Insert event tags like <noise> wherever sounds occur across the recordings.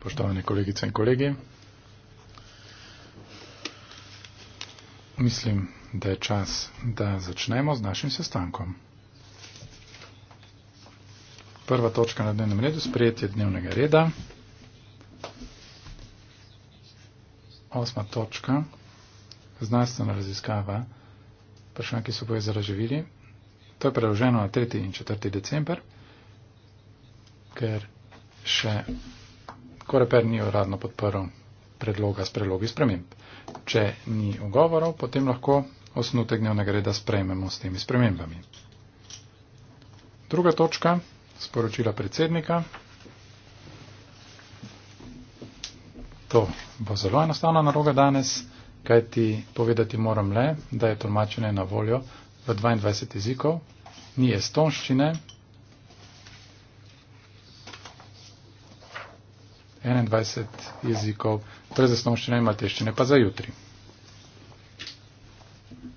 Poštovane kolegice in kolegi, mislim, da je čas, da začnemo z našim sestankom. Prva točka na dnevnem redu, sprejetje dnevnega reda. Osma točka, znanstvena raziskava, vprašanj, ki so boje zaraživili, To je preloženo na 3. in 4. decembar, ker še Koreper ni uradno podprl predloga s prelogi sprememb. Če ni ogovorov, potem lahko osnutek dnevnega reda sprejmemo s temi spremembami. Druga točka, sporočila predsednika. To bo zelo enostavna naloga danes, kajti povedati moram le, da je tolmačenje na voljo v 22 jezikov, ni estonščine, 21 jezikov, torej za estonščine in malteščine, pa za jutri.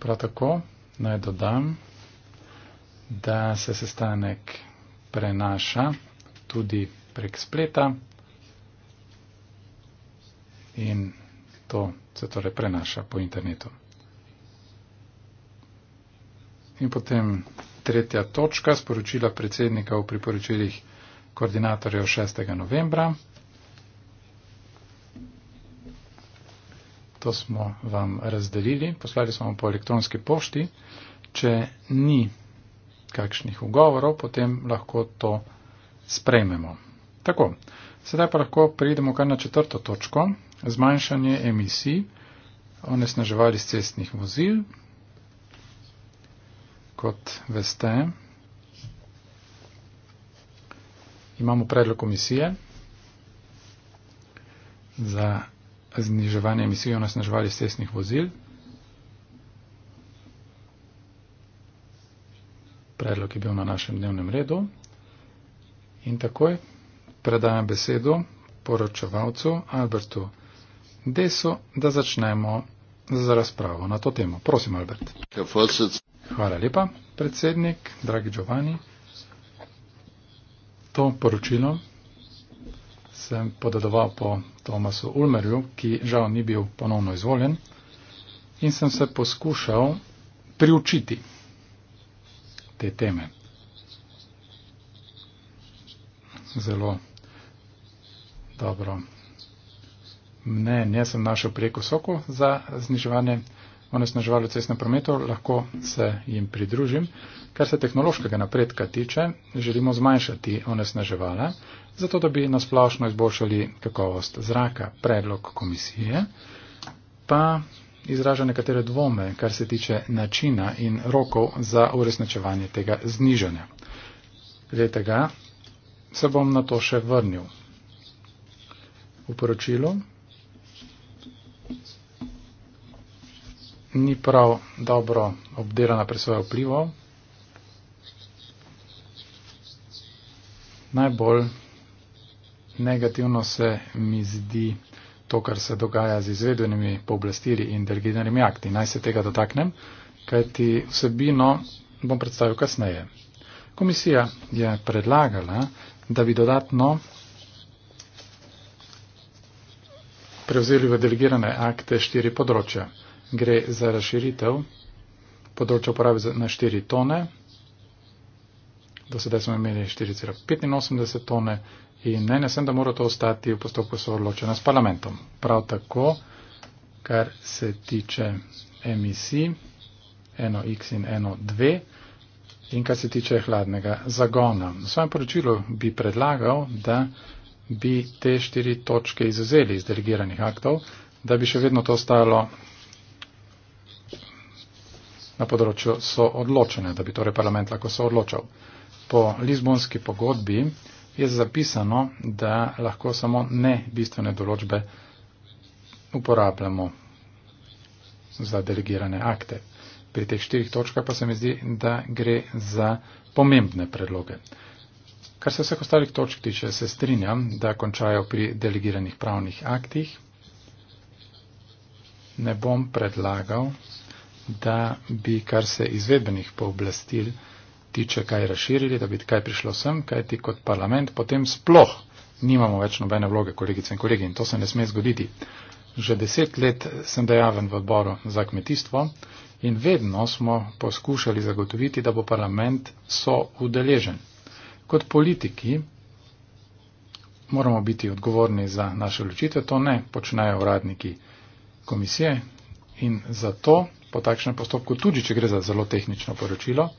Prav tako naj dodam, da se sestanek prenaša tudi prek spleta in to se torej prenaša po internetu. In potem tretja točka, sporočila predsednika v priporočilih koordinatorjev 6. novembra. To smo vam razdelili, poslali smo vam po elektronski pošti. Če ni kakšnih ugovorov, potem lahko to sprejmemo. Tako, sedaj pa lahko prejdemo kar na četrto točko, zmanjšanje emisij onesnaževali z cestnih vozil, kot veste, imamo predlog komisije za zniževanje emisij onesnaževali iz cestnih vozil. Predlog je bil na našem dnevnem redu. In takoj predajam besedo poročevalcu Albertu Deso, da začnemo z razpravo na to temo. Prosim, Albert. Kaj, Hvala lepa, predsednik, dragi Giovanni. To poročilo sem podedoval po Tomasu Ulmerju, ki žal ni bil ponovno izvoljen in sem se poskušal priučiti te teme. Zelo dobro mnenje sem našel preko soko za zniževanje onesnaževalo cestno prometo, lahko se jim pridružim. Kar se tehnološkega napredka tiče, želimo zmanjšati onesnaževala, zato da bi nasplošno izboljšali kakovost zraka. Predlog komisije pa izraža nekatere dvome, kar se tiče načina in rokov za uresničevanje tega znižanja. Letega se bom na to še vrnil. V poročilu ni prav dobro obdelana pre svojo vplivo. Najbolj negativno se mi zdi to, kar se dogaja z izvedenimi pooblastili in delegiranimi akti. Naj se tega dotaknem, kajti vsebino bom predstavil kasneje. Komisija je predlagala, da bi dodatno prevzeli v delegirane akte štiri področja gre za razširitev področja uporabe na 4 tone. Do sedaj smo imeli 4,85 tone in ne, ne sem, da mora to ostati v postopku soodločena s parlamentom. Prav tako, kar se tiče emisij, eno x in eno dve in kar se tiče hladnega zagona. V svojem poročilu bi predlagal, da bi te štiri točke izuzeli iz delegiranih aktov, da bi še vedno to ostalo na področju soodločanja, da bi torej parlament lahko soodločal. Po Lizbonski pogodbi je zapisano, da lahko samo ne bistvene določbe uporabljamo za delegirane akte. Pri teh štirih točkah pa se mi zdi, da gre za pomembne predloge. Kar se vseh ostalih točk tiče, se strinjam, da končajo pri delegiranih pravnih aktih. Ne bom predlagal da bi kar se izvedbenih pooblastil tiče kaj razširili, da bi kaj prišlo sem, kaj ti kot parlament potem sploh nimamo več nobene vloge, kolegice in kolegi, in to se ne sme zgoditi. Že deset let sem dejaven v odboru za kmetijstvo in vedno smo poskušali zagotoviti, da bo parlament so udeležen. Kot politiki moramo biti odgovorni za naše ločitve, to ne počnejo uradniki komisije in zato po takšnem postopku, tudi če gre za zelo tehnično poročilo,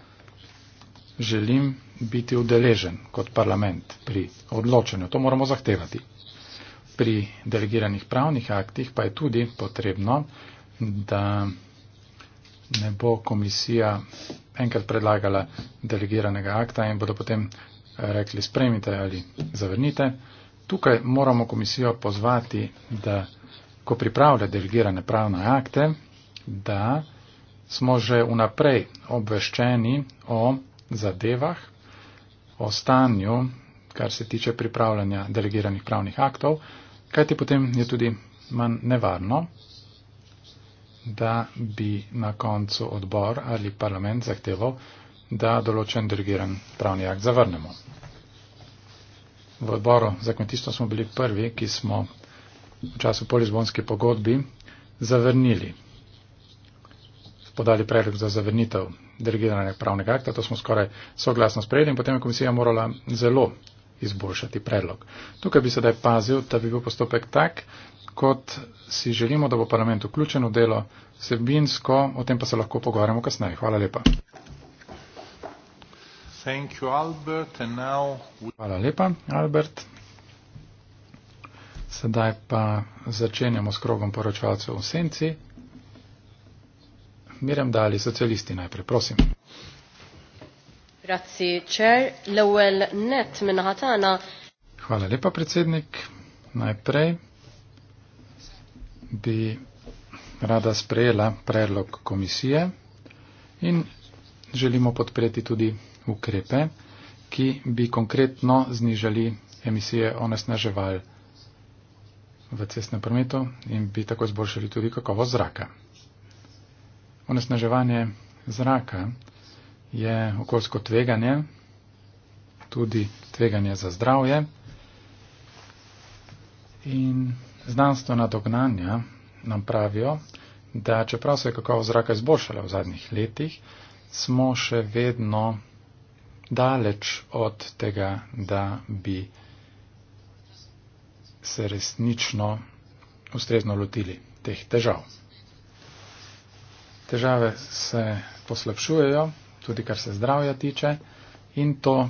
želim biti udeležen kot parlament pri odločanju. To moramo zahtevati. Pri delegiranih pravnih aktih pa je tudi potrebno, da ne bo komisija enkrat predlagala delegiranega akta in bodo potem rekli spremite ali zavrnite. Tukaj moramo komisijo pozvati, da ko pripravlja delegirane pravne akte, da smo že vnaprej obveščeni o zadevah, o stanju, kar se tiče pripravljanja delegiranih pravnih aktov, kajti potem je tudi manj nevarno, da bi na koncu odbor ali parlament zahteval, da določen delegiran pravni akt zavrnemo. V odboru za kmetijstvo smo bili prvi, ki smo v času polizbonske pogodbi zavrnili podali predlog za zavrnitev delegiranega pravnega akta. To smo skoraj soglasno sprejeli in potem je komisija morala zelo izboljšati predlog. Tukaj bi sedaj pazil, da bi bil postopek tak, kot si želimo, da bo parlament vključen v delo sebinsko, o tem pa se lahko pogovarjamo kasneje. Hvala lepa. You, Albert, we... Hvala lepa, Albert. Sedaj pa začenjamo s krogom poročevalcev v senci. Miriam Dali, socialisti najprej, prosim. Hvala lepa, predsednik. Najprej bi rada sprejela predlog komisije in želimo podpreti tudi ukrepe, ki bi konkretno znižali emisije onesnaževal v cestnem prometu in bi tako izboljšali tudi kakovost zraka. Onesnaževanje zraka je okoljsko tveganje, tudi tveganje za zdravje in znanstvena dognanja nam pravijo, da čeprav se je kakovo zraka izboljšala v zadnjih letih, smo še vedno daleč od tega, da bi se resnično ustrezno lotili teh težav težave se poslabšujejo, tudi kar se zdravja tiče in to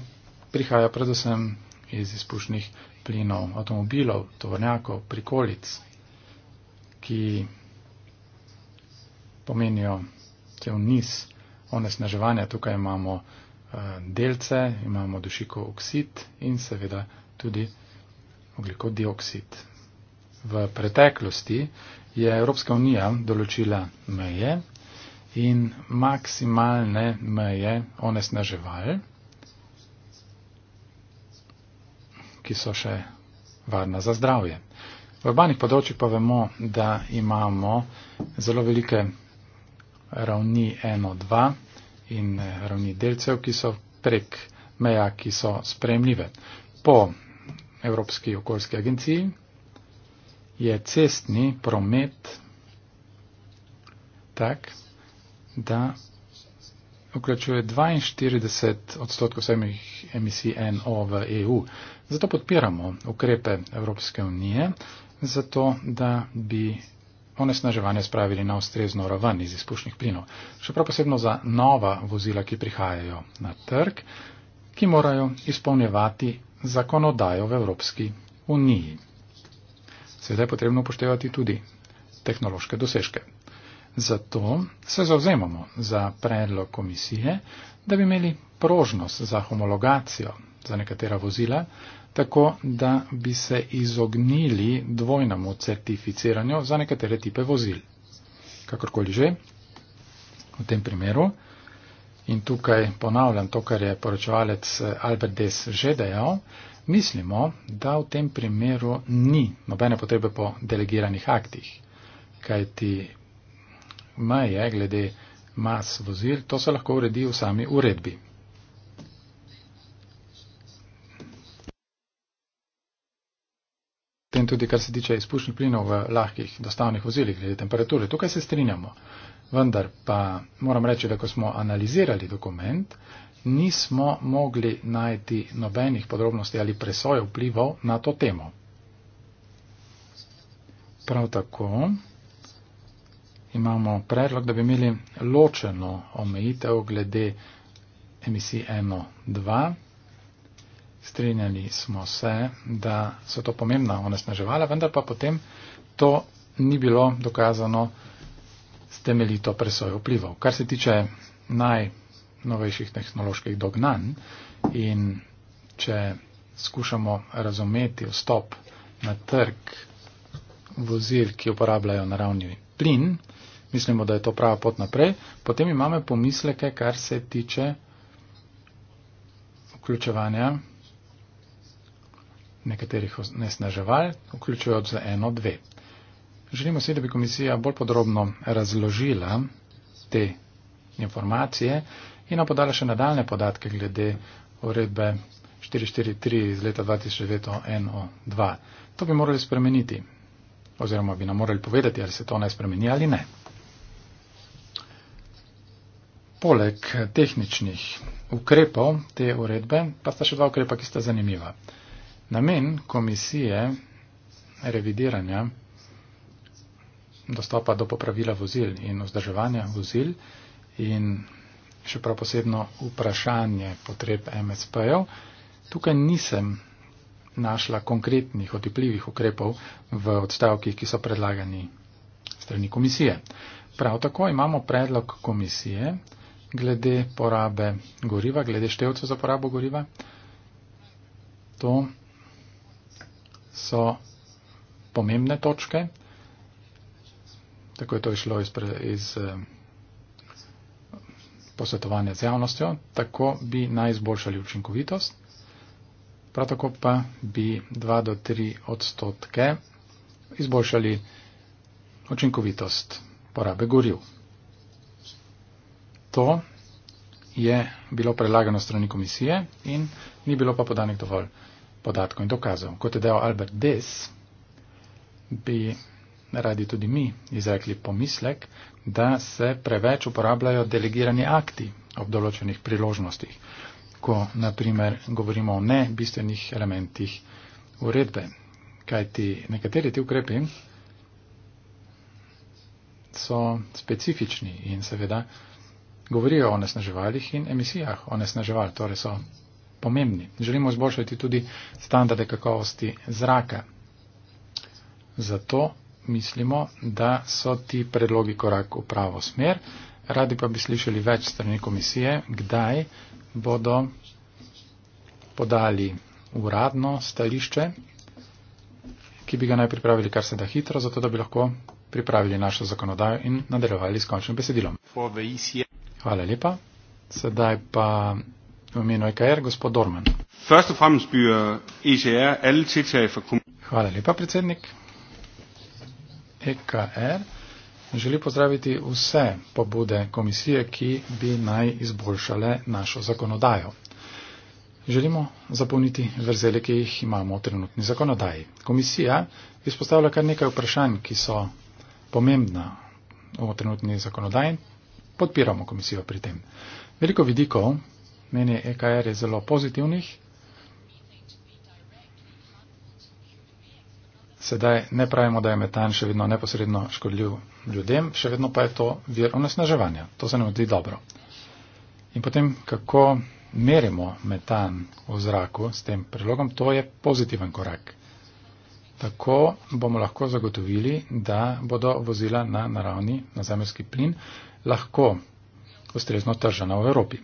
prihaja predvsem iz izpušnih plinov avtomobilov, tovornjakov, prikolic, ki pomenijo cel niz onesnaževanja. Tukaj imamo eh, delce, imamo dušikov oksid in seveda tudi ogljikov dioksid. V preteklosti je Evropska unija določila meje in maksimalne meje onesnaževal, ki so še varna za zdravje. V urbanih področjih pa vemo, da imamo zelo velike ravni 1-2 in eh, ravni delcev, ki so prek meja, ki so spremljive. Po Evropski okoljski agenciji je cestni promet tak, da vključuje 42 odstotkov vseh emisij NO v EU. Zato podpiramo ukrepe Evropske unije, zato da bi onesnaževanje spravili na ustrezno raven iz izpušnih plinov. Še prav posebno za nova vozila, ki prihajajo na trg, ki morajo izpolnjevati zakonodajo v Evropski uniji. Sedaj je potrebno upoštevati tudi tehnološke dosežke. Zato se zauzemamo za predlog komisije, da bi imeli prožnost za homologacijo za nekatera vozila, tako da bi se izognili dvojnemu certificiranju za nekatere type vozil. Kakorkoli že, v tem primeru, in tukaj ponavljam to, kar je poročevalec Albert Des že dejal, mislimo, da v tem primeru ni nobene potrebe po delegiranih aktih, kajti meje glede mas vozil, to se lahko uredi v sami uredbi. Tem tudi, kar se tiče izpušnih plinov v lahkih dostavnih vozilih glede temperature, tukaj se strinjamo. Vendar pa moram reči, da ko smo analizirali dokument, nismo mogli najti nobenih podrobnosti ali presoje vplivov na to temo. Prav tako imamo predlog, da bi imeli ločeno omejitev glede emisij 1.2. Strinjali smo se, da so to pomembna onesnaževala, vendar pa potem to ni bilo dokazano s temeljito presojo vplivov. Kar se tiče najnovejših tehnoloških dognanj in če skušamo razumeti vstop na trg vozil, ki uporabljajo naravni plin, mislimo, da je to prava pot naprej, potem imamo pomisleke, kar se tiče vključevanja nekaterih nesnaževal, vključujoč za eno, dve. Želimo si, da bi komisija bolj podrobno razložila te informacije in nam podala še nadaljne podatke glede uredbe 443 iz leta 2009 o 1 o 2. To bi morali spremeniti oziroma bi nam morali povedati, ali se to naj spremeni ali ne. Poleg tehničnih ukrepov te uredbe pa sta še dva ukrepa, ki sta zanimiva. Namen komisije revidiranja dostopa do popravila vozil in vzdrževanja vozil in še prav posebno vprašanje potreb MSP-jev, tukaj nisem našla konkretnih otipljivih ukrepov v odstavkih, ki so predlagani strani komisije. Prav tako imamo predlog komisije, glede porabe goriva, glede števcev za porabo goriva. To so pomembne točke. Tako je to išlo iz, iz eh, posvetovanja z javnostjo. Tako bi naj izboljšali učinkovitost. Prav tako pa bi 2 do 3 odstotke izboljšali učinkovitost porabe goriva to je bilo predlagano strani komisije in ni bilo pa podanih dovolj podatkov in dokazov. Kot je dejal Albert Des, bi radi tudi mi izrekli pomislek, da se preveč uporabljajo delegirani akti ob določenih priložnostih, ko naprimer govorimo o ne bistvenih elementih uredbe. Kaj ti nekateri ti ukrepi so specifični in seveda govorijo o nesnaževalih in emisijah o nesnaževal, torej so pomembni. Želimo izboljšati tudi standarde kakovosti zraka. Zato mislimo, da so ti predlogi korak v pravo smer. Radi pa bi slišali več strani komisije, kdaj bodo podali uradno stališče, ki bi ga naj pripravili kar se da hitro, zato da bi lahko pripravili našo zakonodajo in nadaljevali s končnim besedilom. Hvala lepa. Sedaj pa v imenu EKR, gospod Dorman. E Hvala lepa, predsednik. EKR želi pozdraviti vse pobude komisije, ki bi naj izboljšale našo zakonodajo. Želimo zapolniti vrzele, ki jih imamo v trenutni zakonodaji. Komisija izpostavlja kar nekaj vprašanj, ki so pomembna v trenutni zakonodaji, podpiramo komisijo pri tem. Veliko vidikov, meni EKR je zelo pozitivnih, sedaj ne pravimo, da je metan še vedno neposredno škodljiv ljudem, še vedno pa je to vir onesnaževanja. To se nam zdi dobro. In potem, kako merimo metan v zraku s tem prilogom, to je pozitiven korak. Tako bomo lahko zagotovili, da bodo vozila na naravni nazemljski plin lahko ustrezno tržena v Evropi.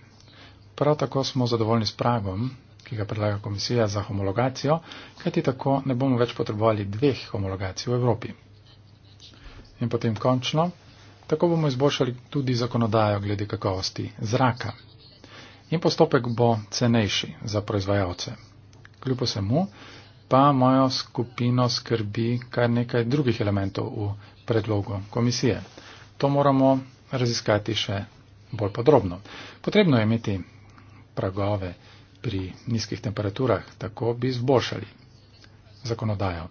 Prav tako smo zadovoljni s pragom, ki ga predlaga komisija za homologacijo, kajti tako ne bomo več potrebovali dveh homologacij v Evropi. In potem končno, tako bomo izboljšali tudi zakonodajo glede kakovosti zraka. In postopek bo cenejši za proizvajalce. Kljub vsemu pa mojo skupino skrbi kar nekaj drugih elementov v predlogu komisije. To moramo raziskati še bolj podrobno. Potrebno je imeti pragove pri nizkih temperaturah, tako bi zboljšali zakonodajo.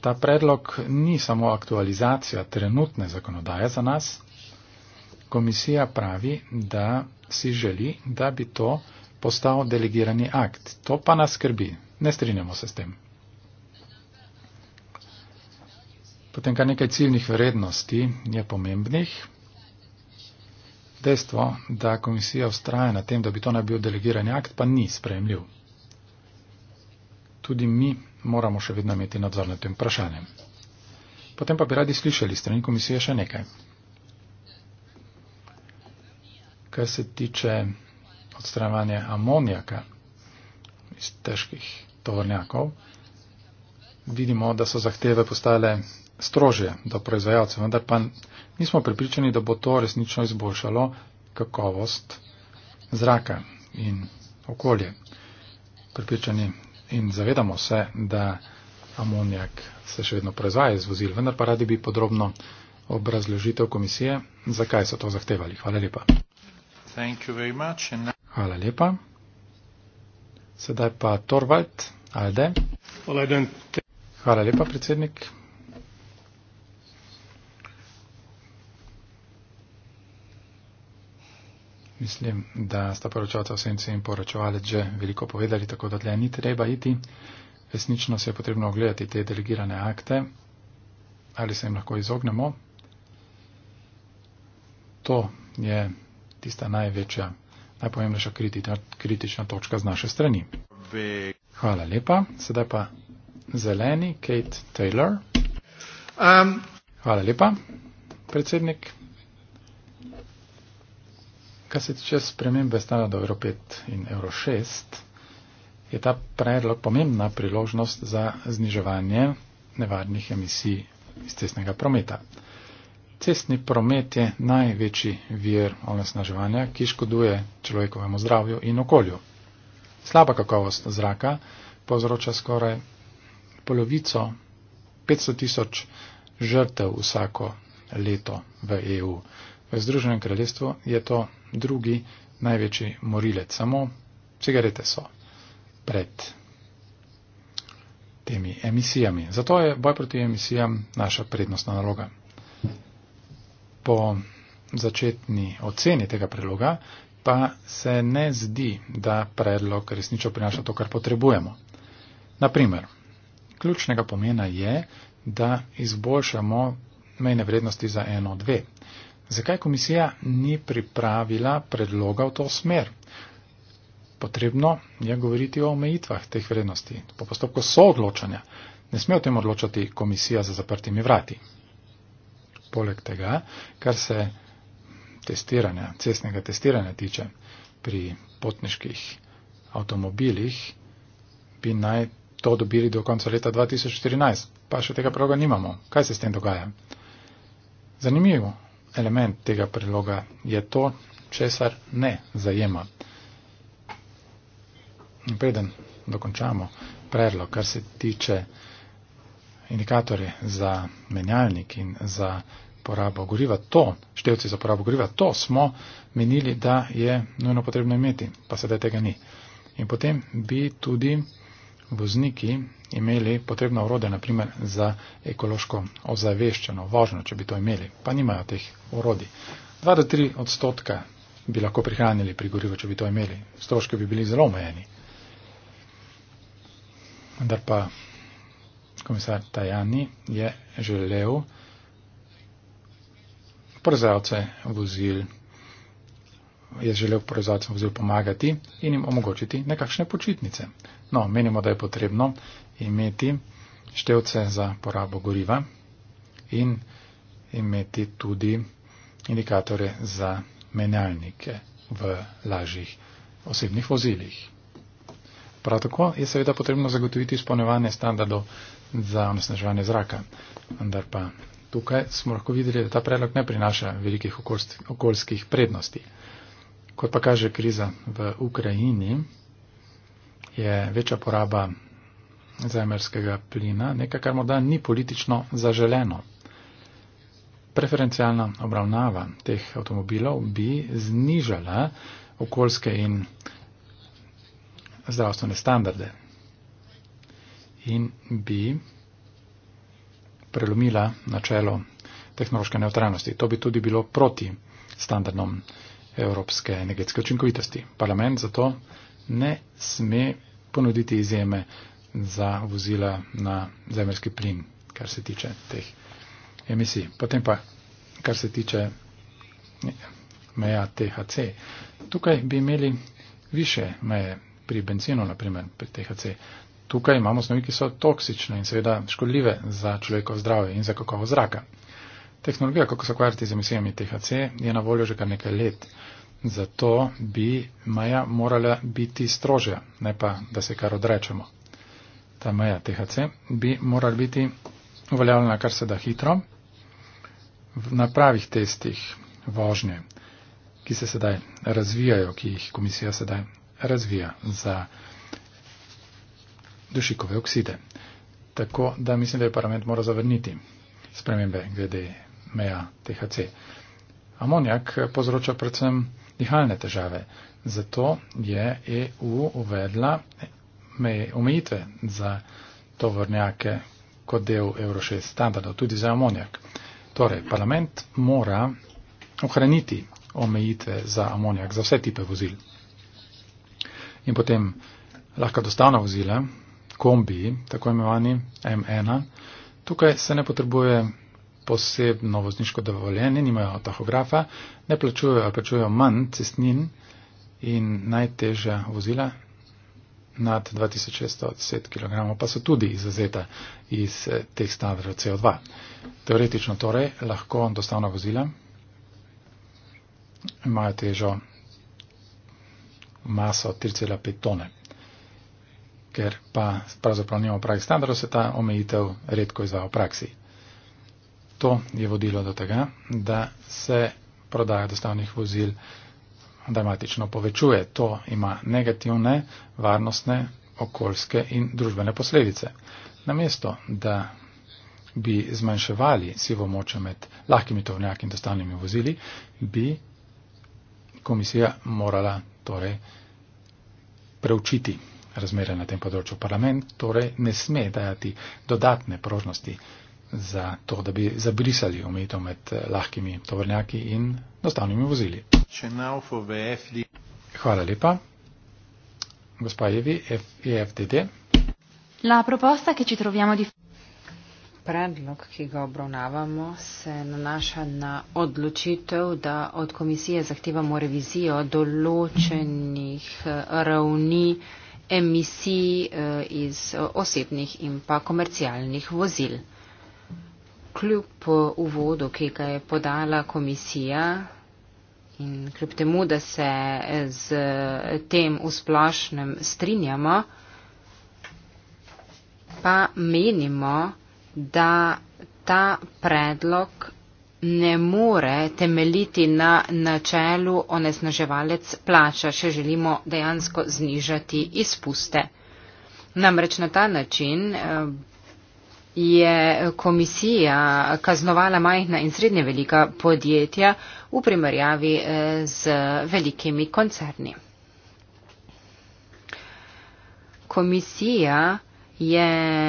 Ta predlog ni samo aktualizacija trenutne zakonodaje za nas. Komisija pravi, da si želi, da bi to postal delegirani akt. To pa nas skrbi. Ne strinjamo se s tem. Potem kar nekaj ciljnih vrednosti je pomembnih. Dejstvo, da komisija ustraja na tem, da bi to naj bil delegirani akt, pa ni sprejemljiv. Tudi mi moramo še vedno imeti nadzor nad tem vprašanjem. Potem pa bi radi slišali strani komisije še nekaj. Kar se tiče odstranjevanja amonijaka iz težkih tovornjakov, vidimo, da so zahteve postale strožje do proizvajalcev, vendar pa nismo pripričani, da bo to resnično izboljšalo kakovost zraka in okolje. Pripričani in zavedamo se, da amonijak se še vedno proizvaja iz vozil, vendar pa radi bi podrobno obrazložitev komisije, zakaj so to zahtevali. Hvala lepa. Hvala lepa. Sedaj pa Torvald, Alde. Hvala lepa, predsednik. Mislim, da sta poročalca v senci in poročevalec že veliko povedali, tako da dlje ni treba iti. Resnično se je potrebno ogledati te delegirane akte, ali se jim lahko izognemo. To je tista največja, najpomembnejša kritična, kritična točka z naše strani. Hvala lepa. Sedaj pa zeleni Kate Taylor. Um, Hvala lepa, predsednik. Kar se tiče spremembe standarda Euro 5 in Euro 6, je ta predlog pomembna priložnost za zniževanje nevarnih emisij iz cestnega prometa. Cestni promet je največji vir onesnaževanja, ki škoduje človekovemu zdravju in okolju. Slaba kakovost zraka povzroča skoraj polovico 500 tisoč žrtev vsako leto v EU. V Združenem kraljestvu je to drugi največji morilec, samo cigarete so pred temi emisijami. Zato je boj proti emisijam naša prednostna naloga. Po začetni oceni tega predloga pa se ne zdi, da predlog resnično prinaša to, kar potrebujemo. Naprimer, ključnega pomena je, da izboljšamo mejne vrednosti za eno, dve. Zakaj komisija ni pripravila predloga v to smer? Potrebno je govoriti o omejitvah teh vrednosti. Po postopku soodločanja ne sme o tem odločati komisija za zaprtimi vrati. Poleg tega, kar se testiranja, cestnega testiranja tiče pri potniških avtomobilih, bi naj to dobili do konca leta 2014. Pa še tega proga nimamo. Kaj se s tem dogaja? Zanimivo element tega priloga je to, česar ne zajema. Preden dokončamo predlog, kar se tiče indikatorje za menjalnik in za porabo goriva, to, števci za porabo goriva, to smo menili, da je nujno potrebno imeti, pa sedaj tega ni. In potem bi tudi vozniki imeli potrebno urode, naprimer za ekološko ozaveščeno, važno, če bi to imeli, pa nimajo teh urodi. 2 do 3 odstotka bi lahko prihranili pri gorivo, če bi to imeli. Stroške bi bili zelo omejeni. Vendar pa komisar Tajani je želel porazavce vozil je želel porazavcem vozil pomagati in jim omogočiti nekakšne počitnice. No, menimo, da je potrebno imeti števce za porabo goriva in imeti tudi indikatore za menjalnike v lažjih osebnih vozilih. Prav tako je seveda potrebno zagotoviti izpolnjevanje standardov za onesnaževanje zraka. Vendar pa tukaj smo lahko videli, da ta predlog ne prinaša velikih okoljskih prednosti. Kot pa kaže kriza v Ukrajini, je večja poraba zemljskega plina, nekaj, kar morda ni politično zaželeno. Preferencialna obravnava teh avtomobilov bi znižala okoljske in zdravstvene standarde in bi prelomila načelo tehnološke neutralnosti. To bi tudi bilo proti standardom evropske energetske učinkovitosti. Parlament zato ne sme ponuditi izjeme za vozila na zemljski plin, kar se tiče teh emisij. Potem pa, kar se tiče meja THC, tukaj bi imeli više meje pri benzinu, naprimer pri THC. Tukaj imamo snovi, ki so toksične in seveda škodljive za človekovo zdravje in za kakovo zraka. Tehnologija, kako se ukvarjati z emisijami THC, je na voljo že kar nekaj let zato bi meja morala biti strožja, ne pa, da se kar odrečemo. Ta meja THC bi morala biti uveljavljena kar se da hitro, na pravih testih vožnje, ki se sedaj razvijajo, ki jih komisija sedaj razvija za dušikove okside. Tako da mislim, da je parlament moral zavrniti spremembe glede meja THC. Amonjak eh, povzroča predvsem dihalne težave. Zato je EU uvedla omejitve za tovornjake kot del Euro 6 standardov, tudi za amonjak. Torej, parlament mora ohraniti omejitve za amonjak, za vse tipe vozil. In potem lahko dostavna vozila, kombi, tako imenovani M1, tukaj se ne potrebuje posebno vozniško dovoljenje, nimajo tahografa, ne plačujejo, plačujejo manj cestnin in najtežja vozila nad 2610 kg pa so tudi izuzeta iz eh, teh standardov CO2. Teoretično torej lahko dostavna vozila imajo težo maso 3,5 tone. Ker pa pravzaprav nimamo pravih standardov, se ta omejitev redko izvaja v praksi to je vodilo do tega, da se prodaja dostavnih vozil dramatično povečuje. To ima negativne varnostne, okoljske in družbene posledice. Namesto, da bi zmanjševali sivo moč med lahkimi tovnjaki in dostavnimi vozili, bi komisija morala torej preučiti razmere na tem področju. Parlament torej ne sme dajati dodatne prožnosti za to, da bi zabrisali omejitev med eh, lahkimi tovornjaki in dostavnimi vozili. Hvala lepa. Gospa Jevi, EFTD. La proposta, ki ci troviamo di... Predlog, ki ga obravnavamo, se nanaša na odločitev, da od komisije zahtevamo revizijo določenih eh, ravni emisij eh, iz osebnih in pa komercialnih vozil kljub uvodu, ki ga je podala komisija in kljub temu, da se z tem v splošnem strinjamo, pa menimo, da ta predlog ne more temeljiti na načelu onesnaževalec plača, če želimo dejansko znižati izpuste. Namreč na ta način eh, je komisija kaznovala majhna in srednje velika podjetja v primerjavi eh, z velikimi koncerni. Komisija je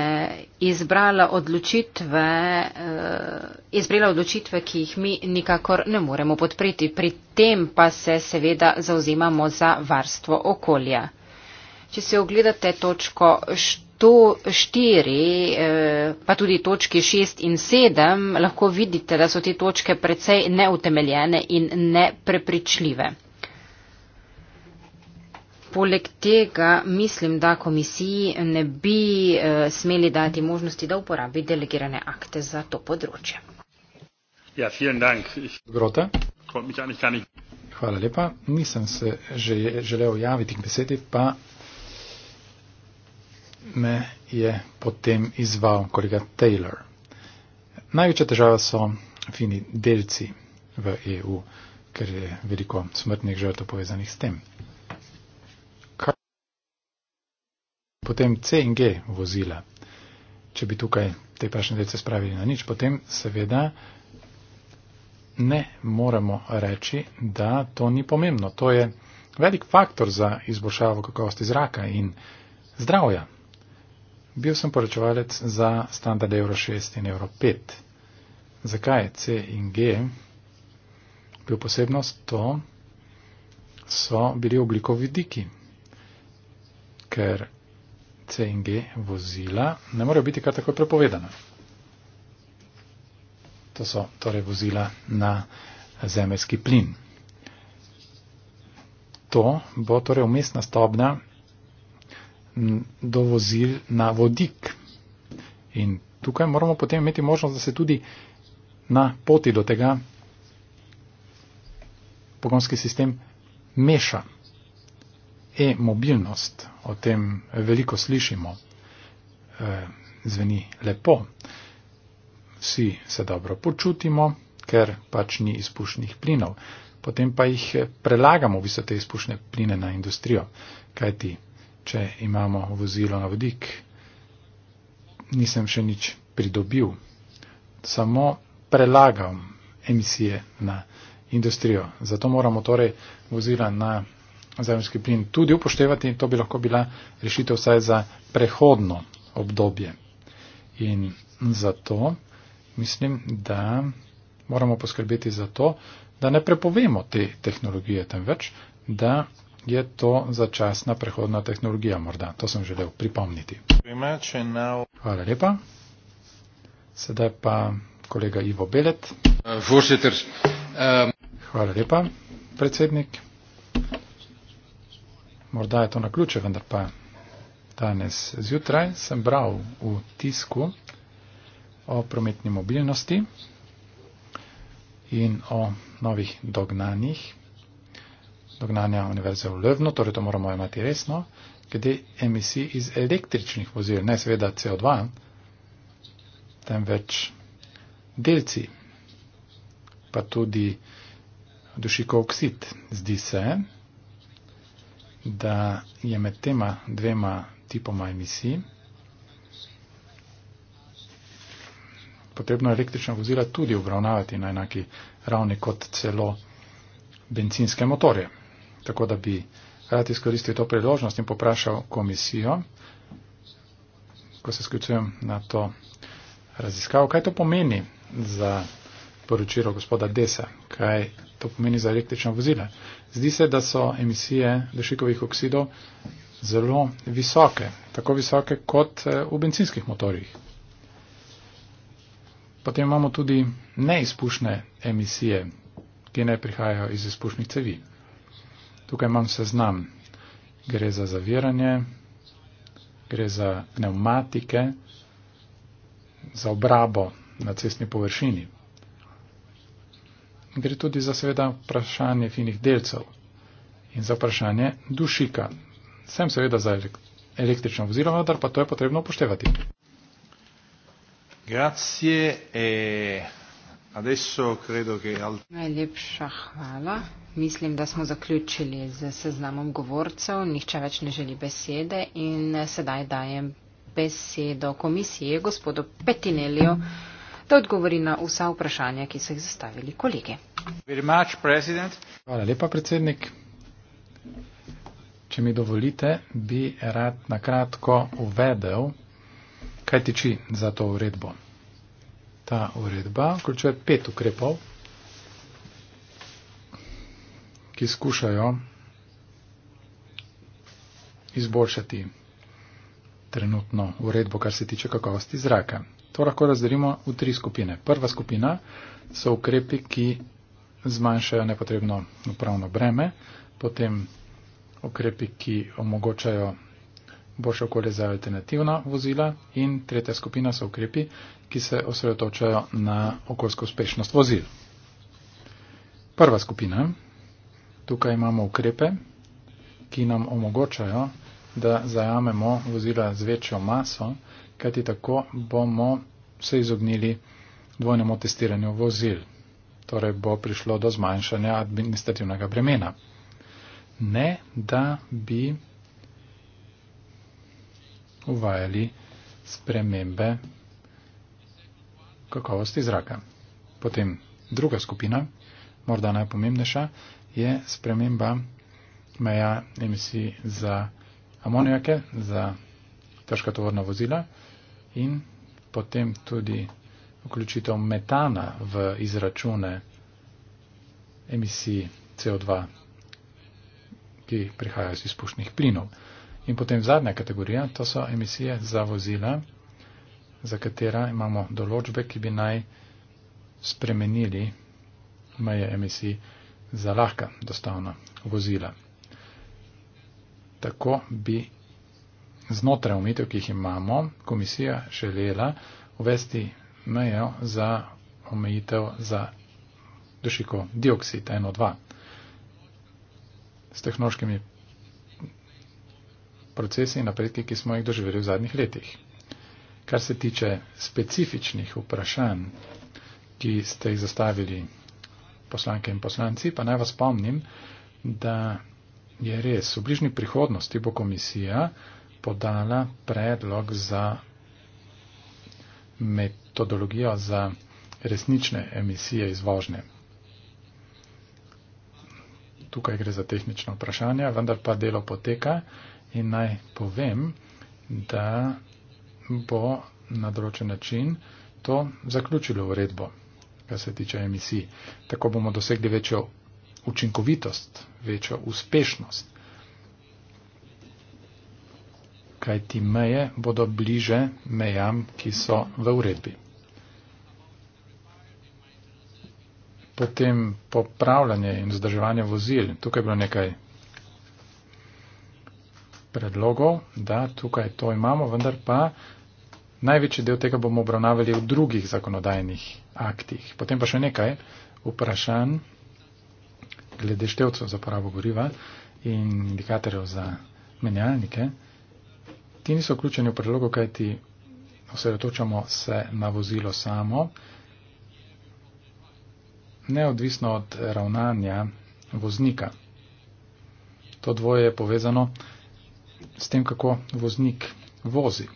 izbrala odločitve, eh, izbrala odločitve, ki jih mi nikakor ne moremo podpreti. Pri tem pa se seveda zauzimamo za varstvo okolja. Če se ogledate točko 4, to štiri, eh, pa tudi točki šest in sedem, lahko vidite, da so te točke precej neutemeljene in neprepričljive. Poleg tega mislim, da komisiji ne bi eh, smeli dati možnosti, da uporabi delegirane akte za to področje. Ja, dank. Grote. Hvala lepa. Nisem se že želel javiti k besedi, pa me je potem izval kolega Taylor. Največja težava so fini delci v EU, ker je veliko smrtnih žrtev povezanih s tem. Kar potem C in G vozila, če bi tukaj te prašne delce spravili na nič, potem seveda ne moremo reči, da to ni pomembno. To je velik faktor za izboljšavo kakovosti zraka in zdravja Bil sem poročevalec za standard Euro 6 in Euro 5. Zakaj C in G? Bil posebnost to, so bili oblikovidiki, ker C in G vozila ne morejo biti kar tako prepovedana. To so torej vozila na zemeljski plin. To bo torej umestna stopnja dovozili na vodik. In tukaj moramo potem imeti možnost, da se tudi na poti do tega pogonski sistem meša. E-mobilnost, o tem veliko slišimo, e, zveni lepo. Vsi se dobro počutimo, ker pač ni izpušnih plinov. Potem pa jih eh, prelagamo, visoke izpušne pline na industrijo, kajti če imamo vozilo na vodik, nisem še nič pridobil, samo prelagam emisije na industrijo. Zato moramo torej vozila na zemljski plin tudi upoštevati in to bi lahko bila rešitev vsaj za prehodno obdobje. In zato mislim, da moramo poskrbeti za to, da ne prepovemo te tehnologije, temveč, da je to začasna prehodna tehnologija morda. To sem želel pripomniti. Hvala lepa. Sedaj pa kolega Ivo Belet. Ehm, Hvala lepa, predsednik. Morda je to na ključe, vendar pa danes zjutraj sem bral v tisku o prometni mobilnosti in o novih dognanjih dognanja univerze v Ljubno, torej to moramo imeti resno, glede emisij iz električnih vozil, ne seveda CO2, temveč delci, pa tudi dušikov oksid. Zdi se, da je med tema dvema tipoma emisij potrebno električna vozila tudi obravnavati na enaki ravni kot celo bencinske motorje. Tako da bi rad izkoristil to priložnost in poprašal komisijo, ko se sključujem na to raziskavo, kaj to pomeni za poročilo gospoda Desa, kaj to pomeni za električno vozile. Zdi se, da so emisije dušikovih oksidov zelo visoke, tako visoke kot eh, v bencinskih motorjih. Potem imamo tudi neizpušne emisije, ki ne prihajajo iz izpušnih cevi. Tukaj imam seznam. Gre za zaviranje, gre za pneumatike, za obrabo na cestni površini. Gre tudi za seveda vprašanje finih delcev in za vprašanje dušika. Sem seveda za električno vozilo, vendar pa to je potrebno upoštevati. Grazie. Eh... Adesso credo che alt- Najlepša hvala. Mislim, da smo zaključili z seznamom govorcev. Nihče več ne želi besede in sedaj dajem besedo komisije gospodu Petinelju, da odgovori na vsa vprašanja, ki so jih zastavili kolege. Much, hvala lepa, predsednik. Če mi dovolite, bi rad nakratko uvedel, kaj tiči za to uredbo ta uredba vključuje pet ukrepov, ki skušajo izboljšati trenutno uredbo, kar se tiče kakovosti zraka. To lahko razdelimo v tri skupine. Prva skupina so ukrepi, ki zmanjšajo nepotrebno upravno breme, potem ukrepi, ki omogočajo boljše okolje za alternativna vozila in tretja skupina so ukrepi, ki se osredotočajo na okoljsko uspešnost vozil. Prva skupina, tukaj imamo ukrepe, ki nam omogočajo, da zajamemo vozila z večjo maso, kajti tako bomo se izognili dvojnemu testiranju vozil. Torej bo prišlo do zmanjšanja administrativnega bremena. Ne, da bi uvajali spremembe kakovosti zraka. Potem druga skupina, morda najpomembnejša, je sprememba meja emisij za amonijake, za težka tovorna vozila in potem tudi vključitev metana v izračune emisij CO2, ki prihajajo iz izpušnih plinov. In potem zadnja kategorija, to so emisije za vozila, za katera imamo določbe, ki bi naj spremenili meje emisij za lahka dostavna vozila. Tako bi znotraj omitev, ki jih imamo, komisija želela uvesti mejo za omejitev za dušiko dioksid NO2. S tehnološkimi procesi in napredki, ki smo jih doživeli v zadnjih letih. Kar se tiče specifičnih vprašanj, ki ste jih zastavili poslanke in poslanci, pa naj vas spomnim, da je res, v bližnji prihodnosti bo komisija podala predlog za metodologijo za resnične emisije iz vožnje. Tukaj gre za tehnično vprašanje, vendar pa delo poteka in naj povem, da bo na določen način to zaključilo uredbo, kar se tiče emisij. Tako bomo dosegli večjo učinkovitost, večjo uspešnost. Kaj ti meje bodo bliže mejam, ki so v uredbi. Potem popravljanje in vzdrževanje vozil. Tukaj je bilo nekaj predlogov, da tukaj to imamo, vendar pa Največji del tega bomo obravnavali v drugih zakonodajnih aktih. Potem pa še nekaj vprašanj glede števcev za porabo goriva in indikatorjev za menjalnike. Ti niso vključeni v predlogo, kajti osredotočamo se na vozilo samo. Neodvisno od ravnanja voznika. To dvoje je povezano s tem, kako voznik vozi.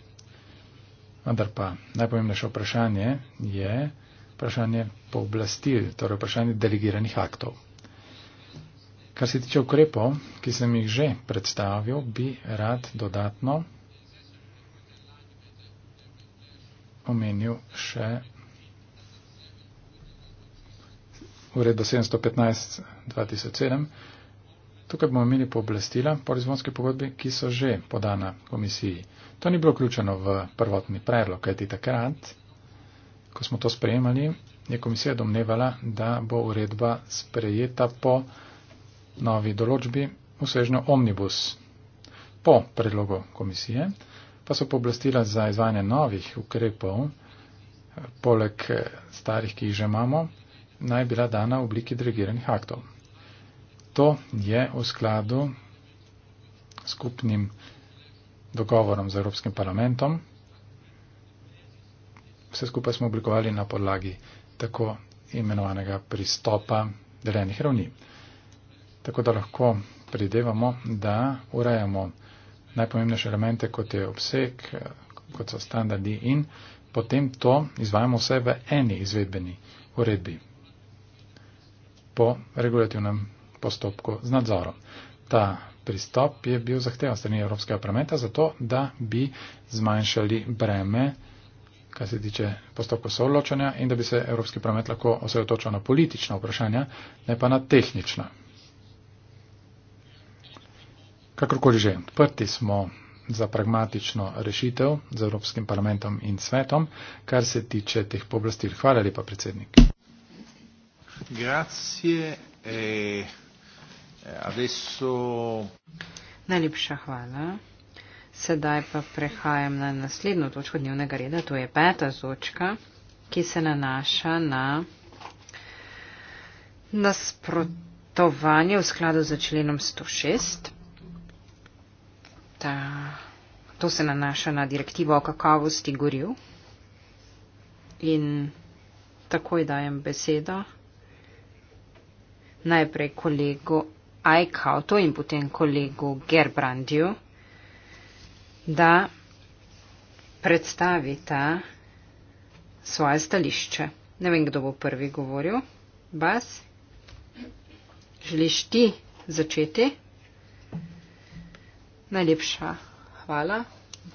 Vendar pa najpomembnejše vprašanje je vprašanje pooblastil, torej vprašanje delegiranih aktov. Kar se tiče ukrepov, ki sem jih že predstavil, bi rad dodatno omenil še uredbo 715 2007 Tukaj bomo imeli pooblastila po rezvonske pogodbe, ki so že podana komisiji. To ni bilo vključeno v prvotni predlog, kajti takrat, ko smo to sprejemali, je komisija domnevala, da bo uredba sprejeta po novi določbi vsežno omnibus. Po predlogu komisije pa so pooblastila za izvajanje novih ukrepov, poleg starih, ki jih že imamo, naj bila dana v obliki delegiranih aktov to je v skladu skupnim dogovorom z Evropskim parlamentom. Vse skupaj smo oblikovali na podlagi tako imenovanega pristopa delenih ravni. Tako da lahko pridevamo, da urejamo najpomembnejše elemente, kot je obseg, kot so standardi in potem to izvajamo vse v eni izvedbeni uredbi po regulativnem postopku z nadzorom. Ta pristop je bil zahteva strani Evropskega parlamenta zato, da bi zmanjšali breme, kar se tiče postopkov soodločanja in da bi se Evropski parlament lahko osredotočil na politična vprašanja, ne pa na tehnična. Kakorkoli že, odprti smo za pragmatično rešitev z Evropskim parlamentom in svetom, kar se tiče teh pooblastil. Hvala lepa, predsednik. Grazie. Eh... Eh, adesso... Najlepša hvala. Sedaj pa prehajam na naslednjo točko dnevnega reda, to je peta zočka, ki se nanaša na nasprotovanje v skladu z členom 106. Ta, to se nanaša na direktivo o kakovosti goril. In takoj dajem besedo najprej kolegu Eichhautu in potem kolegu Gerbrandiju, da predstavita svoje stališče. Ne vem, kdo bo prvi govoril. Bas, želiš ti začeti? Najlepša hvala,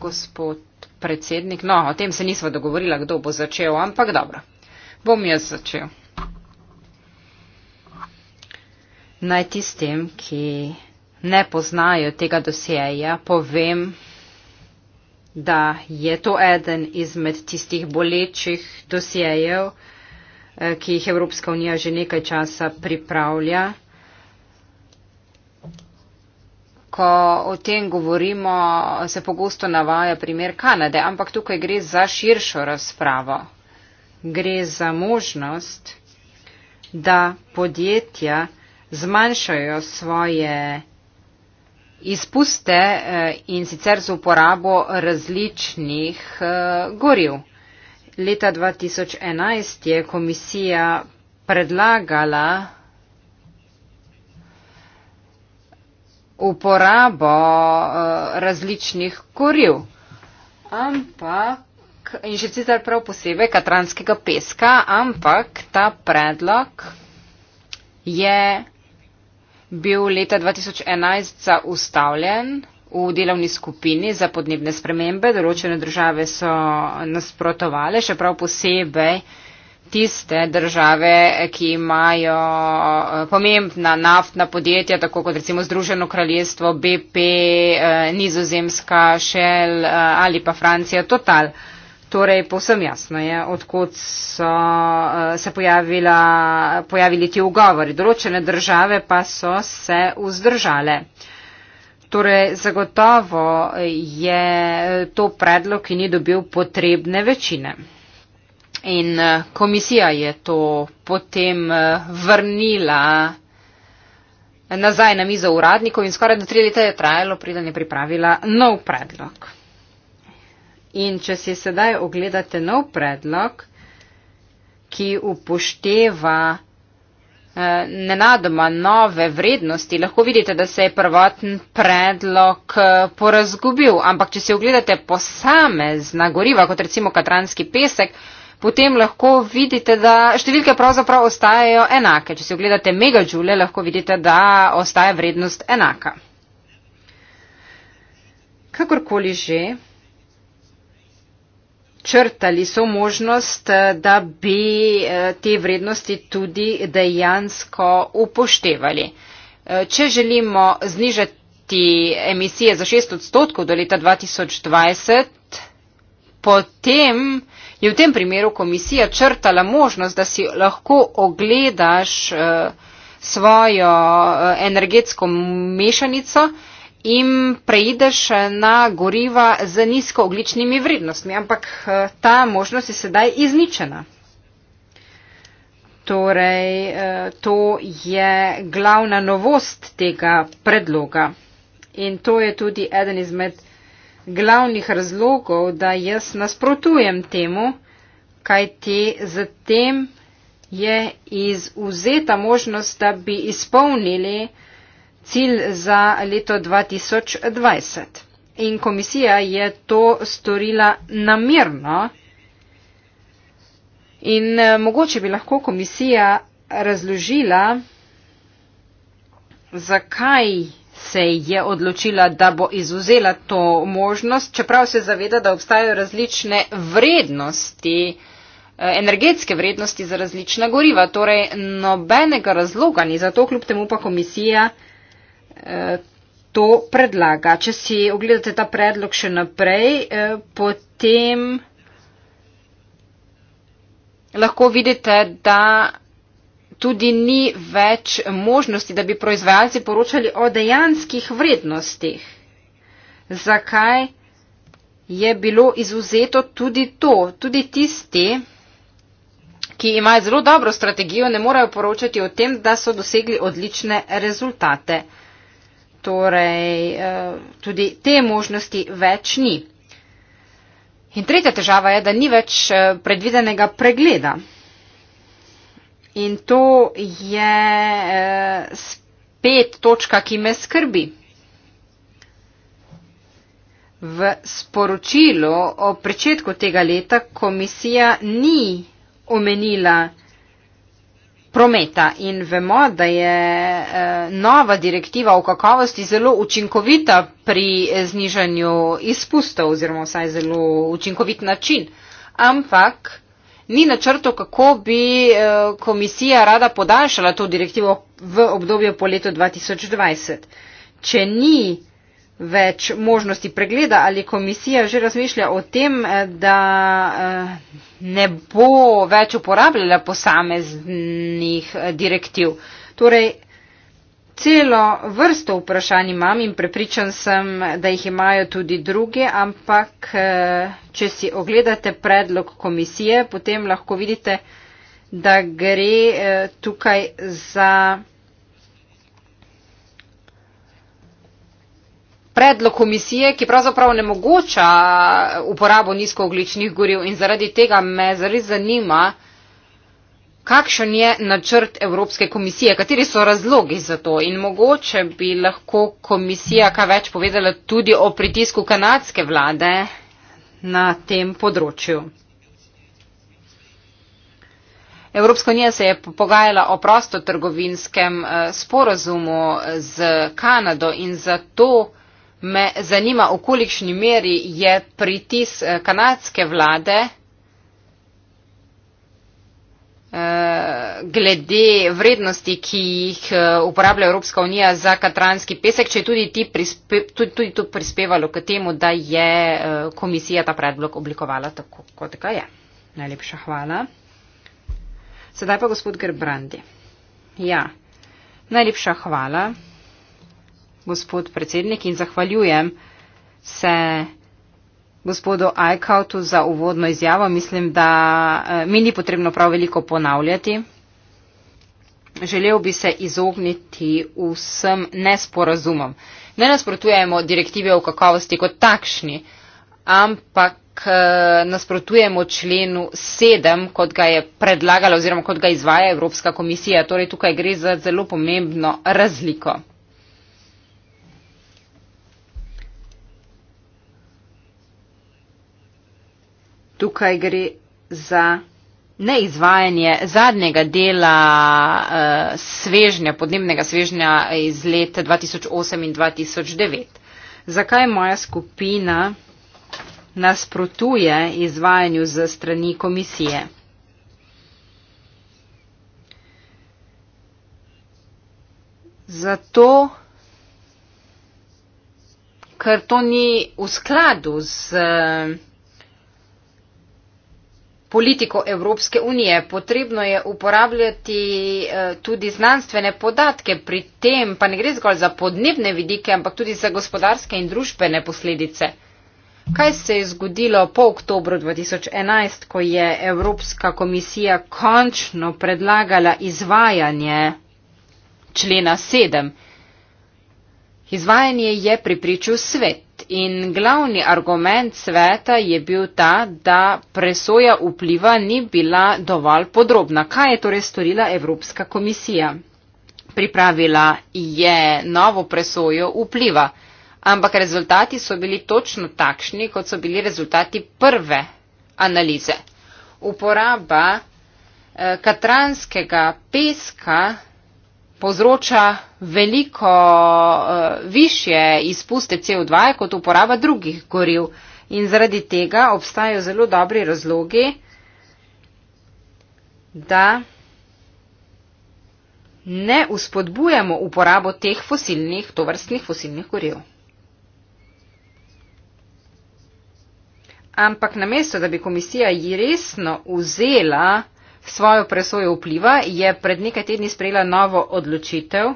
gospod predsednik. No, o tem se nisva dogovorila, kdo bo začel, ampak dobro, bom jaz začel. naj tistim, ki ne poznajo tega dosjeja, povem, da je to eden izmed tistih bolečih dosjejev, eh, ki jih Evropska unija že nekaj časa pripravlja. Ko o tem govorimo, se pogosto navaja primer Kanade, ampak tukaj gre za širšo razpravo. Gre za možnost, da podjetja zmanjšajo svoje izpuste eh, in sicer z uporabo različnih eh, goriv. Leta 2011 je komisija predlagala uporabo eh, različnih goriv, ampak in še sicer prav posebej katranskega peska, ampak ta predlog je bil leta 2011 zaustavljen v delovni skupini za podnebne spremembe. Določene države so nasprotovale, še prav posebej tiste države, ki imajo eh, pomembna naftna podjetja, tako kot recimo Združeno kraljestvo, BP, eh, Nizozemska, Shell eh, ali pa Francija, Total. Torej, posem jasno je, odkud so eh, se pojavila, pojavili ti ugovori. Določene države pa so se vzdržale. Torej, zagotovo je eh, to predlog, ki ni dobil potrebne večine. In eh, komisija je to potem vrnila nazaj na mizo uradnikov in skoraj do tri leta je trajalo, preden je pripravila nov predlog. In če si sedaj ogledate nov predlog, ki upošteva eh, nenadoma nove vrednosti, lahko vidite, da se je prvotni predlog eh, porazgubil. Ampak če si ogledate posamezna goriva, kot recimo katranski pesek, potem lahko vidite, da številke pravzaprav ostajajo enake. Če si ogledate megajule, lahko vidite, da ostaja vrednost enaka. Kakorkoli že, črtali so možnost, eh, da bi eh, te vrednosti tudi dejansko upoštevali. Eh, če želimo znižati emisije za 6 odstotkov do leta 2020, potem je v tem primeru komisija črtala možnost, da si lahko ogledaš svojo energetsko mešanico in preideš na goriva z nizkoogličnimi vrednostmi. Ampak eh, ta možnost je sedaj izničena. Torej, eh, to je glavna novost tega predloga. In to je tudi eden izmed glavnih razlogov, da jaz nasprotujem temu, kaj ti z tem je izuzeta možnost, da bi izpolnili cilj za leto 2020. In komisija je to storila namirno. In eh, mogoče bi lahko komisija razložila, zakaj se je odločila, da bo izuzela to možnost, čeprav se zaveda, da obstajajo različne vrednosti, eh, energetske vrednosti za različna goriva. Torej, nobenega razloga ni za to, kljub temu pa komisija to predlaga. Če si ogledate ta predlog še naprej, eh, potem lahko vidite, da tudi ni več možnosti, da bi proizvajalci poročali o dejanskih vrednostih. Zakaj je bilo izuzeto tudi to? Tudi tisti, ki imajo zelo dobro strategijo, ne morejo poročati o tem, da so dosegli odlične rezultate. Torej, eh, tudi te možnosti več ni. In tretja težava je, da ni več eh, predvidenega pregleda. In to je eh, spet točka, ki me skrbi. V sporočilu o pričetku tega leta komisija ni omenila, prometa in vemo, da je eh, nova direktiva o kakovosti zelo učinkovita pri znižanju izpustov oziroma vsaj zelo učinkovit način. Ampak ni načrto, kako bi eh, komisija rada podaljšala to direktivo v obdobju po letu 2020. Če ni več možnosti pregleda ali komisija že razmišlja o tem, eh, da eh, ne bo več uporabljala posameznih eh, direktiv. Torej, celo vrsto vprašanj imam in prepričan sem, da jih imajo tudi druge, ampak če si ogledate predlog komisije, potem lahko vidite, da gre tukaj za. predlog komisije, ki pravzaprav ne mogoča uporabo nizkooglični goriv in zaradi tega me zares zanima, kakšen je načrt Evropske komisije, kateri so razlogi za to in mogoče bi lahko komisija kaj več povedala tudi o pritisku kanadske vlade na tem področju. Evropska unija se je pogajala o prostotrgovinskem eh, sporazumu z Kanado in zato Me zanima, v kolikšni meri je pritisk eh, kanadske vlade eh, glede vrednosti, ki jih eh, uporablja Evropska unija za katranski pesek, če je tudi, prispe, tudi, tudi to prispevalo k temu, da je komisija ta predlog oblikovala tako, kot ga je. Najlepša hvala. Sedaj pa gospod Gerbrandi. Ja, najlepša hvala gospod predsednik in zahvaljujem se gospodu Eichautu za uvodno izjavo. Mislim, da eh, mi ni potrebno prav veliko ponavljati. Želel bi se izogniti vsem nesporazumom. Ne nasprotujemo direktive o kakovosti kot takšni, ampak eh, nasprotujemo členu 7, kot ga je predlagala oziroma kot ga izvaja Evropska komisija. Torej tukaj gre za zelo pomembno razliko. tukaj gre za neizvajanje zadnjega dela eh, svežnja, podnebnega svežnja iz let 2008 in 2009. Zakaj moja skupina nasprotuje izvajanju z strani komisije? Zato, ker to ni v skladu z eh, politiko Evropske unije. Potrebno je uporabljati eh, tudi znanstvene podatke pri tem, pa ne gre zgolj za podnebne vidike, ampak tudi za gospodarske in družbene posledice. Kaj se je zgodilo po oktobru 2011, ko je Evropska komisija končno predlagala izvajanje člena 7? Izvajanje je pripričal svet in glavni argument sveta je bil ta, da presoja vpliva ni bila dovolj podrobna. Kaj je torej storila Evropska komisija? Pripravila je novo presojo vpliva, ampak rezultati so bili točno takšni, kot so bili rezultati prve analize. Uporaba eh, katranskega peska povzroča veliko uh, eh, više izpuste CO2 kot uporaba drugih goriv. In zaradi tega obstajajo zelo dobri razlogi, da ne uspodbujamo uporabo teh fosilnih, tovrstnih fosilnih goriv. Ampak namesto, da bi komisija resno vzela svojo presojo vpliva, je pred nekaj tedni sprejela novo odločitev,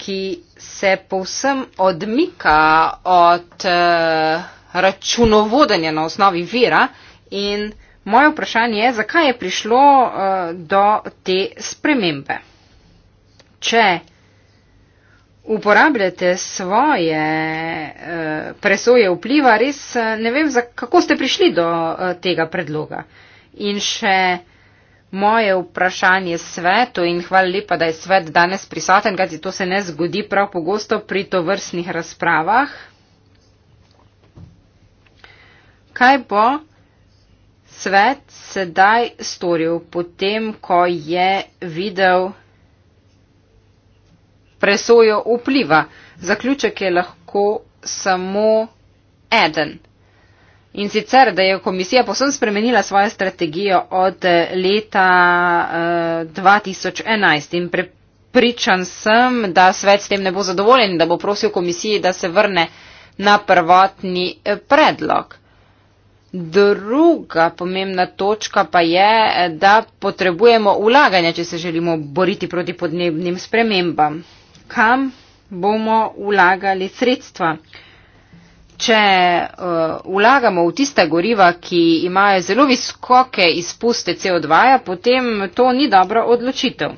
ki se povsem odmika od eh, računovodanja na osnovi vira in moje vprašanje je, zakaj je prišlo eh, do te spremembe. Če uporabljate svoje eh, presoje vpliva, res ne vem, kako ste prišli do tega predloga. In še moje vprašanje svetu in hvala lepa, da je svet danes prisoten, kajti to se ne zgodi prav pogosto pri tovrstnih razpravah. Kaj bo svet sedaj storil potem, ko je videl presojo vpliva? Zaključek je lahko samo eden. In sicer, da je komisija posebno spremenila svojo strategijo od eh, leta uh, eh, 2011 in prepričan sem, da svet s tem ne bo zadovoljen, da bo prosil komisiji, da se vrne na prvotni eh, predlog. Druga pomembna točka pa je, da potrebujemo ulaganja, če se želimo boriti proti podnebnim spremembam. Kam bomo ulagali sredstva? Uh, če uh, vlagamo v tista goriva, ki imajo zelo visoke izpuste CO2, ja, potem to ni dobra odločitev.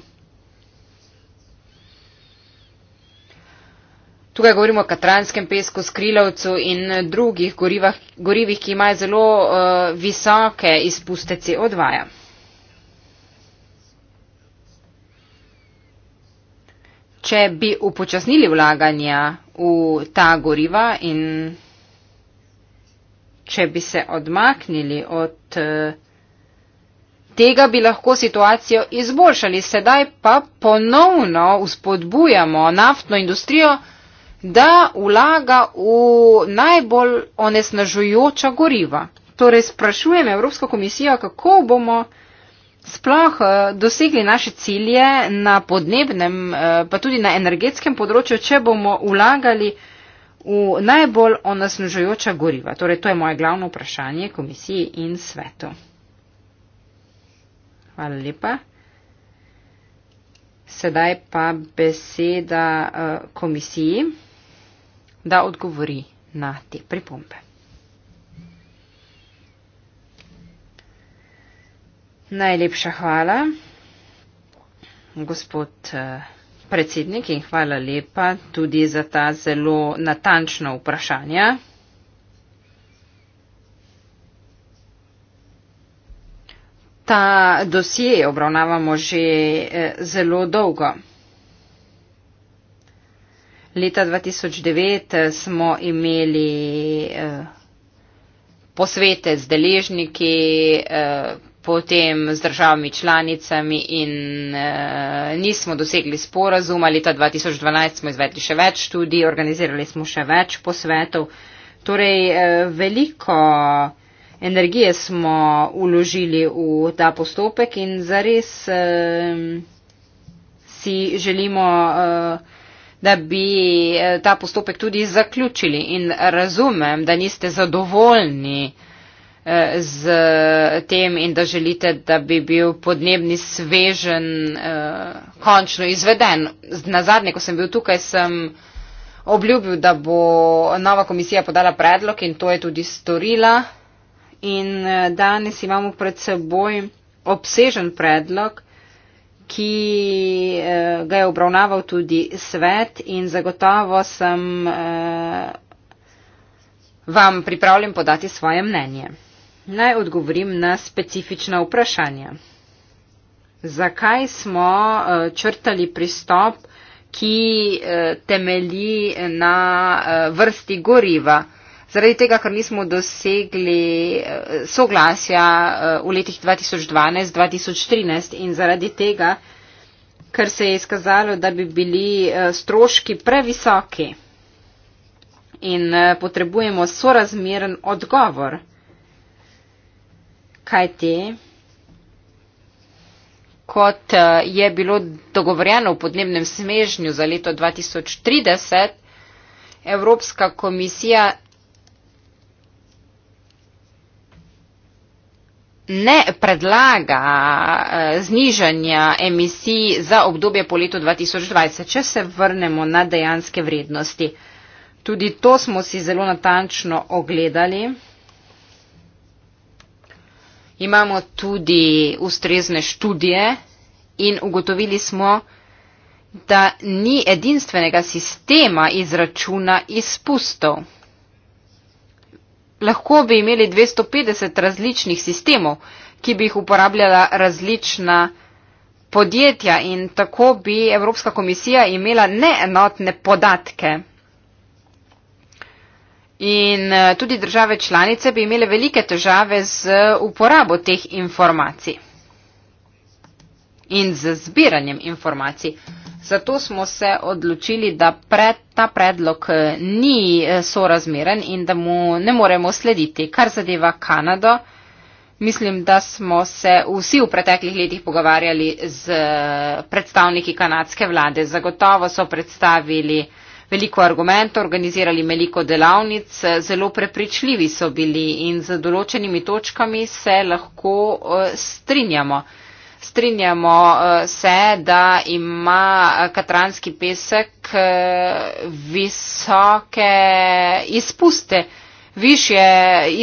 Tukaj govorimo o katranskem pesku, skrilovcu in drugih gorivah, gorivih, ki imajo zelo uh, visoke izpuste CO2. Ja. Če bi upočasnili vlaganja v ta goriva in če bi se odmaknili od eh, tega, bi lahko situacijo izboljšali. Sedaj pa ponovno uspodbujamo naftno industrijo, da vlaga v najbolj onesnažujoča goriva. Torej sprašujem Evropsko komisijo, kako bomo sploh eh, dosegli naše cilje na podnebnem, eh, pa tudi na energetskem področju, če bomo vlagali v v najbolj onesnažujoča goriva. Torej, to je moje glavno vprašanje komisiji in svetu. Hvala lepa. Sedaj pa beseda eh, komisiji, da odgovori na te pripombe. Najlepša hvala, gospod eh, predsednik in hvala lepa tudi za ta zelo natančna vprašanja. Ta dosje obravnavamo že eh, zelo dolgo. Leta 2009 eh, smo imeli eh, posvete z deležniki, potem z državami članicami in e, nismo dosegli sporazuma. Leta 2012 smo izvedli še več študij, organizirali smo še več posvetov. Torej, e, veliko energije smo uložili v ta postopek in zares e, si želimo, e, da bi ta postopek tudi zaključili. In razumem, da niste zadovoljni. Eh, z tem in da želite, da bi bil podnebni svežen eh, končno izveden. Na zadnje, ko sem bil tukaj, sem obljubil, da bo nova komisija podala predlog in to je tudi storila. In eh, danes imamo pred seboj obsežen predlog, ki ga je obravnaval tudi svet in zagotovo sem vam pripravljen podati svoje mnenje naj odgovorim na specifična vprašanja. Zakaj smo eh, črtali pristop, ki eh, temelji na eh, vrsti goriva? Zaradi tega, ker nismo dosegli soglasja v letih 2012-2013 in zaradi tega, ker se je izkazalo, da bi bili stroški previsoki in potrebujemo sorazmeren odgovor kajti kot eh, je bilo dogovorjeno v podnebnem smežnju za leto 2030, Evropska komisija ne predlaga eh, znižanja emisij za obdobje po letu 2020, če se vrnemo na dejanske vrednosti. Tudi to smo si zelo natančno ogledali imamo tudi ustrezne študije in ugotovili smo, da ni edinstvenega sistema izračuna izpustov. Lahko bi imeli 250 različnih sistemov, ki bi jih uporabljala različna podjetja in tako bi Evropska komisija imela neenotne podatke. In eh, tudi države članice bi imele velike težave z uporabo teh informacij in z zbiranjem informacij. Zato smo se odločili, da pred ta predlog eh, ni eh, sorazmeren in da mu ne moremo slediti. Kar zadeva Kanado, mislim, da smo se vsi v preteklih letih pogovarjali z predstavniki kanadske vlade. Zagotovo so predstavili uh, veliko argumentov, organizirali veliko delavnic, zelo prepričljivi so bili in z določenimi točkami se lahko e, strinjamo. Strinjamo e, se, da ima katranski pesek e, visoke izpuste, više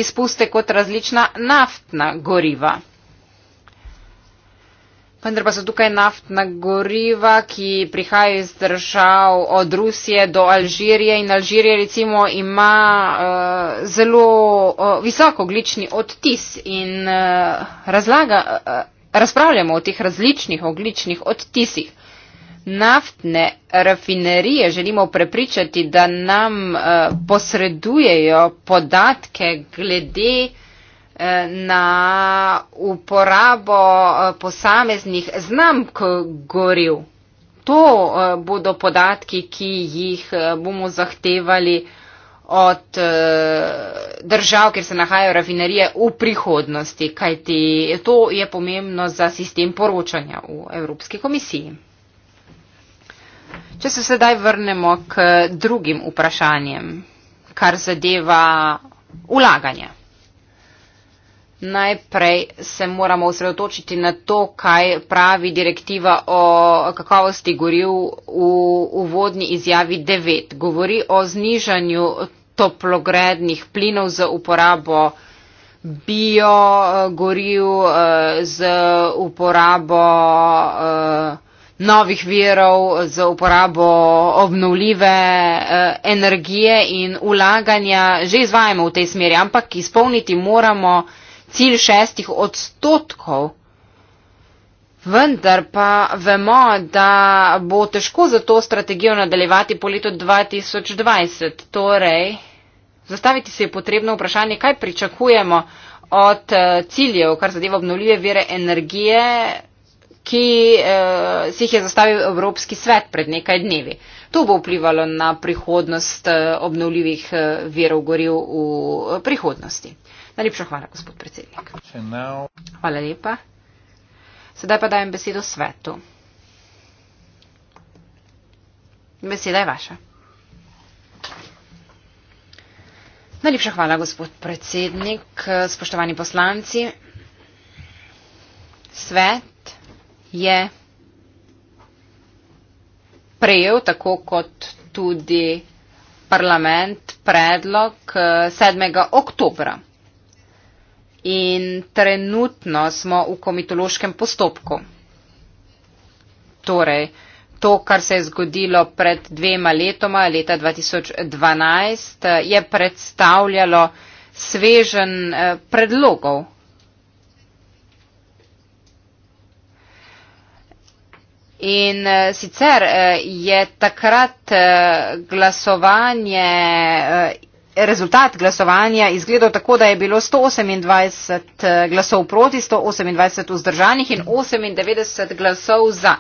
izpuste kot različna naftna goriva. Vendar pa so tukaj naftna goriva, ki prihajajo iz držav od Rusije do Alžirije in Alžirija recimo ima uh, zelo uh, visokoglični odtis in uh, razlaga, uh, razpravljamo o teh različnih ogličnih odtisih. Naftne rafinerije želimo prepričati, da nam uh, posredujejo podatke glede uh, na uporabo eh, posameznih znamk goril. To eh, bodo podatki, ki jih eh, bomo zahtevali od držav, kjer se nahajajo rafinerije v prihodnosti, kajti to je pomembno za sistem poročanja v Evropski komisiji. Če se sedaj vrnemo k drugim vprašanjem, kar zadeva ulaganje. Najprej se moramo osredotočiti na to, kaj pravi direktiva o kakovosti goril v uvodni izjavi 9. Govori o znižanju toplogrednih plinov za uporabo bio goril, eh, za uporabo eh, novih virov, za uporabo obnovljive eh, energije in ulaganja. Že izvajamo v tej smeri, ampak izpolniti moramo cilj šestih odstotkov. Vendar pa vemo, da bo težko za to strategijo nadaljevati po letu 2020. Torej, zastaviti se je potrebno vprašanje, kaj pričakujemo od eh, ciljev, kar zadeva obnovljive vire energije, ki eh, si jih je zastavil Evropski svet pred nekaj dnevi. To bo vplivalo na prihodnost eh, obnovljivih eh, virov goril v prihodnosti. Najlepša hvala, gospod predsednik. Hvala lepa. Sedaj pa dajem besedo svetu. Beseda je vaša. Najlepša hvala, gospod predsednik, spoštovani poslanci. Svet je prejel, tako kot tudi parlament, predlog 7. Eh, oktobra in trenutno smo v komitološkem postopku. Torej, to, kar se je zgodilo pred dvema letoma, leta 2012, je predstavljalo svežen eh, predlogov. In eh, sicer eh, je takrat glasovanje rezultat glasovanja izgledal tako, da je bilo 128 eh, glasov proti, 128 vzdržanih in 98 glasov za.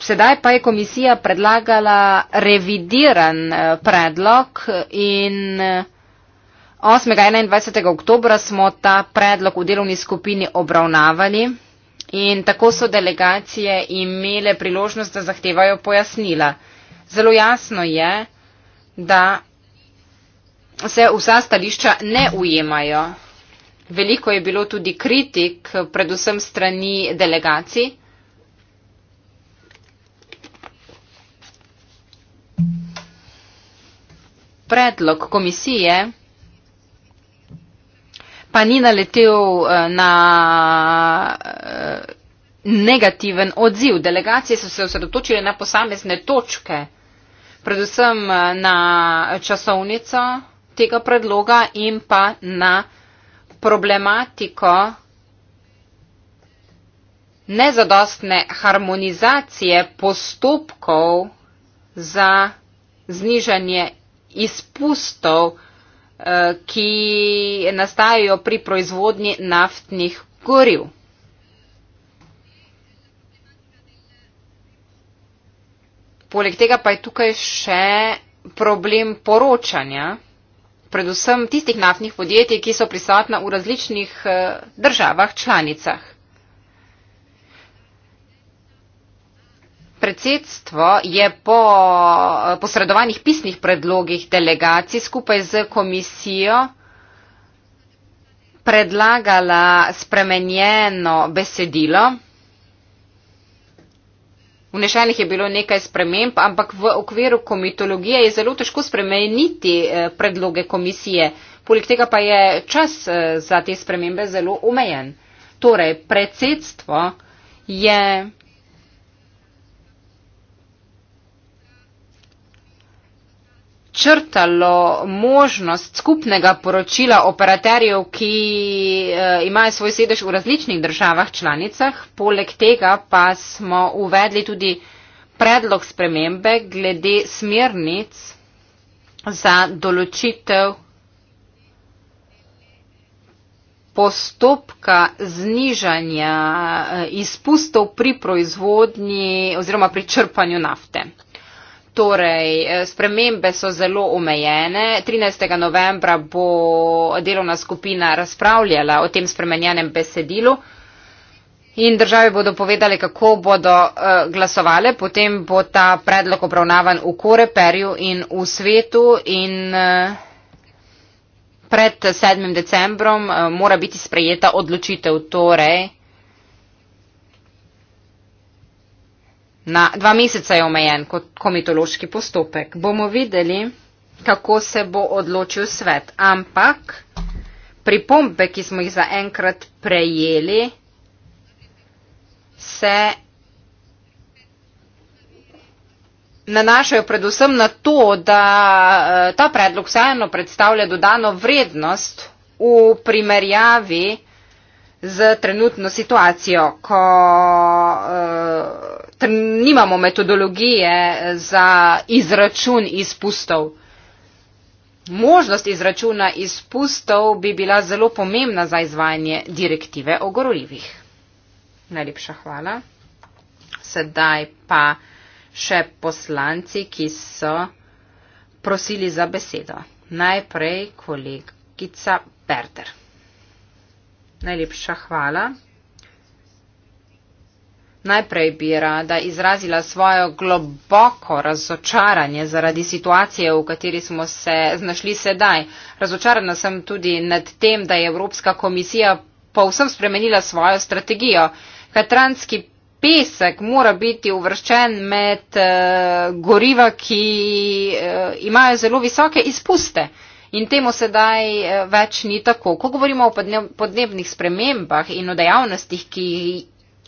Sedaj pa je komisija predlagala revidiran eh, predlog in 8. in 21. oktobra smo ta predlog v delovni skupini obravnavali in tako so delegacije imele priložnost, da zahtevajo pojasnila. Zelo jasno je, da se vsa stališča ne ujemajo. Veliko je bilo tudi kritik, predvsem strani delegacij. Predlog komisije pa ni naletel eh, na eh, negativen odziv. Delegacije so se osredotočile na posamezne točke, predvsem eh, na časovnico tega predloga in pa na problematiko nezadostne harmonizacije postopkov za znižanje izpustov, eh, ki nastajajo pri proizvodnji naftnih goriv. Poleg tega pa je tukaj še problem poročanja predvsem tistih naftnih podjetij, ki so prisotna v različnih eh, državah članicah. Predsedstvo je po eh, posredovanih pisnih predlogih delegacij skupaj z komisijo predlagala spremenjeno besedilo Vnešenih je bilo nekaj sprememb, ampak v okviru komitologije je zelo težko spremeniti eh, predloge komisije. Poleg tega pa je čas eh, za te spremembe zelo omejen. Torej, predsedstvo je črtalo možnost skupnega poročila operaterjev, ki eh, imajo svoj sedež v različnih državah članicah. Poleg tega pa smo uvedli tudi predlog spremembe glede smernic za določitev postopka znižanja eh, izpustov pri proizvodnji oziroma pri črpanju nafte. Torej, eh, spremembe so zelo omejene. 13. novembra bo delovna skupina razpravljala o tem spremenjenem besedilu. In države bodo povedali, kako bodo uh, eh, glasovali, potem bo ta predlog obravnavan v Koreperju in v svetu in uh, pred 7. decembrom uh, mora biti sprejeta odločitev. Torej, uh, Na dva meseca je omejen kot komitološki postopek. Bomo videli, kako se bo odločil svet. Ampak pripombe, ki smo jih zaenkrat prejeli, se nanašajo predvsem na to, da eh, ta predlog vseeno predstavlja dodano vrednost v primerjavi z trenutno situacijo, ko. Uh, nimamo metodologije za izračun izpustov. Možnost izračuna izpustov bi bila zelo pomembna za izvajanje direktive o gorivih. Najlepša hvala. Sedaj pa še poslanci, ki so prosili za besedo. Najprej kolegica Berder. Najlepša hvala. Najprej bi rada izrazila svojo globoko razočaranje zaradi situacije, v kateri smo se znašli sedaj. Razočarana sem tudi nad tem, da je Evropska komisija povsem spremenila svojo strategijo. Katranski pesek mora biti uvrščen med eh, goriva, ki eh, imajo zelo visoke izpuste. In temu sedaj eh, več ni tako. Ko govorimo o podnebnih spremembah in o dejavnostih, ki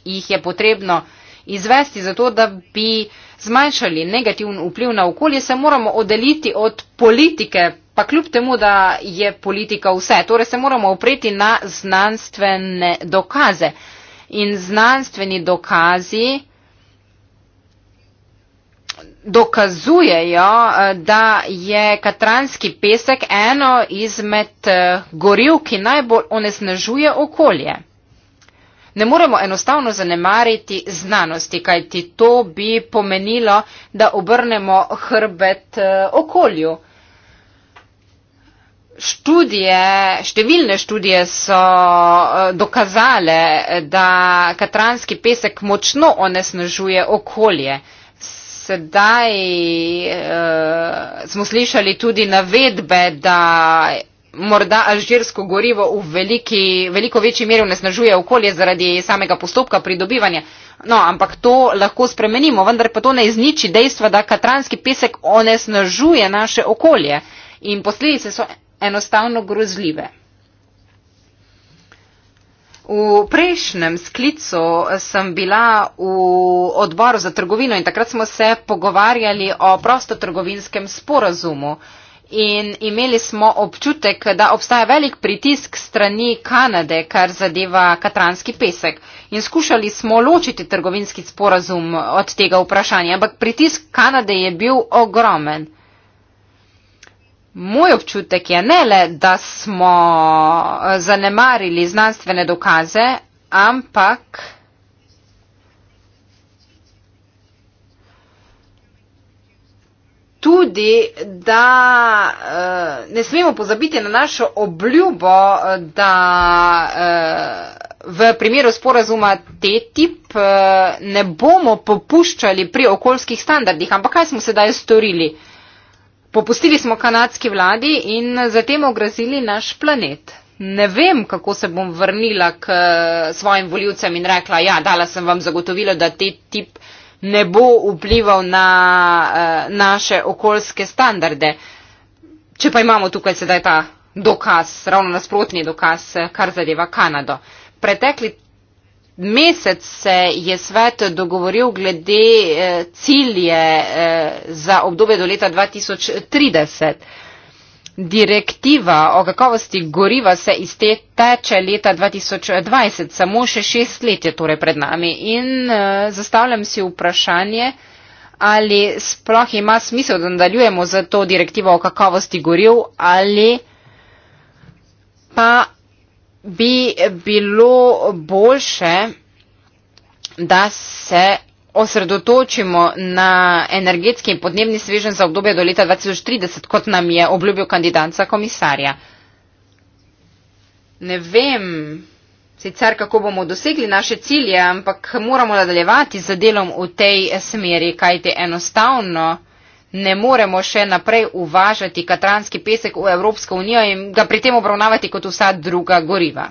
jih je potrebno izvesti zato, da bi zmanjšali negativni vpliv na okolje, se moramo oddaliti od politike, pa kljub temu, da je politika vse. Torej se moramo opreti na znanstvene dokaze. In znanstveni dokazi dokazujejo, da je katranski pesek eno izmed eh, goril, ki najbolj onesnažuje okolje ne moremo enostavno zanemariti znanosti, kajti to bi pomenilo, da obrnemo hrbet eh, okolju. Študije, številne študije so eh, dokazale, da katranski pesek močno onesnažuje okolje. Sedaj e, smo slišali tudi navedbe, da morda alžirsko gorivo v veliki, veliko večji meri onesnažuje okolje zaradi samega postopka pridobivanja. No, ampak to lahko spremenimo, vendar pa to ne izniči dejstva, da katranski pesek onesnažuje naše okolje in posledice so enostavno grozljive. V prejšnjem sklicu sem bila v odboru za trgovino in takrat smo se pogovarjali o prostotrgovinskem sporazumu. Uh, in imeli smo občutek, da obstaja velik pritisk strani Kanade, kar zadeva katranski pesek. In skušali smo ločiti trgovinski sporazum od tega vprašanja, ampak pritisk Kanade je bil ogromen. Moj občutek je ne le, da smo zanemarili znanstvene dokaze, ampak. tudi, da uh, ne smemo pozabiti na našo obljubo, eh, da uh, v primeru sporazuma TTIP uh, ne bomo popuščali pri okoljskih standardih. Ampak kaj smo sedaj storili? Popustili smo kanadski vladi in zatem ogrozili naš planet. Ne vem, kako se bom vrnila k svojim voljivcem in rekla, ja, dala sem vam zagotovilo, da te tip uh, ne bo vplival na eh, naše okoljske standarde. Če pa imamo tukaj sedaj ta dokaz, ravno nasprotni dokaz, eh, kar zadeva Kanado. Pretekli mesec se je svet dogovoril glede eh, cilje za obdobje do leta 2030. Direktiva o kakovosti goriva se iz te teče leta 2020, samo še šest let je torej pred nami in uh, zastavljam si vprašanje, ali sploh ima smisel, da nadaljujemo za to direktivo o kakovosti goriv ali pa bi bilo boljše, da se osredotočimo na energetski in podnebni svežen za obdobje do leta 2030, kot nam je obljubil kandidat za komisarja. Ne vem sicer, kako bomo dosegli naše cilje, ampak moramo nadaljevati z delom v tej smeri, kajti enostavno ne moremo še naprej uvažati katranski pesek v Evropsko unijo in ga pri tem obravnavati kot vsa druga goriva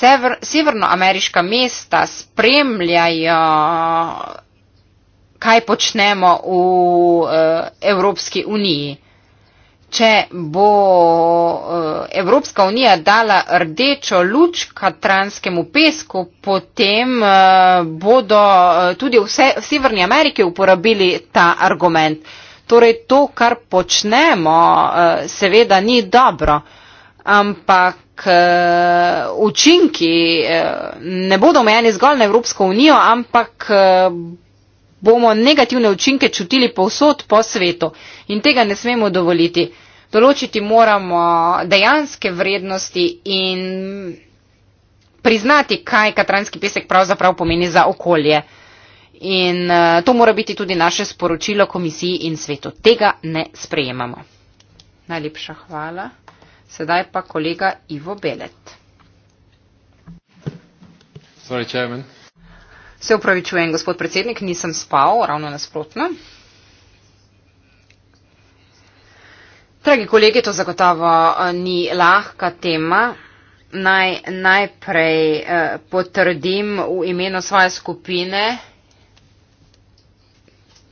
sever, severnoameriška mesta spremljajo, kaj počnemo v uh, Evropski uniji. Če bo eh, Evropska unija dala rdečo luč katranskemu pesku, potem eh, bodo tudi vse v Severni Ameriki uporabili ta argument. Torej, to, kar počnemo, seveda ni dobro, ampak ampak eh, učinki eh, ne bodo omejeni zgolj na Evropsko unijo, ampak eh, bomo negativne učinke čutili povsod po svetu in tega ne smemo dovoliti. Določiti moramo dejanske vrednosti in priznati, kaj katranski pesek pravzaprav pomeni za okolje. In to mora biti tudi naše sporočilo komisiji in svetu. Tega ne sprejemamo. Najlepša hvala. Sedaj pa kolega Ivo Belet. Sorry, Se upravičujem, gospod predsednik, nisem spal, ravno nasprotno. Dragi kolegi, to zagotovo eh, ni lahka tema. Naj najprej eh, potrdim v imenu svoje skupine,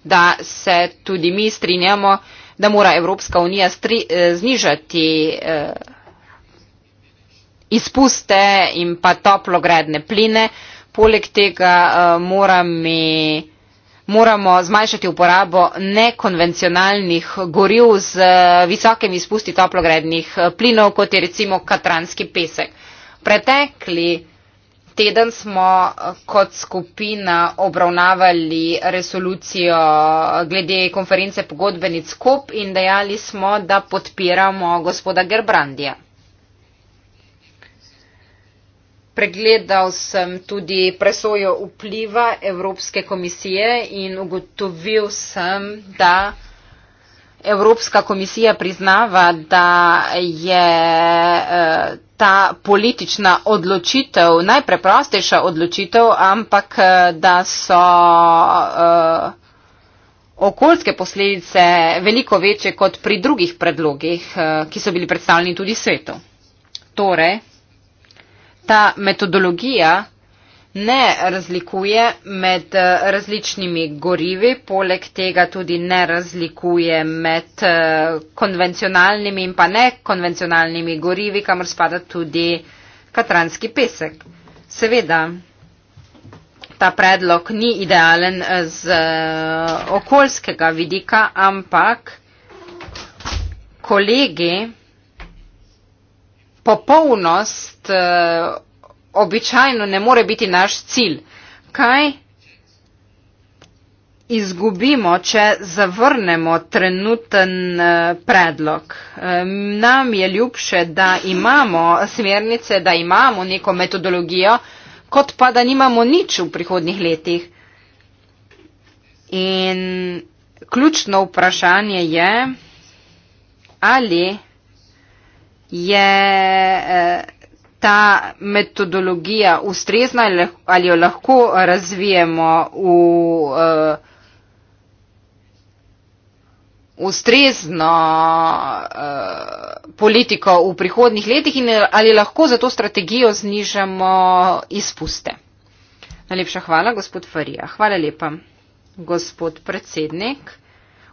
da se tudi mi strinjamo, da mora Evropska unija stri, eh, znižati eh, izpuste in pa toplogradne pline. Poleg tega eh, morami, moramo zmanjšati uporabo nekonvencionalnih goriv z visokim izpusti toplogrednih plinov, kot je recimo katranski pesek. Pretekli teden smo eh, kot skupina obravnavali resolucijo glede konference pogodbenic KOP in dejali smo, da podpiramo gospoda Gerbrandija. Pregledal sem tudi presojo vpliva Evropske komisije in ugotovil sem, da Evropska komisija priznava, da je. Eh, ta politična odločitev, najpreprostejša odločitev, ampak eh, da so eh, okoljske posledice veliko večje kot pri drugih predlogih, eh, ki so bili predstavljeni tudi svetu. Torej, ta metodologija ne razlikuje med eh, različnimi gorivi, poleg tega tudi ne razlikuje med eh, konvencionalnimi in pa nekonvencionalnimi gorivi, kamor spada tudi katranski pesek. Seveda, ta predlog ni idealen eh, z okoljskega vidika, ampak kolegi popolnost običajno ne more biti naš cilj. Kaj izgubimo, če zavrnemo trenuten eh, predlog? Nam je ljubše, da imamo smernice, da imamo neko metodologijo, kot pa da nimamo nič v prihodnih letih. In ključno vprašanje je, ali je. Eh, ta metodologija ustrezna ali jo lahko razvijemo v uh, ustrezno uh, politiko v prihodnih letih in ali lahko za to strategijo znižamo izpuste. Najlepša hvala, gospod Farija. Hvala lepa, gospod predsednik.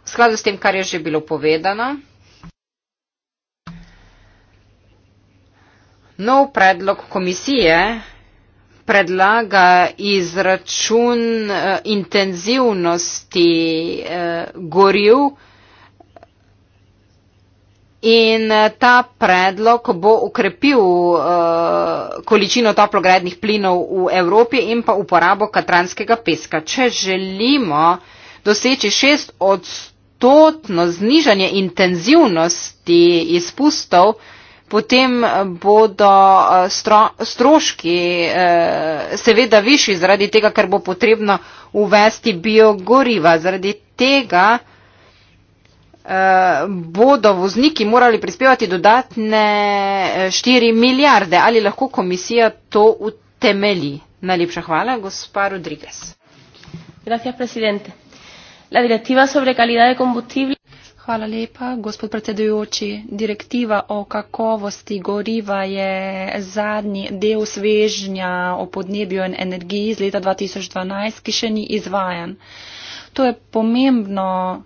V skladu s tem, kar je že bilo povedano. Nov predlog komisije predlaga izračun eh, intenzivnosti eh, goriv in eh, ta predlog bo ukrepil količino toplogrednih plinov v Evropi in pa uporabo katranskega peska. Če želimo doseči šest odstotno znižanje intenzivnosti izpustov, potem eh, bodo eh, stro, stroški eh, seveda višji zaradi tega, ker bo potrebno uvesti biogoriva. Zaradi tega bodo vozniki morali prispevati dodatne 4 milijarde. Ali lahko komisija to utemeli? Najlepša hvala, gospa Rodriguez. Gracias, presidente. La directiva sobre calidad de combustible. Hvala lepa, gospod predsedujoči. Direktiva o kakovosti goriva je zadnji del svežnja o podnebju in energiji iz leta 2012, ki še ni izvajan. To je pomembno,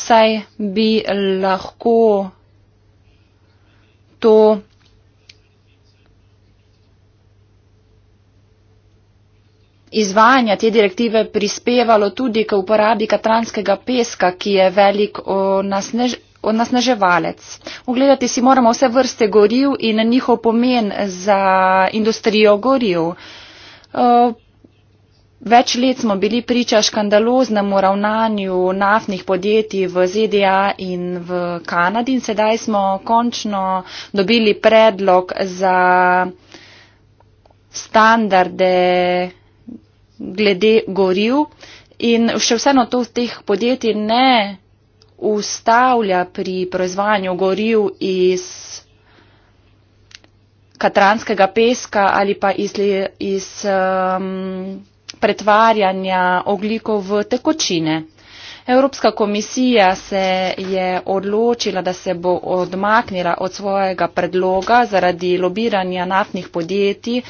saj bi lahko to izvajanja te direktive prispevalo tudi k uporabi katranskega peska, ki je velik onasnež onasneževalec. Ugledati si moramo vse vrste goriv in njihov pomen za industrijo goriv. Več let smo bili priča škandaloznemu ravnanju naftnih podjetij v ZDA in v Kanadi in sedaj smo končno dobili predlog za standarde glede goriv in še vseeno to teh podjetij ne ustavlja pri proizvajanju goriv iz katranskega peska ali pa iz, iz um, pretvarjanja ogliko v tekočine. Evropska komisija se je odločila, da se bo odmaknila od svojega predloga zaradi lobiranja naftnih podjetij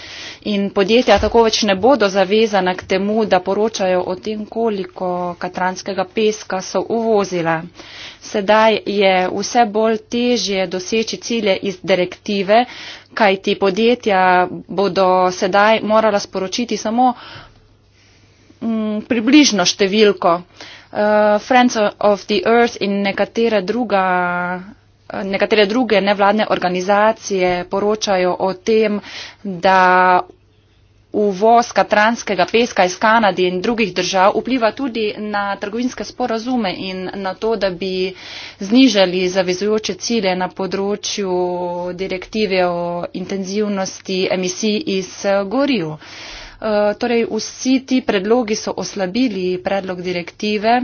in podjetja tako več ne bodo zavezana k temu, da poročajo o tem, koliko katranskega peska so uvozila. Sedaj je vse bolj težje doseči cilje iz direktive, kaj ti podjetja bodo sedaj morala sporočiti samo m, mm, približno številko uh, Friends of the Earth in nekatere, druga, uh, nekatere druge nevladne organizacije poročajo o tem, da uvoz katranskega peska iz Kanade in drugih držav vpliva tudi na trgovinske sporazume in na to, da bi znižali zavezujoče cilje na področju direktive o intenzivnosti emisij iz eh, goriv. Uh, Eh, torej vsi ti predlogi so oslabili predlog direktive.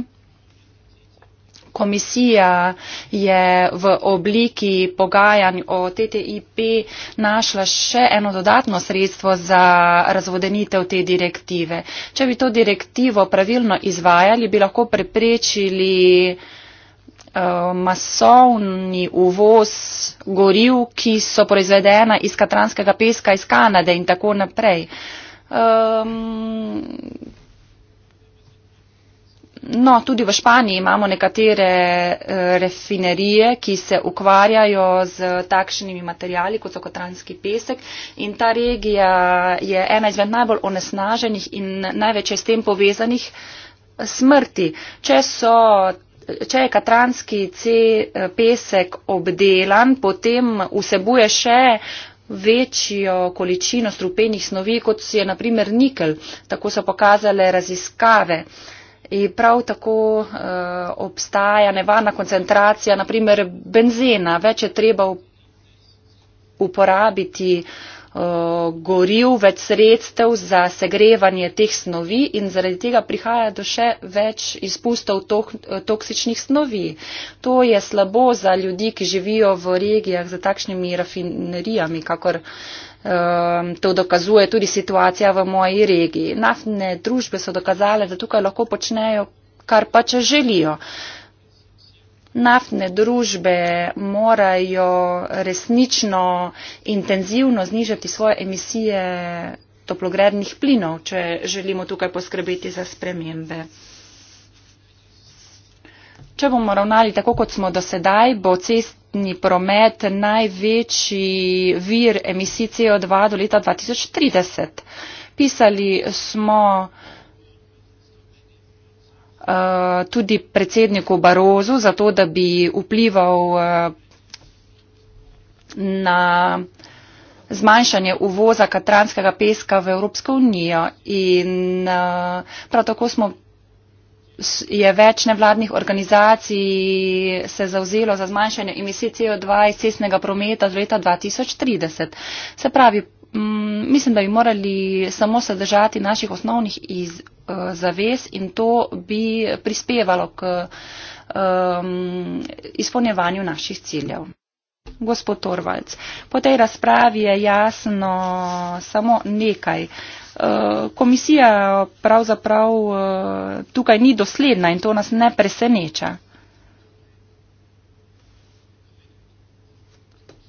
Komisija je v obliki pogajanj o TTIP našla še eno dodatno sredstvo za razvodenitev te direktive. Če bi to direktivo pravilno izvajali, bi lahko preprečili eh, masovni uvoz goriv, ki so proizvedena iz katranskega peska iz Kanade in tako naprej. Uh, Um, no, tudi v Španiji imamo nekatere uh, refinerije, ki se ukvarjajo z takšnimi materijali, kot so kotranski pesek. In ta regija je ena izmed najbolj onesnaženih in največje s tem povezanih eh, smrti. Če so. Če je katranski C eh, pesek obdelan, potem vsebuje še uh, večjo količino strupenih snovi, kot je naprimer nikel. Tako so pokazale raziskave. In prav tako uh, obstaja nevarna koncentracija, naprimer benzena, več je treba uporabiti uh, Eh, goriv, več sredstev za segrevanje teh snovi in zaradi tega prihaja do še več izpustov tok, toksičnih snovi. To je slabo za ljudi, ki živijo v regijah za takšnimi rafinerijami, kakor um, to dokazuje tudi situacija v moji regiji. Naftne družbe so dokazale, da tukaj lahko počnejo, kar pa če želijo. Uh, naftne družbe morajo resnično intenzivno znižati svoje emisije toplogrednih plinov, če želimo tukaj poskrbeti za spremembe. Če bomo ravnali tako, kot smo do sedaj, bo cestni promet največji vir emisij CO2 do leta 2030. Pisali smo, Eh, tudi predsedniku Barozu, zato da bi vplival eh, na zmanjšanje uvoza katranskega peska v Evropsko unijo. In eh, prav tako smo, je več nevladnih organizacij se zauzelo za zmanjšanje emisij CO2 iz cestnega prometa do leta 2030. Se pravi, mm, mislim, da bi morali samo sedržati naših osnovnih iz, Eh, zavez in to bi prispevalo k um, izpolnjevanju naših ciljev. Gospod Torvalc, po tej razpravi je jasno samo nekaj. Eh, komisija pravzaprav eh, tukaj ni dosledna in to nas ne preseneča.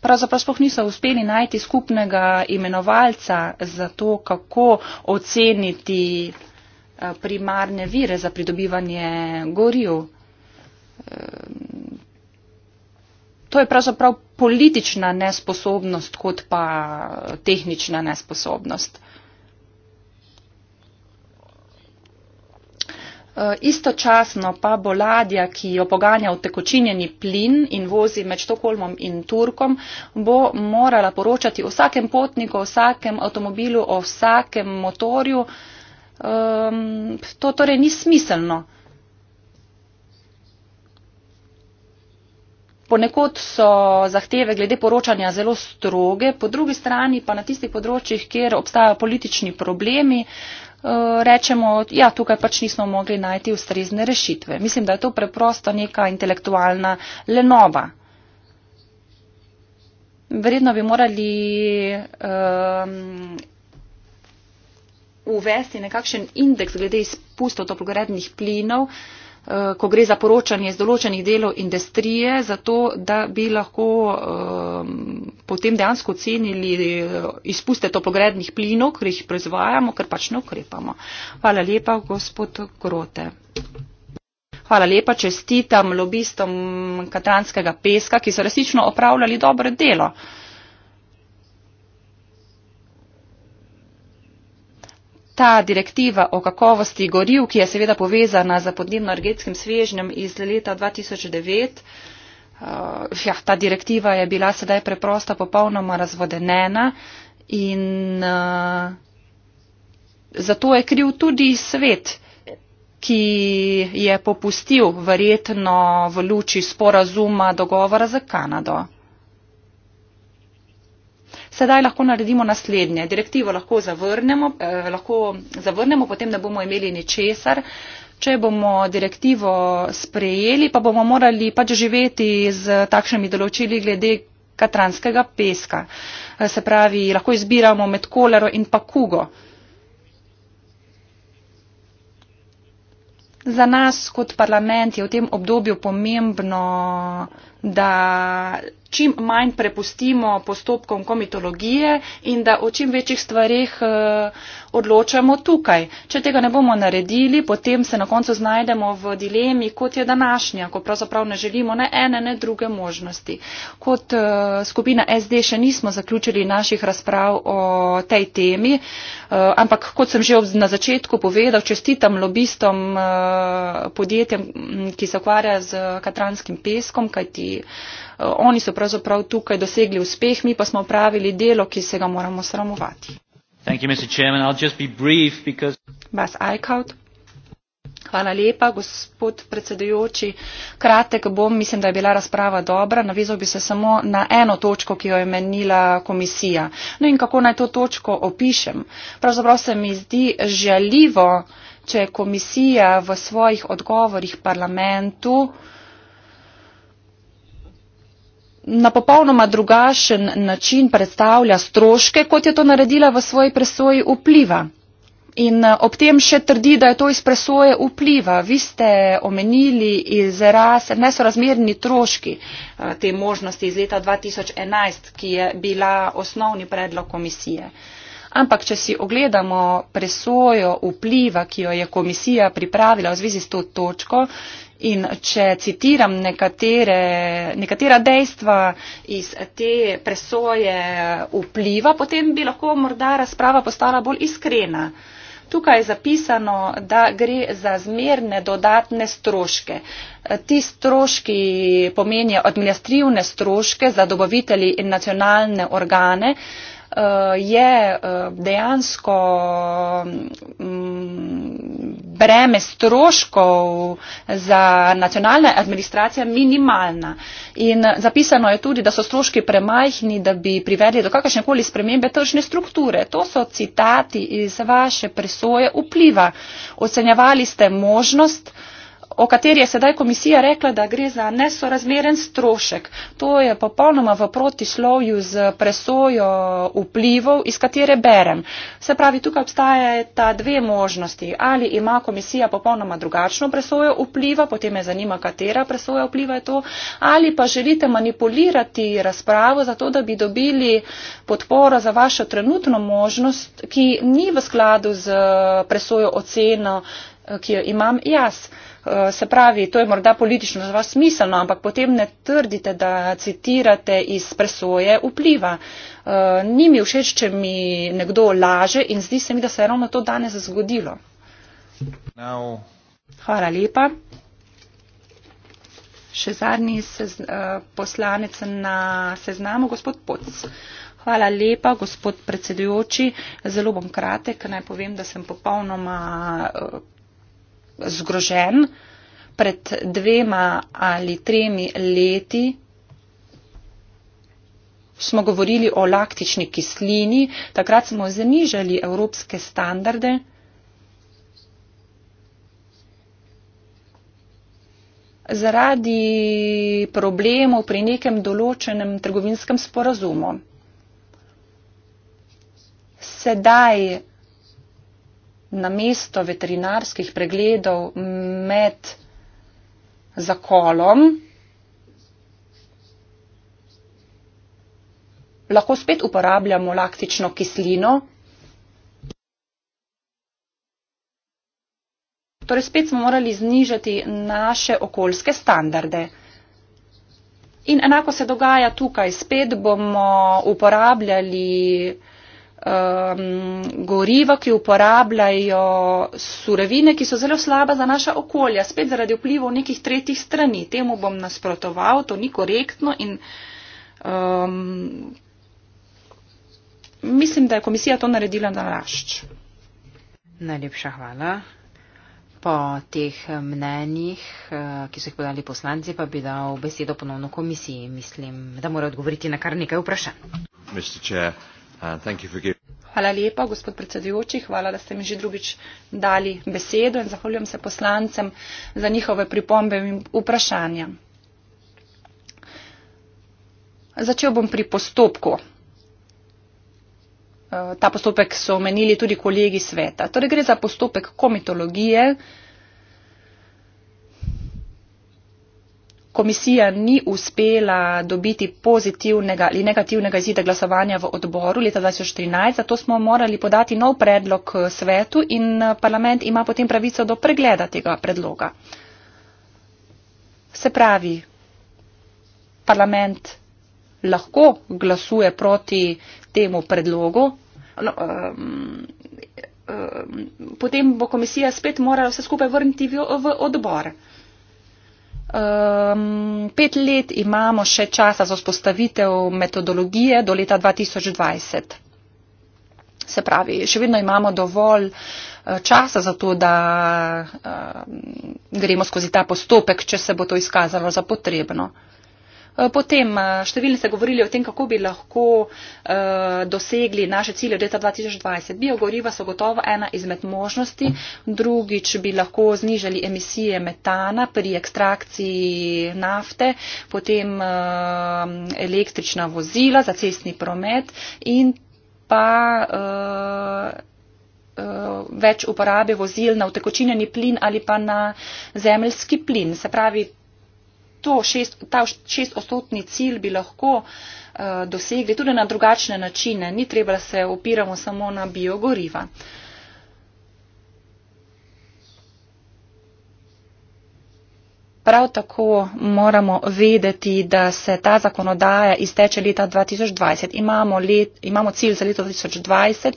Pravzaprav spoh niso uspeli najti skupnega imenovalca za to, kako oceniti uh, primarne vire za pridobivanje goril. Ehm, to je pravzaprav politična nesposobnost, kot pa tehnična nesposobnost. Ehm, istočasno pa bo ladja, ki jo poganja v tekočinjeni plin in vozi med Štokolmom in Turkom, bo morala poročati o vsakem potniku, o vsakem avtomobilu, o vsakem motorju, um, to torej ni smiselno. Ponekod so zahteve glede poročanja zelo stroge, po drugi strani pa na tistih področjih, kjer obstajajo politični problemi, eh, rečemo, ja, tukaj pač nismo mogli najti ustrezne rešitve. Mislim, da je to preprosto neka intelektualna lenova. Verjetno bi morali um, uvesti nekakšen indeks glede izpustov toplogrednih plinov, eh, ko gre za poročanje z določenih delov industrije, zato da bi lahko um, potem dejansko ocenili eh, izpuste toplogrednih plinov, ki jih proizvajamo, ker pač ne ukrepamo. Hvala lepa, gospod Grote. Hvala lepa, čestitam lobistom katranskega peska, ki so resnično opravljali dobro delo. ta direktiva o kakovosti goriv, ki je seveda povezana z podnebno-energetskim svežnjem iz leta 2009, uh, eh, ja, ta direktiva je bila sedaj preprosto popolnoma razvodenena in uh, zato je kriv tudi svet ki je popustil verjetno v luči sporazuma dogovora za Kanado sedaj lahko naredimo naslednje. Direktivo lahko zavrnemo, eh, lahko zavrnemo potem ne bomo imeli ničesar. Če bomo direktivo sprejeli, pa bomo morali pač živeti z takšnimi določili glede katranskega peska. Eh, se pravi, lahko izbiramo med kolero in pa kugo. Za nas kot parlament je v tem obdobju pomembno da čim manj prepustimo postopkom komitologije in da o čim večjih stvarih eh, odločamo tukaj. Če tega ne bomo naredili, potem se na koncu znajdemo v dilemi, kot je današnja, ko pravzaprav ne želimo ne ene, ne druge možnosti. Kot uh, skupina SD še nismo zaključili naših razprav o tej temi, uh, ampak kot sem že na začetku povedal, čestitam lobistom uh, podjetjem, ki se ukvarja z katranskim peskom, kajti uh, oni so pravzaprav tukaj dosegli uspeh, mi pa smo upravili delo, ki se ga moramo sramovati. Thank you, Mr. Chairman. I'll just be brief because... Hvala lepa, gospod predsedujoči. Kratek bom, mislim, da je bila razprava dobra. Navezal bi se samo na eno točko, ki jo je menila komisija. No in kako naj to točko opišem? Pravzaprav se mi zdi žaljivo, če komisija v svojih odgovorih parlamentu uh, na popolnoma drugačen način predstavlja stroške kot je to naredila v svoji presoji vpliva in eh, ob tem še trdi da je to iz presoje vpliva vi ste omenili izraz nesorazmerni stroški eh, te možnosti iz leta dva tisoč enajst ki je bila osnovni predlog komisije ampak če si ogledamo presojo vpliva ki jo je komisija pripravila v zvezi s to točko In če citiram nekatere, nekatera dejstva iz te presoje vpliva, potem bi lahko morda razprava postala bolj iskrena. Tukaj je zapisano, da gre za zmerne dodatne stroške. Ti stroški pomenijo administrativne stroške za dobavitelji in nacionalne organe. Eh, je eh, dejansko mm, breme stroškov za nacionalne administracije minimalna. In zapisano je tudi, da so stroški premajhni, da bi privedli do kakršnekoli spremembe tržne strukture. To so citati iz vaše presoje vpliva. Ocenjevali ste možnost, uh, o kateri je sedaj komisija rekla, da gre za nesorazmeren strošek. To je popolnoma v protislovju z presojo vplivov, iz katere berem. Se pravi, tukaj obstajata dve možnosti. Ali ima komisija popolnoma drugačno presojo vpliva, potem me zanima, katera presoja vpliva je to, ali pa želite manipulirati razpravo zato, da bi dobili podporo za vašo trenutno možnost, ki ni v skladu z presojo oceno, ki jo imam jaz. Eh, se pravi, to je morda politično za vas smiselno, ampak potem ne trdite, da citirate iz presoje vpliva. Eh, ni mi všeč, če mi nekdo laže in zdi se mi, da se je ravno to danes zgodilo. Now. Hvala lepa. Še zadnji eh, poslanec na seznamu, gospod Poc. Hvala lepa, gospod predsedujoči. Zelo bom kratek, naj povem, da sem popolnoma zgrožen. Pred dvema ali tremi leti smo govorili o laktični kislini, takrat smo znižali evropske standarde. zaradi problemov pri nekem določenem trgovinskem sporazumu. Sedaj namesto veterinarskih pregledov med zakolom lahko spet uporabljamo laktično kislino. Torej spet smo morali znižati naše okoljske standarde. In enako se dogaja tukaj. Spet bomo uporabljali um, goriva, ki uporabljajo surovine, ki so zelo slaba za naša okolja, spet zaradi vplivov nekih tretjih strani. Temu bom nasprotoval, to ni korektno in um, mislim, da je komisija to naredila na rašč. Najlepša hvala. Po teh mnenjih, eh, ki so jih podali poslanci, pa bi dal besedo ponovno komisiji. Mislim, da mora odgovoriti na kar nekaj vprašanj. Mislim, če... Uh, Hvala lepa, gospod predsedujoči. Hvala, da ste mi že drugič dali besedo in zahvaljujem se poslancem za njihove pripombe in vprašanja. Začel bom pri postopku. Uh, ta postopek so omenili tudi kolegi sveta. Torej gre za postopek komitologije, komisija ni uspela dobiti pozitivnega ali negativnega izida glasovanja v odboru leta 2014, zato smo morali podati nov predlog eh, svetu in eh, parlament ima potem pravico do pregleda tega predloga. Se pravi, parlament lahko glasuje proti temu predlogu. No, um, Potem bo komisija spet morala vse skupaj vrniti v odbor. Um, pet let imamo še časa za spostavitev metodologije do leta 2020. Se pravi, še vedno imamo dovolj eh, časa za to, da um, gremo skozi ta postopek, če se bo to izkazalo za potrebno. Eh, potem eh, številni ste govorili o tem, kako bi lahko eh, dosegli naše cilje v leta 2020. Biogoriva so gotovo ena izmed možnosti. Drugič bi lahko znižali emisije metana pri ekstrakciji nafte, potem električna vozila za cestni promet in pa več uporabe vozil na utekočinjeni plin ali pa na zemljski plin. Se pravi, to šest, ta šest odstotni cilj bi lahko eh, dosegli tudi na drugačne načine, ni treba se opiramo samo na biogoriva. Prav tako moramo vedeti, da se ta zakonodaja izteče leta 2020. Imamo, let, imamo cilj za leto 2020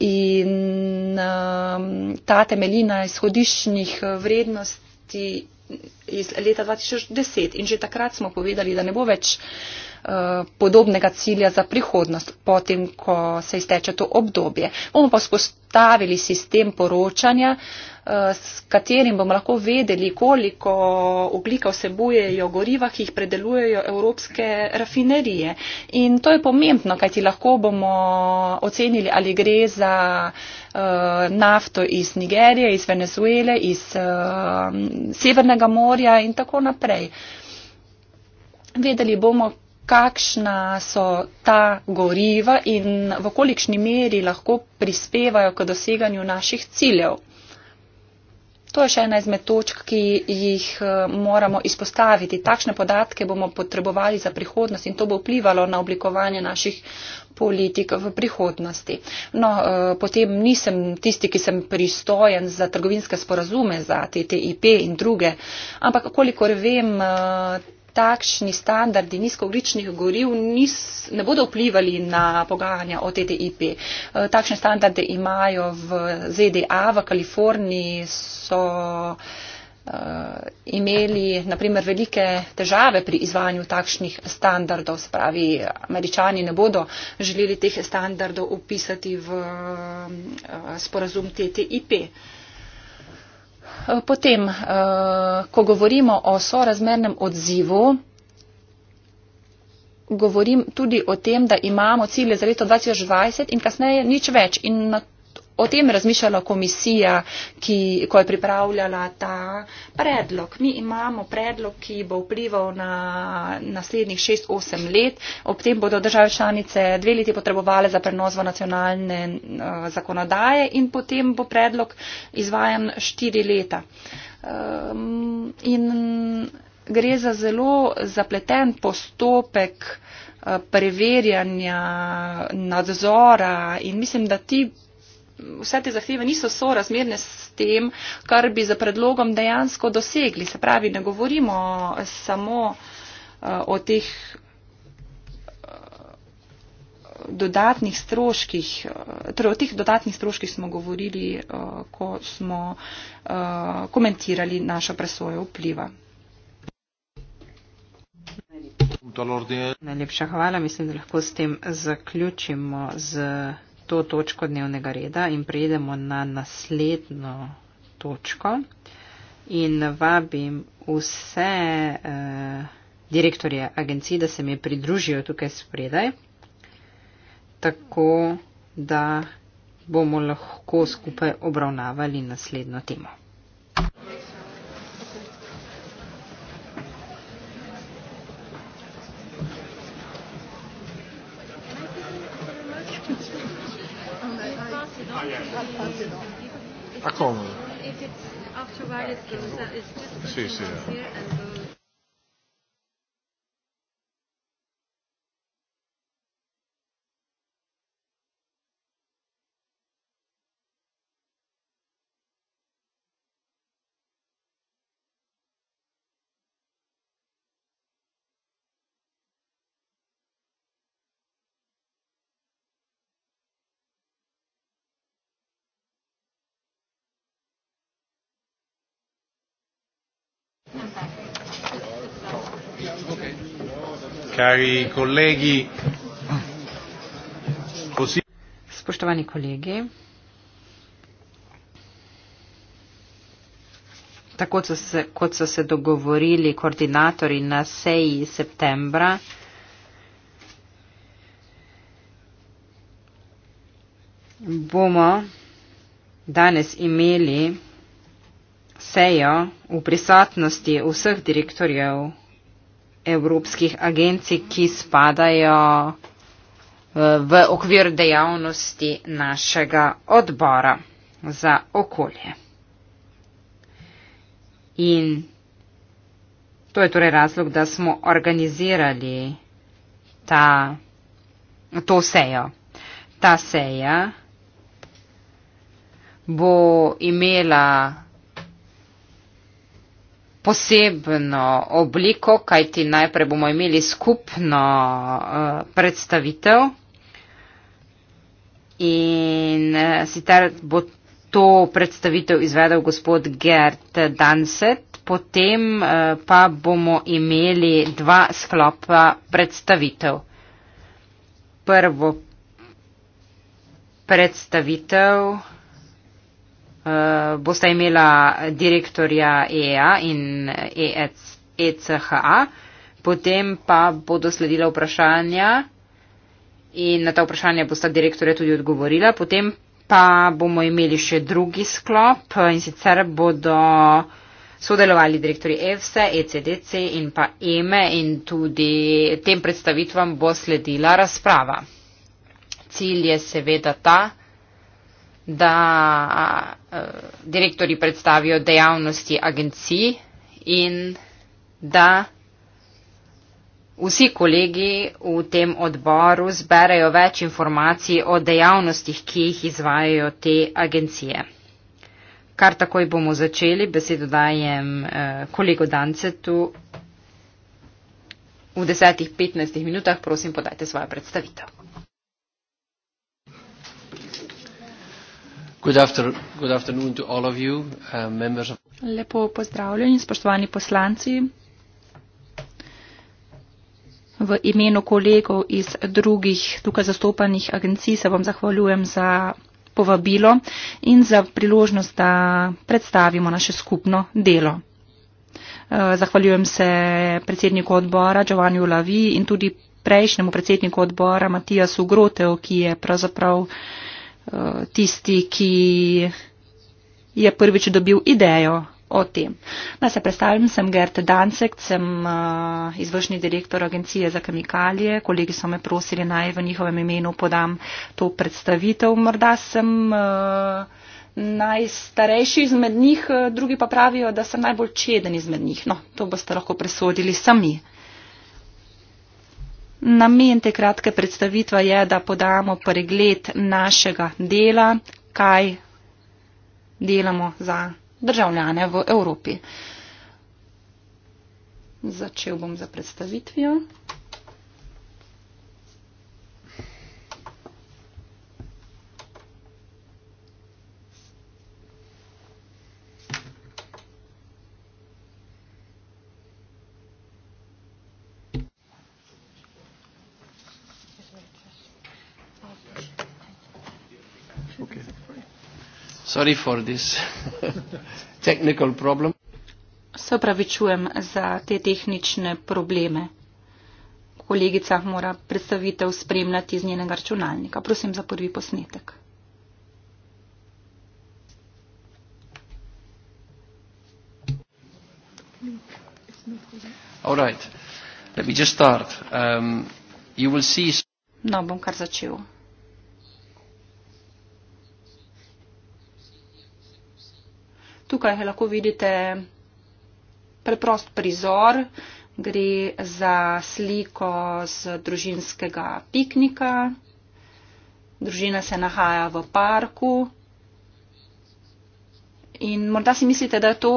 in um, ta temeljina izhodiščnih eh, vrednosti iz leta 2010 in že takrat smo povedali, da ne bo več eh, podobnega cilja za prihodnost, potem, ko se izteče to obdobje. Bomo pa spostavili sistem poročanja, eh, s katerim bomo lahko vedeli, koliko oglika vsebujejo goriva, ki jih predelujejo evropske rafinerije. In to je pomembno, kajti lahko bomo ocenili, ali gre za uh, Eh, nafto iz Nigerije, iz Venezuele, iz eh, Severnega morja in tako naprej. Vedeli bomo, kakšna so ta goriva in v kolikšni meri lahko prispevajo k doseganju naših ciljev. To je še ena izmed točk, ki jih eh, moramo izpostaviti. Takšne podatke bomo potrebovali za prihodnost in to bo vplivalo na oblikovanje naših politik v prihodnosti. No, eh, potem nisem tisti, ki sem pristojen za trgovinske sporazume, za TTIP in druge, ampak kolikor vem, eh, takšni standardi nizkogličnih goriv nis, ne bodo vplivali na pogajanja o TTIP. Eh, takšne standarde imajo v ZDA, v Kaliforniji so eh, imeli naprimer velike težave pri izvajanju takšnih standardov, spravi američani ne bodo želeli teh standardov upisati v eh, sporazum TTIP. Eh, potem, eh, ko govorimo o sorazmernem odzivu, govorim tudi o tem, da imamo cilje za leto 2020 in kasneje nič več. In na o tem razmišljala komisija, ki, ko je pripravljala ta predlog. Mi imamo predlog, ki bo vplival na naslednjih 6-8 let. Ob tem bodo države članice dve leti potrebovali za prenos v nacionalne uh, zakonodaje in potem bo predlog izvajan 4 leta. Um, in gre za zelo zapleten postopek eh, preverjanja nadzora in mislim, da ti vse te zahteve niso sorazmerne s tem, kar bi za predlogom dejansko dosegli. Se pravi, ne govorimo samo eh, o teh eh, dodatnih stroških, eh, torej o teh dodatnih stroških smo govorili, ko smo komentirali našo presojo vpliva. Najlepša hvala, mislim, da lahko s tem zaključimo z to točko dnevnega reda in prejdemo na naslednjo točko. In vabim vse eh, direktorje agencij, da se mi pridružijo tukaj spredaj, tako da bomo lahko skupaj obravnavali naslednjo temo. daar komen we. Precies, ja. Cari colleghi, così... Spoštovani kolegi, tako so se, kot so se dogovorili koordinatori na seji septembra, bomo danes imeli sejo v prisotnosti vseh direktorjev evropskih agencij, ki spadajo eh, v okvir dejavnosti našega odbora za okolje. In to je torej razlog, da smo organizirali ta, to sejo. Ta seja bo imela posebno obliko, kajti najprej bomo imeli skupno uh, predstavitev in uh, sicer bo to predstavitev izvedel gospod Gert Danset, potem uh, pa bomo imeli dva sklopa predstavitev. Prvo predstavitev uh, uh, bosta imela direktorja EA in ECHA, e e potem pa bodo sledila vprašanja in na ta vprašanja bosta direktorja tudi odgovorila, potem pa bomo imeli še drugi sklop eh, in sicer bodo sodelovali direktori EFSE, ECDC in pa EME e in tudi tem predstavitvam bo sledila razprava. Cilj je seveda ta, da direktori predstavijo dejavnosti agencij in da vsi kolegi v tem odboru zberejo več informacij o dejavnostih, ki jih izvajajo te agencije. Kar takoj bomo začeli, besedo dajem e, kolego Dancetu. V desetih, petnajstih minutah prosim podajte svojo predstavitev. Good after, good afternoon to all of you, uh, of Lepo pozdravljeni, spoštovani poslanci. V imenu kolegov iz drugih tukaj zastopanih agencij se vam zahvaljujem za povabilo in za priložnost, da predstavimo naše skupno delo. Uh, zahvaljujem se predsedniku odbora Giovanni Lavi in tudi prejšnjemu predsedniku odbora Matijasu Groteu, ki je pravzaprav Eh, tisti, ki je prvič dobil idejo o tem. Naj se predstavim, sem Gerte Dancek, sem eh, izvršni direktor Agencije za kemikalije. Kolegi so me prosili, naj v njihovem imenu podam to predstavitev. Morda sem eh, najstarejši izmed njih, drugi pa pravijo, da sem najbolj čeden izmed njih. No, to boste lahko presodili sami. Namen te kratke predstavitve je, da podamo pregled našega dela, kaj delamo za državljane v Evropi. Začel bom za predstavitvijo. Sorry for this <laughs> technical problem. Se opravičujem za te tehnične probleme. Kolegica mora predstavitev spremljati iz njenega računalnika. Prosim za prvi posnetek. All right. Let me just start. Um, you will see... No, bom kar začel. Tukaj lahko vidite preprost prizor. Gre za sliko z družinskega piknika. Družina se nahaja v parku. In morda si mislite, da je to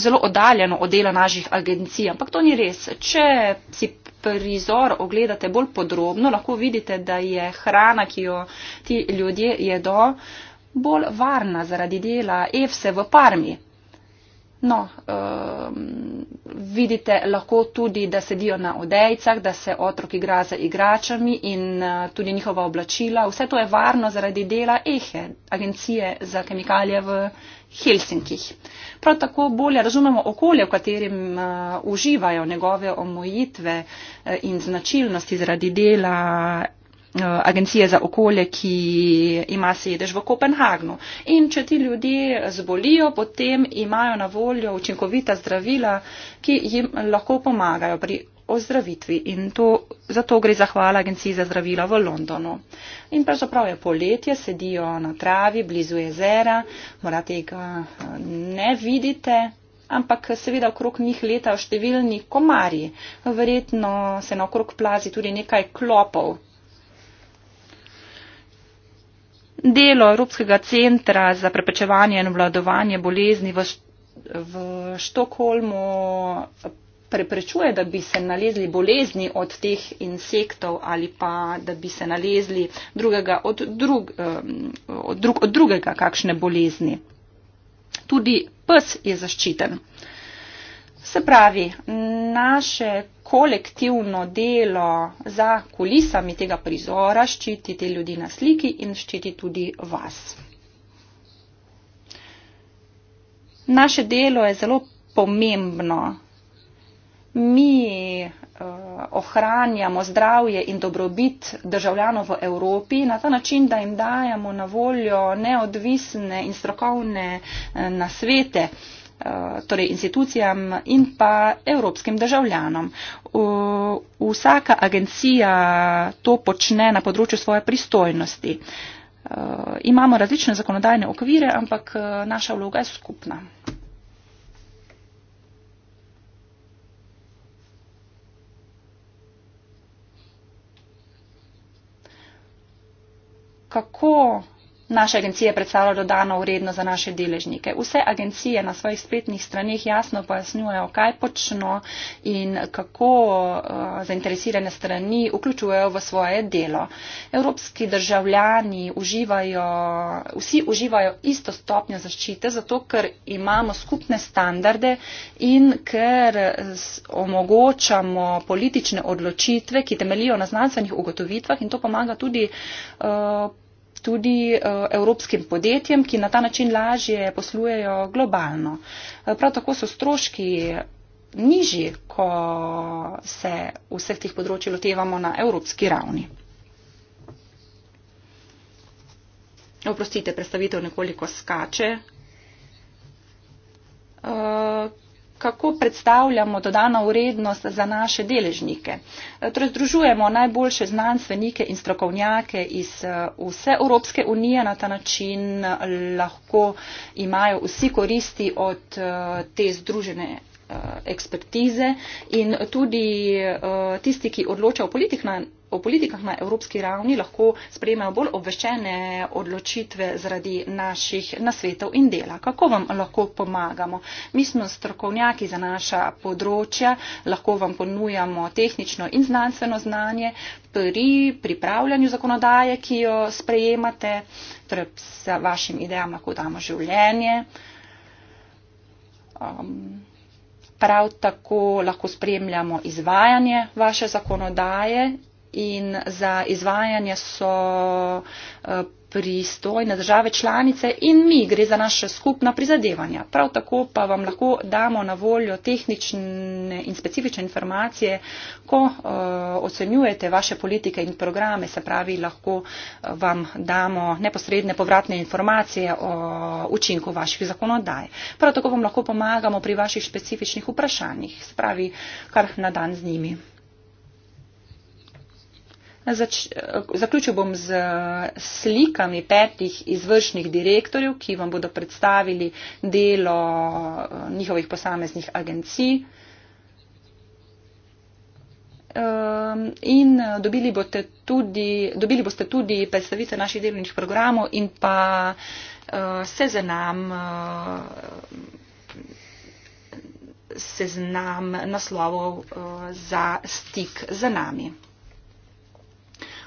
zelo oddaljeno od dela naših agencij, ampak to ni res. Če si prizor ogledate bolj podrobno, lahko vidite, da je hrana, ki jo ti ljudje jedo, uh, bolj varna zaradi dela EFSE v Parmi. No, um, vidite lahko tudi, da sedijo na odejcah, da se otrok igra z igračami in uh, tudi njihova oblačila. Vse to je varno zaradi dela EHE, agencije za kemikalije v Helsinkih. Prav tako bolje razumemo okolje, v katerem uh, uživajo njegove omojitve uh, eh, in značilnosti zaradi dela Eh, agencije za okolje, ki ima sedež v Kopenhagnu. In če ti ljudje zbolijo, potem imajo na voljo učinkovita zdravila, ki jim lahko pomagajo pri ozdravitvi. In to, zato gre zahvala agenciji za zdravila v Londonu. In pravzaprav je poletje, sedijo na travi, blizu jezera, mora tega eh, ne vidite. Ampak seveda okrog njih letajo številni komarji. Verjetno se na okrog plazi tudi nekaj klopov, Delo Evropskega centra za preprečevanje in obladovanje bolezni v, v Štokholmu preprečuje, da bi se nalezli bolezni od teh insektov ali pa da bi se nalezli drugega od, drug, od, drug, od drugega kakšne bolezni. Tudi pes je zaščiten. Se pravi, naše kolektivno delo za kulisami tega prizora, ščiti te ljudi na sliki in ščiti tudi vas. Naše delo je zelo pomembno. Mi eh, ohranjamo zdravje in dobrobit državljanov v Evropi na ta način, da jim dajemo na voljo neodvisne in strokovne eh, nasvete. Eh, torej institucijam in pa evropskim državljanom. Vsaka agencija to počne na področju svoje pristojnosti. Eh, imamo različne zakonodajne okvire, ampak eh, naša vloga je skupna. Kako naše agencije predstavlja dodano vredno za naše deležnike. Vse agencije na svojih spletnih stranih jasno pojasnjujejo, kaj počno in kako uh, zainteresirane strani vključujejo v svoje delo. Evropski državljani uživajo, vsi uživajo isto stopnjo zaščite, zato ker imamo skupne standarde in ker omogočamo politične odločitve, ki temelijo na znanstvenih ugotovitvah in to pomaga tudi uh, tudi eh, evropskim podjetjem, ki na ta način lažje poslujejo globalno. Eh, prav tako so stroški nižji, ko se vseh tih področji lotevamo na evropski ravni. Oprostite, predstavitev nekoliko skače. Eh, kako predstavljamo dodano vrednost za naše deležnike. E, torej, združujemo najboljše znanstvenike in strokovnjake iz e, vse Evropske unije, na ta način e, lahko imajo vsi koristi od te združene ekspertize in tudi tisti, ki odločajo politik na o politikah na evropski ravni lahko sprejmejo bolj obveščene odločitve zaradi naših nasvetov in dela. Kako vam lahko pomagamo? Mi smo strokovnjaki za naša področja, lahko vam ponujamo tehnično in znanstveno znanje pri pripravljanju zakonodaje, ki jo sprejemate, torej s vašim idejam lahko damo življenje. Um, prav tako lahko spremljamo izvajanje vaše zakonodaje in za izvajanje so eh, pristojne države članice in mi gre za naše skupna prizadevanja. Prav tako pa vam lahko damo na voljo tehnične in specifične informacije, ko eh, ocenjujete vaše politike in programe, se pravi, lahko eh, vam damo neposredne povratne informacije o učinku vaših zakonodaj. Prav tako vam lahko pomagamo pri vaših specifičnih vprašanjih, se pravi, kar na dan z njimi. Zač, zaključil bom z slikami petih izvršnih direktorjev, ki vam bodo predstavili delo eh, njihovih posameznih agencij. Ehm, in eh, dobili boste tudi, dobili boste tudi predstavitev naših delovnih programov in pa eh, se za nam seznam naslovov za stik z nami.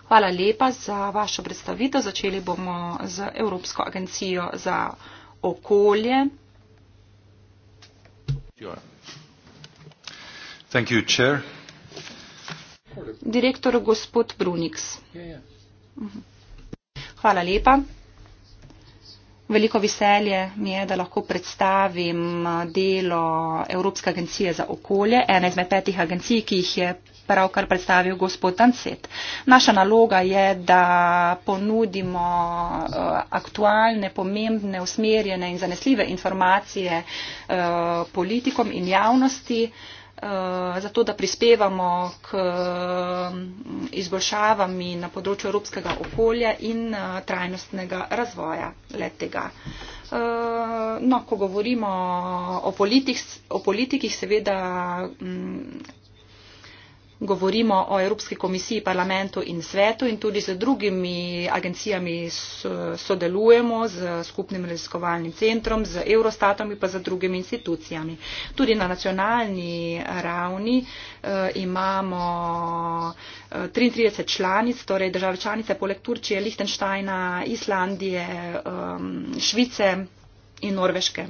Hvala lepa za vašo predstavitev. Začeli bomo z Evropsko agencijo za okolje. Thank you, chair. Direktor gospod Bruniks. Ja, ja. mhm. Hvala lepa. Veliko veselje mi je, da lahko predstavim eh, delo Evropske agencije za okolje, ena izmed petih agencij, ki jih je pravkar predstavil gospod Dancet. Naša naloga je, da ponudimo eh, aktualne, pomembne, usmerjene in zanesljive informacije eh, politikom in javnosti. Eh, zato da prispevamo k eh, izboljšavami na področju evropskega okolja in eh, trajnostnega razvoja letega. No, ko govorimo o politikih, seveda mm, govorimo o Evropski komisiji, parlamentu in svetu in tudi z drugimi agencijami sodelujemo, z skupnim raziskovalnim centrom, z Eurostatom in pa z drugimi institucijami. Tudi na nacionalni ravni eh, imamo 33 eh, članic, torej države članice poleg Turčije, Lihtenštajna, Islandije, eh, Švice in Norveške. Eh,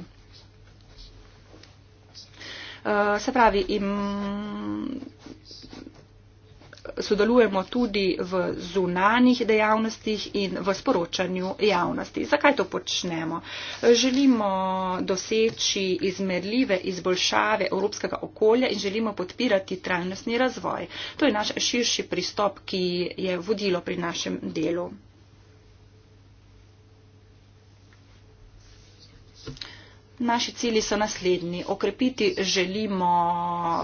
se pravi, im, sodelujemo tudi v zunanih dejavnostih in v sporočanju javnosti. Zakaj to počnemo? Želimo doseči izmerljive izboljšave evropskega okolja in želimo podpirati trajnostni razvoj. To je naš širši pristop, ki je vodilo pri našem delu. Naši cilji so naslednji. Okrepiti želimo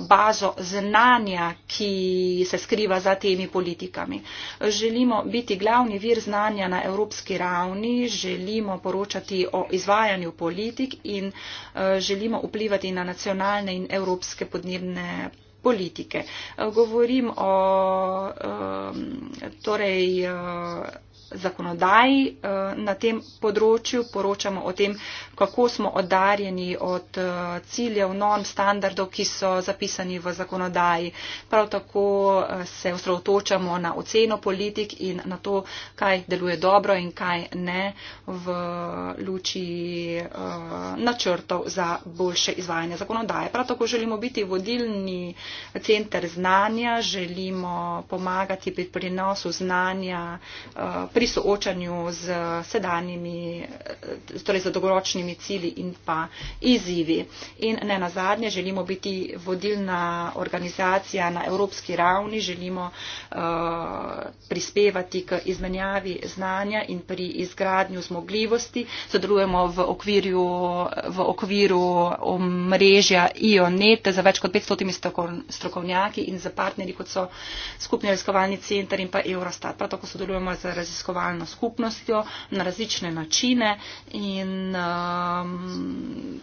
bazo znanja, ki se skriva za temi politikami. Želimo biti glavni vir znanja na evropski ravni, želimo poročati o izvajanju politik in eh, želimo vplivati na nacionalne in evropske podnebne politike. Eh, govorim o eh, torej, zakonodaji eh, na tem področju, poročamo o tem, kako smo odarjeni od eh, ciljev, norm, standardov, ki so zapisani v zakonodaji. Prav tako eh, se osredotočamo na oceno politik in na to, kaj deluje dobro in kaj ne v luči načrtov za boljše izvajanje zakonodaje. Prav tako želimo biti vodilni center znanja, želimo pomagati pri prenosu znanja. Pri pri soočanju z sedanjimi, eh, torej z dolgoročnimi cili in pa izzivi. In ne nazadnje, želimo biti vodilna organizacija na evropski ravni, želimo uh, prispevati k izmenjavi znanja in pri izgradnju zmogljivosti. Sodelujemo v okvirju, v okviru omrežja IONET za več kot 500 strokovnjaki in za partnerji, kot so skupni raziskovalni center in pa Eurostat. Prav tako sodelujemo z raziskovalnimi raziskovalno skupnostjo na različne načine in um,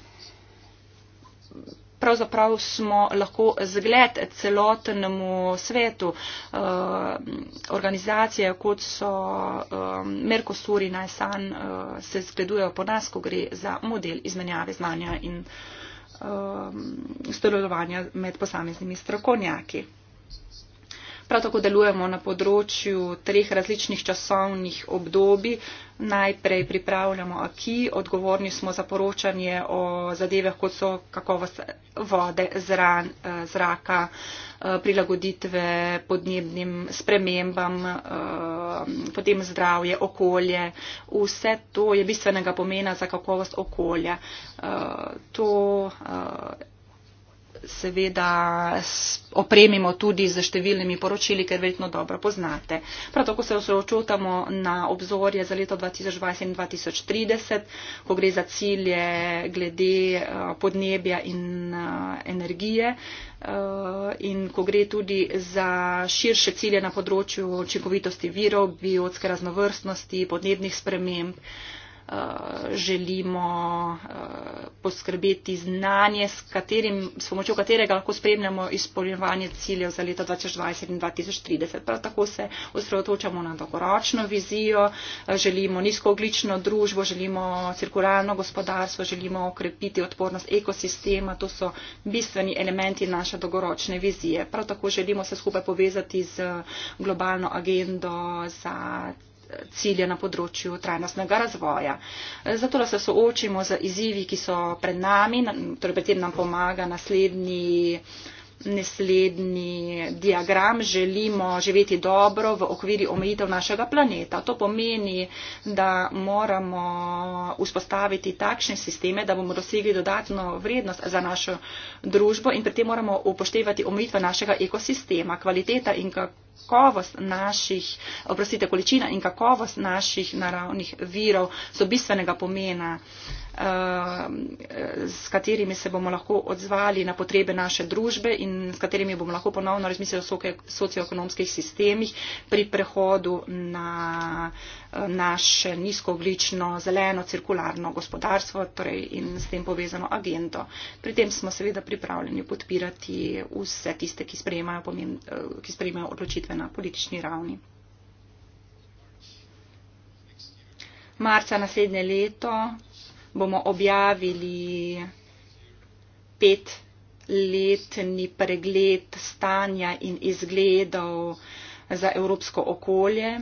pravzaprav smo lahko zgled celotnemu svetu uh, organizacije, kot so um, Merkosur in Aysan, uh, se zgledujejo po nas, ko gre za model izmenjave znanja in um, sodelovanja med posameznimi strokovnjaki. Prav tako delujemo na področju treh različnih časovnih obdobij. Najprej pripravljamo AKI, odgovorni smo za poročanje o zadevah, kot so kakovost vode, zran, eh, zraka, eh, prilagoditve podnebnim spremembam, eh, potem zdravje, okolje. Vse to je bistvenega pomena za kakovost okolja. To seveda opremimo tudi z številnimi poročili, ker verjetno dobro poznate. Prav tako se osročutamo na obzorje za leto 2020 in 2030, ko gre za cilje glede eh, podnebja in eh, energije eh, in ko gre tudi za širše cilje na področju očinkovitosti virov, biotske raznovrstnosti, podnebnih sprememb. Eh, želimo eh, poskrbeti znanje, s, katerim, s pomočjo katerega lahko spremljamo izpolnjevanje ciljev za leto 2020 in 2030. Prav tako se osredotočamo na dolgoročno vizijo, eh, želimo nizkooglično družbo, želimo cirkularno gospodarstvo, želimo okrepiti odpornost ekosistema. To so bistveni elementi naše dolgoročne vizije. Prav tako želimo se skupaj povezati z globalno agendo za cilje na področju trajnostnega razvoja. Zato, da se soočimo z izzivi, ki so pred nami, torej pred tem nam pomaga naslednji naslednji diagram, želimo živeti dobro v okviru omejitev našega planeta. To pomeni, da moramo vzpostaviti takšne sisteme, da bomo dosegli dodatno vrednost za našo družbo in pri tem moramo upoštevati omejitve našega ekosistema. Kvaliteta in kakovost kakovost naših, oprostite, količina in kakovost naših naravnih virov so bistvenega pomena, ehm, s katerimi se bomo lahko odzvali na potrebe naše družbe in s katerimi bomo lahko ponovno razmislili o socioekonomskih sistemih pri prehodu na uh, naše nizkooglično, zeleno, cirkularno gospodarstvo torej in s tem povezano agendo. Pri tem smo seveda pripravljeni podpirati vse tiste, ki sprejemajo, pomemb, ki sprejemajo odločitve na politični ravni. Marca naslednje leto bomo objavili petletni pregled stanja in izgledov za evropsko okolje.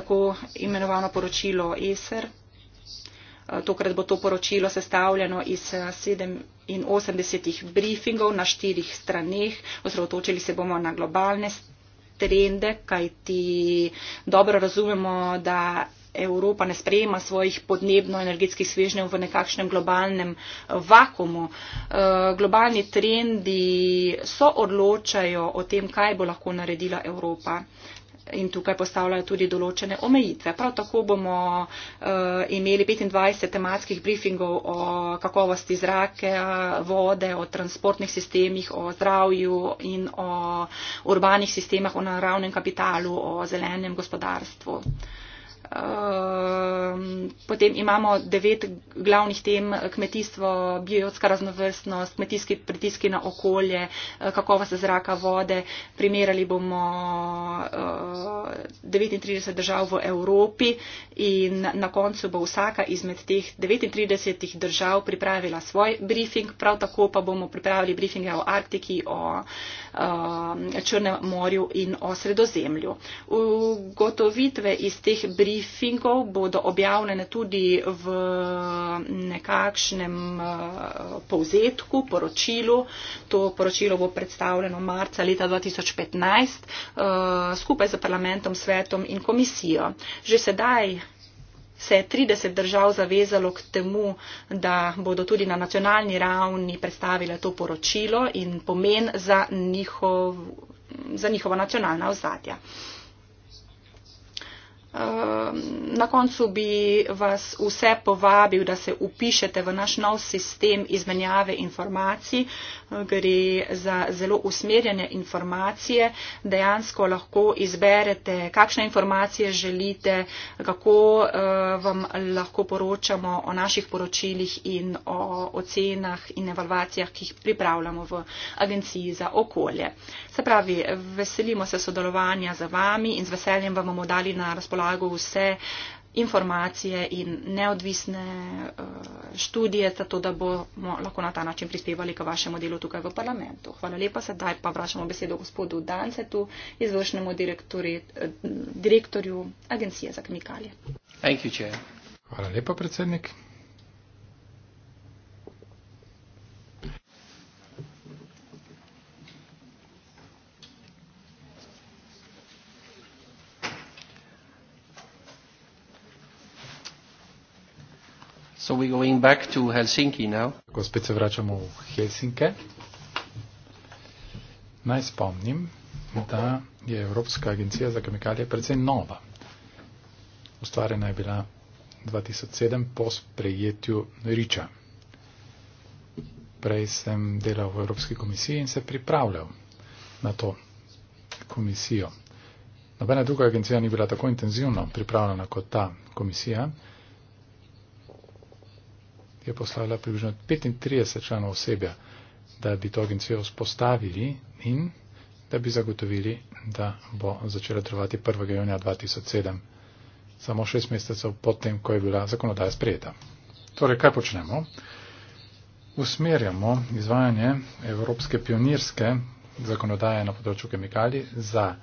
tako imenovano poročilo ESER. Eh, tokrat bo to poročilo sestavljeno iz 87 eh, briefingov na štirih straneh. Osredotočili se bomo na globalne trende, kajti dobro razumemo, da Evropa ne sprejema svojih podnebno-energetskih svežnjev v nekakšnem globalnem eh, vakumu. Globalni trendi so odločajo o tem, kaj bo lahko naredila Evropa in tukaj postavljajo tudi določene omejitve. Prav tako bomo uh, imeli 25 tematskih briefingov o kakovosti zrake, vode, o transportnih sistemih, o zdravju in o urbanih sistemah, o naravnem kapitalu, o zelenem gospodarstvu. Ehm, potem imamo devet glavnih tem, kmetijstvo, biotska raznovrstnost, kmetijski pritiski na okolje, eh, kakovost zraka, vode. Primerali bomo 39 eh, držav v Evropi in na koncu bo vsaka izmed teh 39 držav pripravila svoj briefing. Prav tako pa bomo pripravili briefinge o Arktiki, o ehm, Črnem morju in o Sredozemlju. Ugotovitve iz teh briefing briefingov bodo objavljene tudi v nekakšnem eh, povzetku, poročilu. To poročilo bo predstavljeno marca leta 2015 eh, skupaj z parlamentom, svetom in komisijo. Že sedaj se je 30 držav zavezalo k temu, da bodo tudi na nacionalni ravni predstavile to poročilo in pomen za, njihov, za njihovo nacionalno ozadje na koncu bi vas vse povabil, da se upišete v naš nov sistem izmenjave informacij. Gre za zelo usmerjanje informacije. Dejansko lahko izberete, kakšne informacije želite, kako eh, vam lahko poročamo o naših poročilih in o ocenah in evalvacijah, ki jih pripravljamo v Agenciji za okolje. Se pravi, veselimo se sodelovanja z vami in z veseljem vam bomo dali na razpolago razpolago vse informacije in neodvisne eh, študije, zato da bomo lahko na ta način prispevali k vašemu delu tukaj v parlamentu. Hvala lepa, sedaj pa vračamo besedo gospodu Dancetu, izvršnemu eh, direktorju Agencije za kemikalije. Hvala lepa, predsednik. So we're going back to Helsinki now. Ko spet se vračamo v Helsinke, naj spomnim, da je Evropska agencija za kemikalije predvsej nova. Ustvarjena je bila 2007 po sprejetju Riča. Prej sem delal v Evropski komisiji in se pripravljal na to komisijo. Nobena druga agencija ni bila tako intenzivno pripravljena kot ta komisija je poslala približno 35 članov osebja, da bi to agencijo vzpostavili in da bi zagotovili, da bo začela trvati 1. junija 2007, samo šest mesecev potem, ko je bila zakonodaja sprejeta. Torej, kaj počnemo? Usmerjamo izvajanje evropske pionirske zakonodaje na področju kemikalij za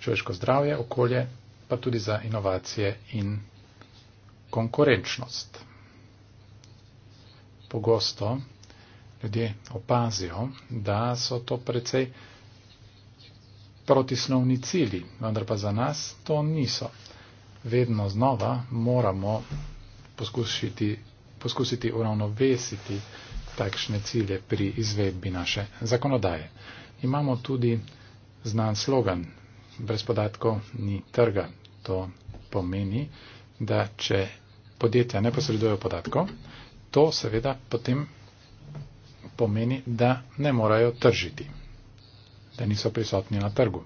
človeško zdravje, okolje, pa tudi za inovacije in konkurenčnost pogosto ljudje opazijo, da so to precej protisnovni cili, vendar pa za nas to niso. Vedno znova moramo poskusiti, poskusiti uravnovesiti takšne cilje pri izvedbi naše zakonodaje. Imamo tudi znan slogan, brez podatkov ni trga. To pomeni, da če podjetja ne posredujejo podatkov, to seveda potem pomeni, da ne morajo tržiti, da niso prisotni na trgu.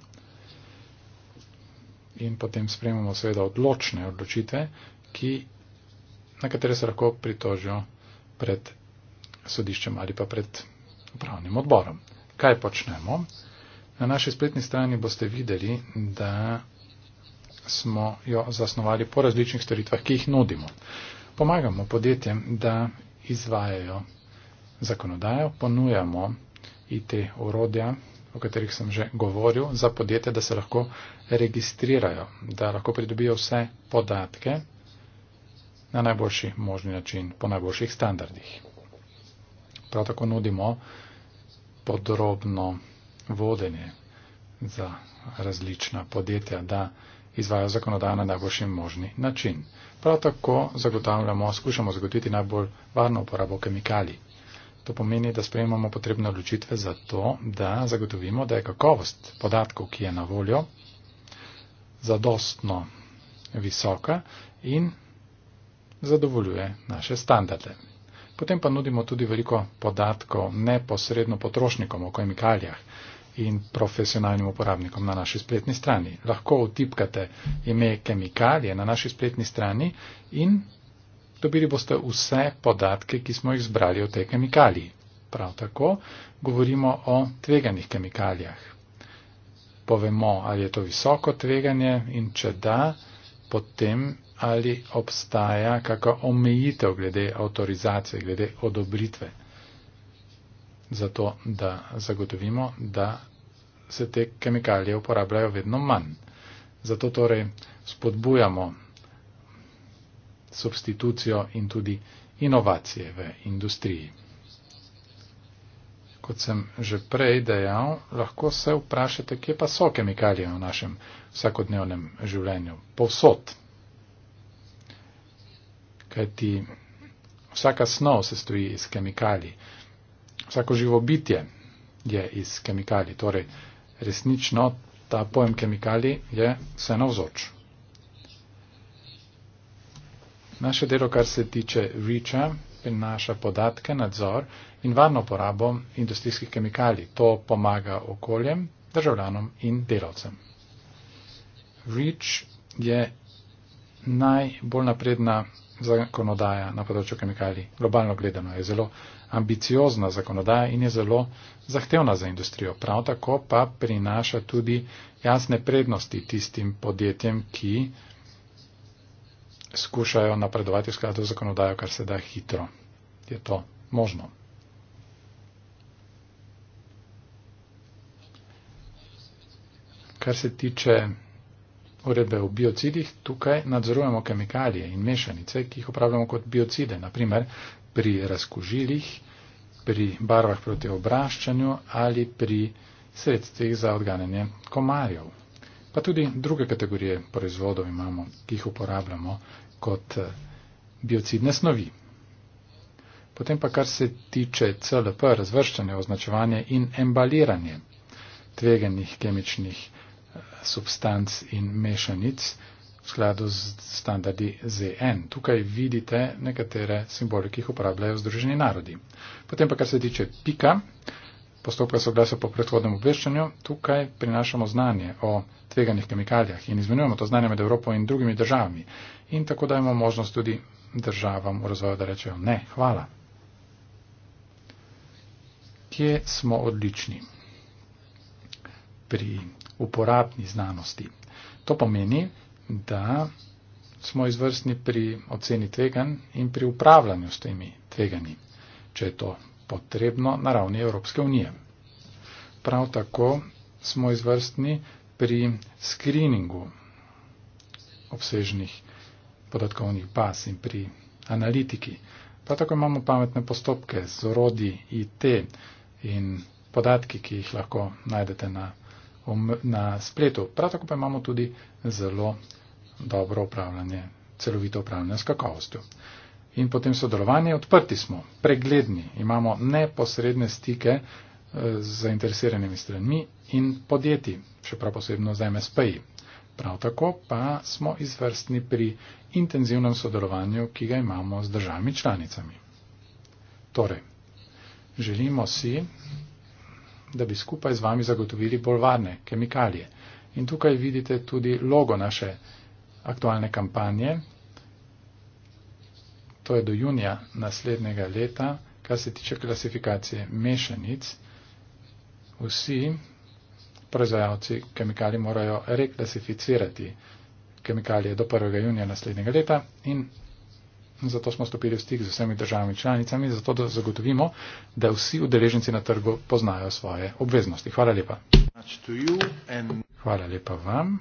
In potem sprejemamo seveda odločne odločitve, ki, na katere se lahko pritožijo pred sodiščem ali pa pred upravnim odborom. Kaj počnemo? Na naši spletni strani boste videli, da smo jo zasnovali po različnih storitvah, ki jih nudimo pomagamo podjetjem, da izvajajo zakonodajo, ponujamo IT urodja, o katerih sem že govoril, za podjetje, da se lahko registrirajo, da lahko pridobijo vse podatke na najboljši možni način, po najboljših standardih. Prav tako nudimo podrobno vodenje za različna podjetja, da izvaja zakonodajo na najboljši možni način. Prav tako zagotavljamo, skušamo zagotoviti najbolj varno uporabo kemikalij. To pomeni, da sprejemamo potrebne odločitve za to, da zagotovimo, da je kakovost podatkov, ki je na voljo, zadostno visoka in zadovoljuje naše standarde. Potem pa nudimo tudi veliko podatkov neposredno potrošnikom o kemikalijah in profesionalnim uporabnikom na naši spletni strani. Lahko vtipkate ime kemikalije na naši spletni strani in dobili boste vse podatke, ki smo jih zbrali o tej kemikaliji. Prav tako govorimo o tveganih kemikalijah. Povemo, ali je to visoko tveganje in če da, potem ali obstaja kakšna omejitev glede avtorizacije, glede odobritve zato da zagotovimo, da se te kemikalije uporabljajo vedno manj. Zato torej spodbujamo substitucijo in tudi inovacije v industriji. Kot sem že prej dejal, lahko se vprašate, kje pa so kemikalije v našem vsakodnevnem življenju. Povsod. Kajti vsaka snov se stoji iz kemikalij vsako živo bitje je iz kemikalij. Torej, resnično ta pojem kemikalij je vse navzoč. Naše delo, kar se tiče REACH-a, prinaša podatke, nadzor in varno porabo industrijskih kemikalij. To pomaga okoljem, državljanom in delavcem. REACH je najbolj napredna zakonodaja na področju kemikalij. Globalno gledano je zelo ambiciozna zakonodaja in je zelo zahtevna za industrijo. Prav tako pa prinaša tudi jasne prednosti tistim podjetjem, ki skušajo napredovati v skladu z zakonodajo, kar se da hitro. Je to možno. Kar se tiče uredbe o biocidih, tukaj nadzorujemo kemikalije in mešanice, ki jih upravljamo kot biocide. Naprimer, pri razkožilih, pri barvah proti obraščanju ali pri sredstvih za odganjanje komarjev. Pa tudi druge kategorije proizvodov imamo, ki jih uporabljamo kot eh, biocidne snovi. Potem pa kar se tiče CLP, razvrščanje, označevanje in embaliranje tveganih kemičnih eh, substanc in mešanic, skladu z standardi ZN. Tukaj vidite nekatere simbole, ki jih uporabljajo Združeni narodi. Potem pa, kar se tiče pika, postopka soglasja po predhodnem obveščanju, tukaj prinašamo znanje o tveganih kemikalijah in izmenjujemo to znanje med Evropo in drugimi državami. In tako dajemo možnost tudi državam v razvoju, da rečejo ne, hvala. Kje smo odlični? Pri uporabni znanosti. To pomeni, da smo izvrstni pri oceni tveganj in pri upravljanju s temi tveganji, če je to potrebno na ravni Evropske unije. Prav tako smo izvrstni pri skriningu obsežnih podatkovnih baz in pri analitiki. Prav tako imamo pametne postopke z orodi IT in podatki, ki jih lahko najdete na, na spletu. Prav tako pa imamo tudi zelo dobro upravljanje, celovito upravljanje s kakovostjo. In potem sodelovanje, odprti smo, pregledni, imamo neposredne stike eh, z zainteresiranimi stranmi in podjetji, še prav posebno z MSP-ji. Prav tako pa smo izvrstni pri intenzivnem sodelovanju, ki ga imamo z državami članicami. Torej, želimo si, da bi skupaj z vami zagotovili bolj varne kemikalije. In tukaj vidite tudi logo naše aktualne kampanje. To je do junija naslednjega leta, kar se tiče klasifikacije mešanic. Vsi proizvajalci kemikalij morajo reklasificirati kemikalije do 1. junija naslednjega leta in zato smo stopili v stik z vsemi državami članicami, zato da zagotovimo, da vsi udeleženci na trgu poznajo svoje obveznosti. Hvala lepa. Hvala lepa vam.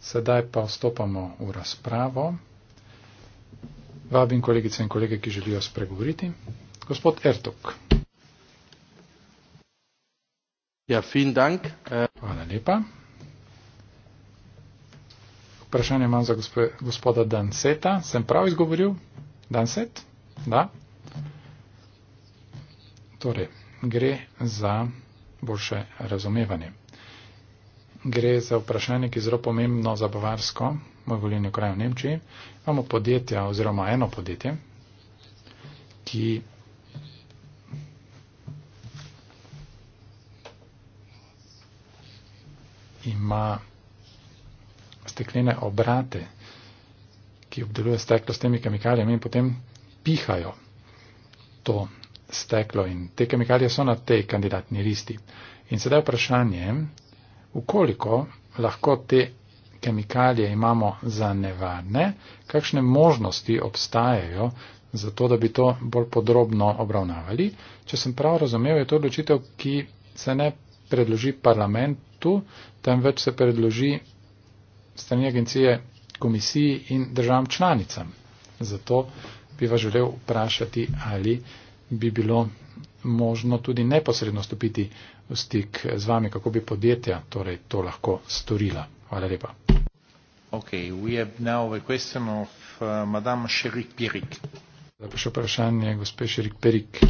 Sedaj pa vstopamo v razpravo. Vabim kolegice in kolege, ki želijo spregovoriti. Gospod Ertok. Ja, fin dank. Äh, Hvala lepa. Vprašanje imam za gospoda Danceta. Sem prav izgovoril? Dancet? Da. Torej, gre za boljše razumevanje gre za vprašanje, ki je zelo pomembno za Bavarsko, moj volilni kraj v Nemčiji. Imamo podjetja oziroma eno podjetje, ki. ima steklene obrate, ki obdeluje steklo s temi kemikalijami in potem pihajo to steklo in te kemikalije so na tej kandidatni listi. In sedaj vprašanje, Ukoliko lahko te kemikalije imamo za nevarne, kakšne možnosti obstajajo, zato da bi to bolj podrobno obravnavali. Če sem prav razumel, je to odločitev, ki se ne predloži parlamentu, temveč se predloži strani agencije, komisiji in državam članicam. Zato bi vas želel vprašati, ali bi bilo možno tudi neposredno stopiti v stik z vami, kako bi podjetja torej to lahko storila. Hvala lepa. Okay, we have now a question of uh, Madame Sherik Pirik. vprašanje gospe Sherik Pirik.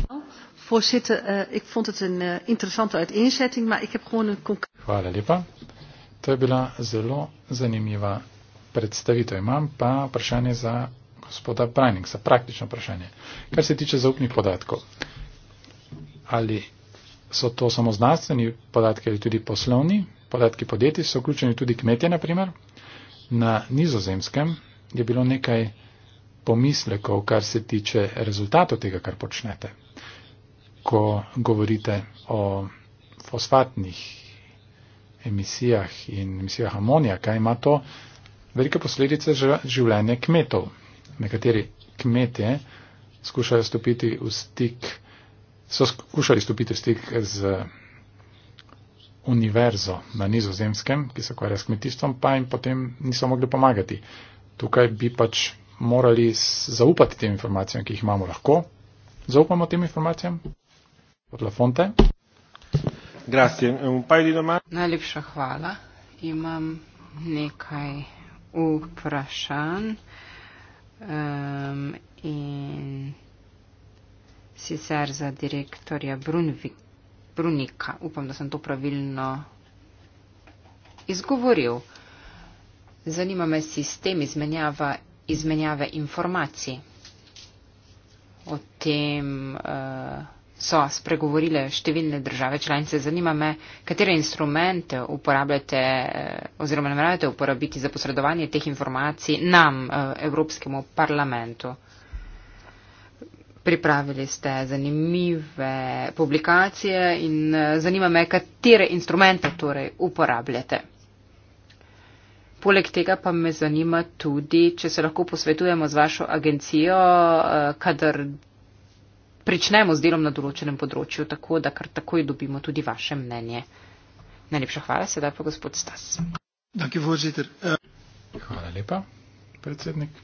Voorzitter, uh, ik vond het een uh, interessante uiteenzetting, maar ik heb gewoon een concreet... Hvala lepa. To je bila zelo zanimiva predstavitev. Imam pa vprašanje za gospoda Brajninga, praktično vprašanje. Kar se tiče zaupnih podatkov, ali so to samo znanstveni podatki ali tudi poslovni podatki podjetij, so vključeni tudi kmetje, naprimer. Na nizozemskem je bilo nekaj pomislekov, kar se tiče rezultatov tega, kar počnete. Ko govorite o fosfatnih emisijah in emisijah amonijaka, ima to velike posledice za življenje kmetov. Nekateri kmetje skušajo stopiti v stik so skušali stopiti v stik z univerzo na nizozemskem, ki se ukvarja s kmetijstvom, pa jim potem niso mogli pomagati. Tukaj bi pač morali zaupati tem informacijam, ki jih imamo lahko. Zaupamo tem informacijam? Od La Fonte. Najlepša hvala. Imam nekaj vprašanj. Um, in sicer za direktorja Brunvik, Brunika. Upam, da sem to pravilno izgovoril. Zanima me sistem izmenjava, izmenjave informacij. O tem uh, so spregovorile številne države članice. Zanima me, katere instrumente uporabljate uh, oziroma namerate uporabiti za posredovanje teh informacij nam, uh, Evropskemu parlamentu. Uh, Pripravili ste zanimive publikacije in eh, zanima me, katere instrumente torej uporabljate. Poleg tega pa me zanima tudi, če se lahko posvetujemo z vašo agencijo, eh, kadar pričnemo z delom na določenem področju, tako da kar takoj dobimo tudi vaše mnenje. Najlepša hvala, sedaj pa gospod Stas. Eh, hvala lepa, predsednik.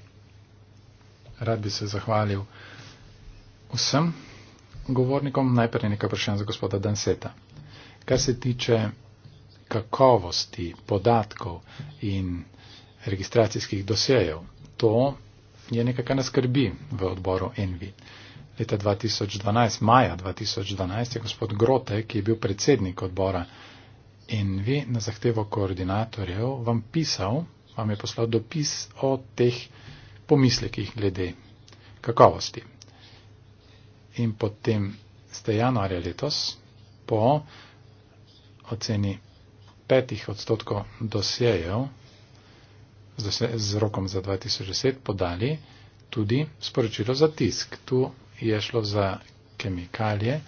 Rad bi se zahvalil vsem govornikom, najprej nekaj vprašanj za gospoda Danseta. Kar se tiče kakovosti podatkov in registracijskih dosejev, to je nekaj, kar nas skrbi v odboru Envi. Leta 2012, maja 2012, je gospod Grote, ki je bil predsednik odbora Envi, na zahtevo koordinatorjev vam pisal, vam je poslal dopis o teh pomislekih glede kakovosti in potem ste januarja letos po oceni petih odstotkov dosjejev z, dosje, z rokom za 2010 podali tudi sporočilo za tisk. Tu je šlo za kemikalije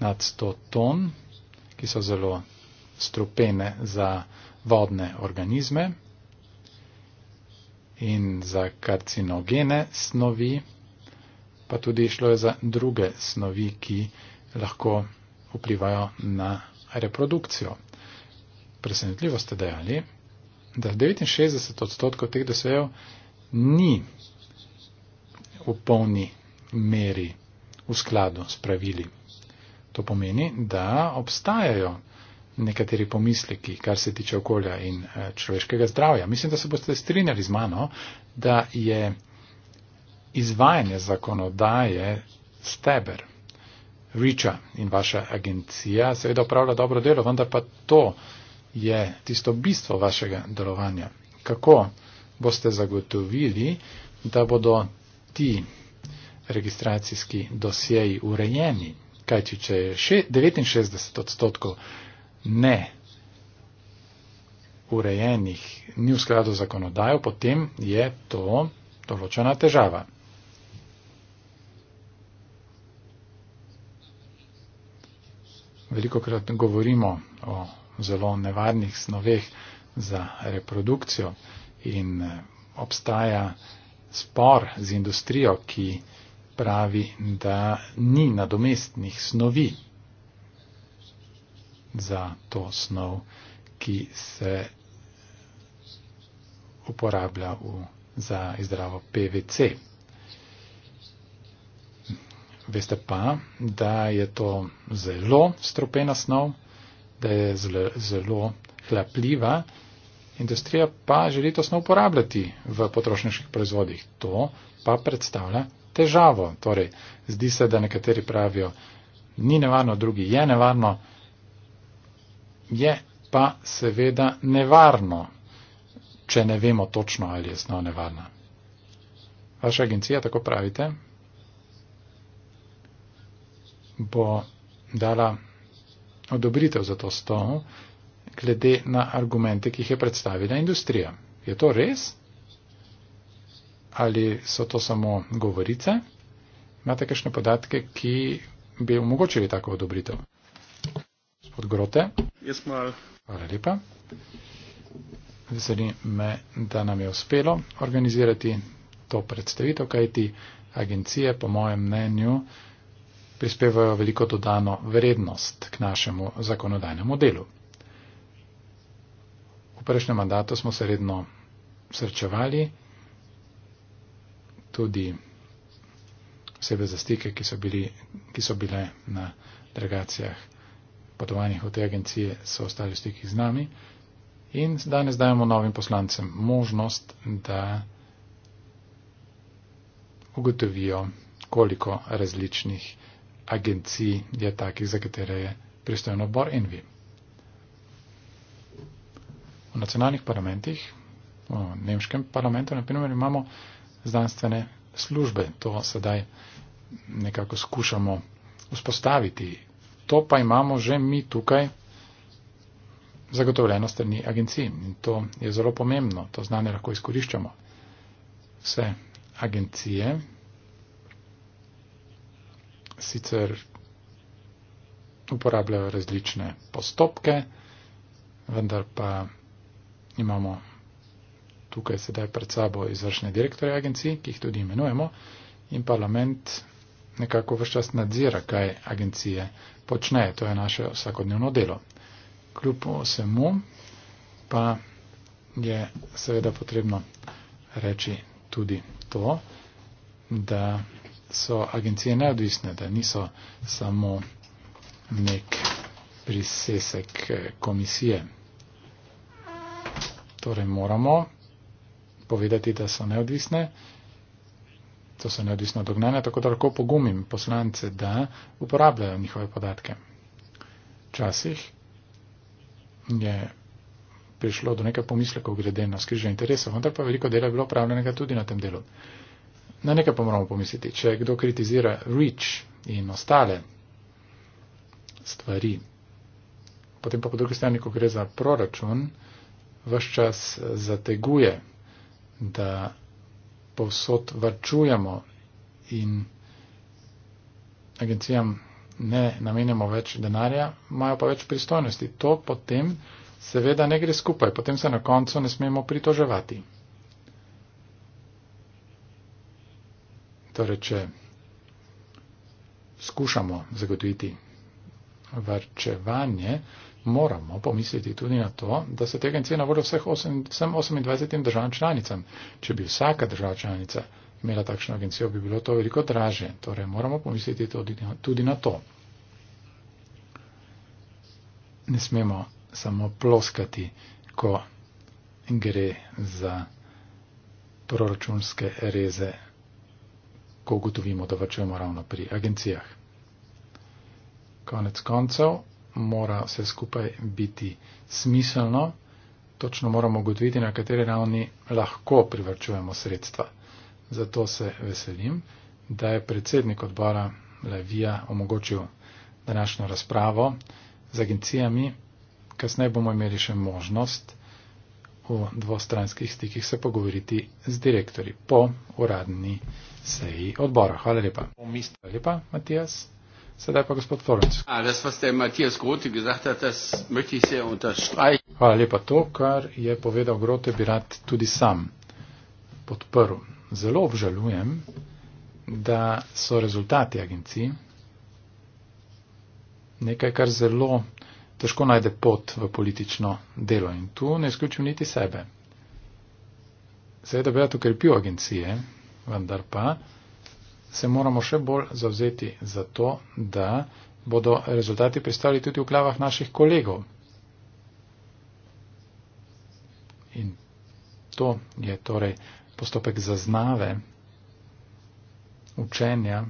nad 100 ton, ki so zelo strupene za vodne organizme in za karcinogene snovi pa tudi šlo je za druge snovi, ki lahko vplivajo na reprodukcijo. Presenetljivo ste dejali, da 69 odstotkov teh dosejev ni v polni meri v skladu s pravili. To pomeni, da obstajajo nekateri pomisleki, kar se tiče okolja in eh, človeškega zdravja. Mislim, da se boste strinjali z mano, da je izvajanje zakonodaje steber. Riča in vaša agencija seveda upravlja dobro delo, vendar pa to je tisto bistvo vašega delovanja. Kako boste zagotovili, da bodo ti registracijski dosjeji urejeni? Kajti, če je 69 odstotkov ne urejenih ni v skladu zakonodajo, potem je to določena težava. Veliko krat govorimo o zelo nevarnih snoveh za reprodukcijo in eh, obstaja spor z industrijo, ki pravi, da ni nadomestnih snovi za to snov, ki se uporablja v, za izdravo PVC. Veste pa, da je to zelo stropena snov, da je zelo, zelo hlapljiva. Industrija pa želi to snov uporabljati v potrošniških proizvodih. To pa predstavlja težavo. Torej, zdi se, da nekateri pravijo, ni nevarno, drugi je nevarno. Je pa seveda nevarno, če ne vemo točno, ali je snov nevarna. Vaša agencija tako pravite? bo dala odobritev za to stol, glede na argumente, ki jih je predstavila industrija. Je to res? Ali so to samo govorice? Imate kakšne podatke, ki bi omogočili tako odobritev? Gospod Grote. Jaz malo. Hvala lepa. Veseli me, da nam je uspelo organizirati to predstavitev, kajti agencije, po mojem mnenju, prispevajo veliko dodano vrednost k našemu zakonodajnemu delu. V prejšnjem mandatu smo se redno srečevali, tudi osebe za stike, ki so, bili, ki so bile na delegacijah potovanjih v te agencije, so ostali v stikih z nami in danes dajemo novim poslancem možnost, da ugotovijo, koliko različnih agencij je takih, za katere je pristojen odbor Envi. V nacionalnih parlamentih, v nemškem parlamentu, na primer, imamo znanstvene službe. To sedaj nekako skušamo vzpostaviti. To pa imamo že mi tukaj zagotovljeno strani agencij. In to je zelo pomembno. To znanje lahko izkoriščamo. Vse agencije, sicer uporabljajo različne postopke, vendar pa imamo tukaj sedaj pred sabo izvršne direktorje agencij, ki jih tudi imenujemo, in parlament nekako vse čas nadzira, kaj agencije počnejo. To je naše vsakodnevno delo. Kljub vsemu pa je seveda potrebno reči tudi to, da so agencije neodvisne, da niso samo nek prisesek eh, komisije. Torej moramo povedati, da so neodvisne. To so neodvisno dognanje, tako da lahko pogumim poslance, da uporabljajo njihove podatke. Včasih je prišlo do nekaj pomislekov glede na skrižje interesov, vendar pa veliko dela je bilo upravljenega tudi na tem delu. Na nekaj pa moramo pomisliti. Če kdo kritizira REACH in ostale stvari, potem pa po drugi strani, ko gre za proračun, vse čas zateguje, da povsod vrčujemo in agencijam ne namenjamo več denarja, imajo pa več pristojnosti. To potem seveda ne gre skupaj, potem se na koncu ne smemo pritoževati. Torej, če skušamo zagotoviti varčevanje, moramo pomisliti tudi na to, da se tega encija navoljo vseh 8, 28 državam članicam. Če bi vsaka država članica imela takšno agencijo, bi bilo to veliko draže. Torej, moramo pomisliti tudi na, tudi na to. Ne smemo samo ploskati, ko gre za proračunske reze ko ugotovimo, da vrčujemo ravno pri agencijah. Konec koncev mora vse skupaj biti smiselno, točno moramo ugotoviti, na kateri ravni lahko privrčujemo sredstva. Zato se veselim, da je predsednik odbora Levija omogočil današnjo razpravo z agencijami, kasneje bomo imeli še možnost, v dvostranskih stikih se pogovoriti z direktori po uradni seji odbora. Hvala lepa. Hvala lepa, Matijas. Sedaj pa gospod Florenc. Ah, Hvala lepa. To, kar je povedal Grote, bi rad tudi sam podprl. Zelo obžalujem, da so rezultati agencij nekaj, kar zelo težko najde pot v politično delo in tu ne izključim niti sebe. Seveda bi to krepil agencije, vendar pa se moramo še bolj zavzeti za to, da bodo rezultati pristali tudi v glavah naših kolegov. In to je torej postopek zaznave, učenja,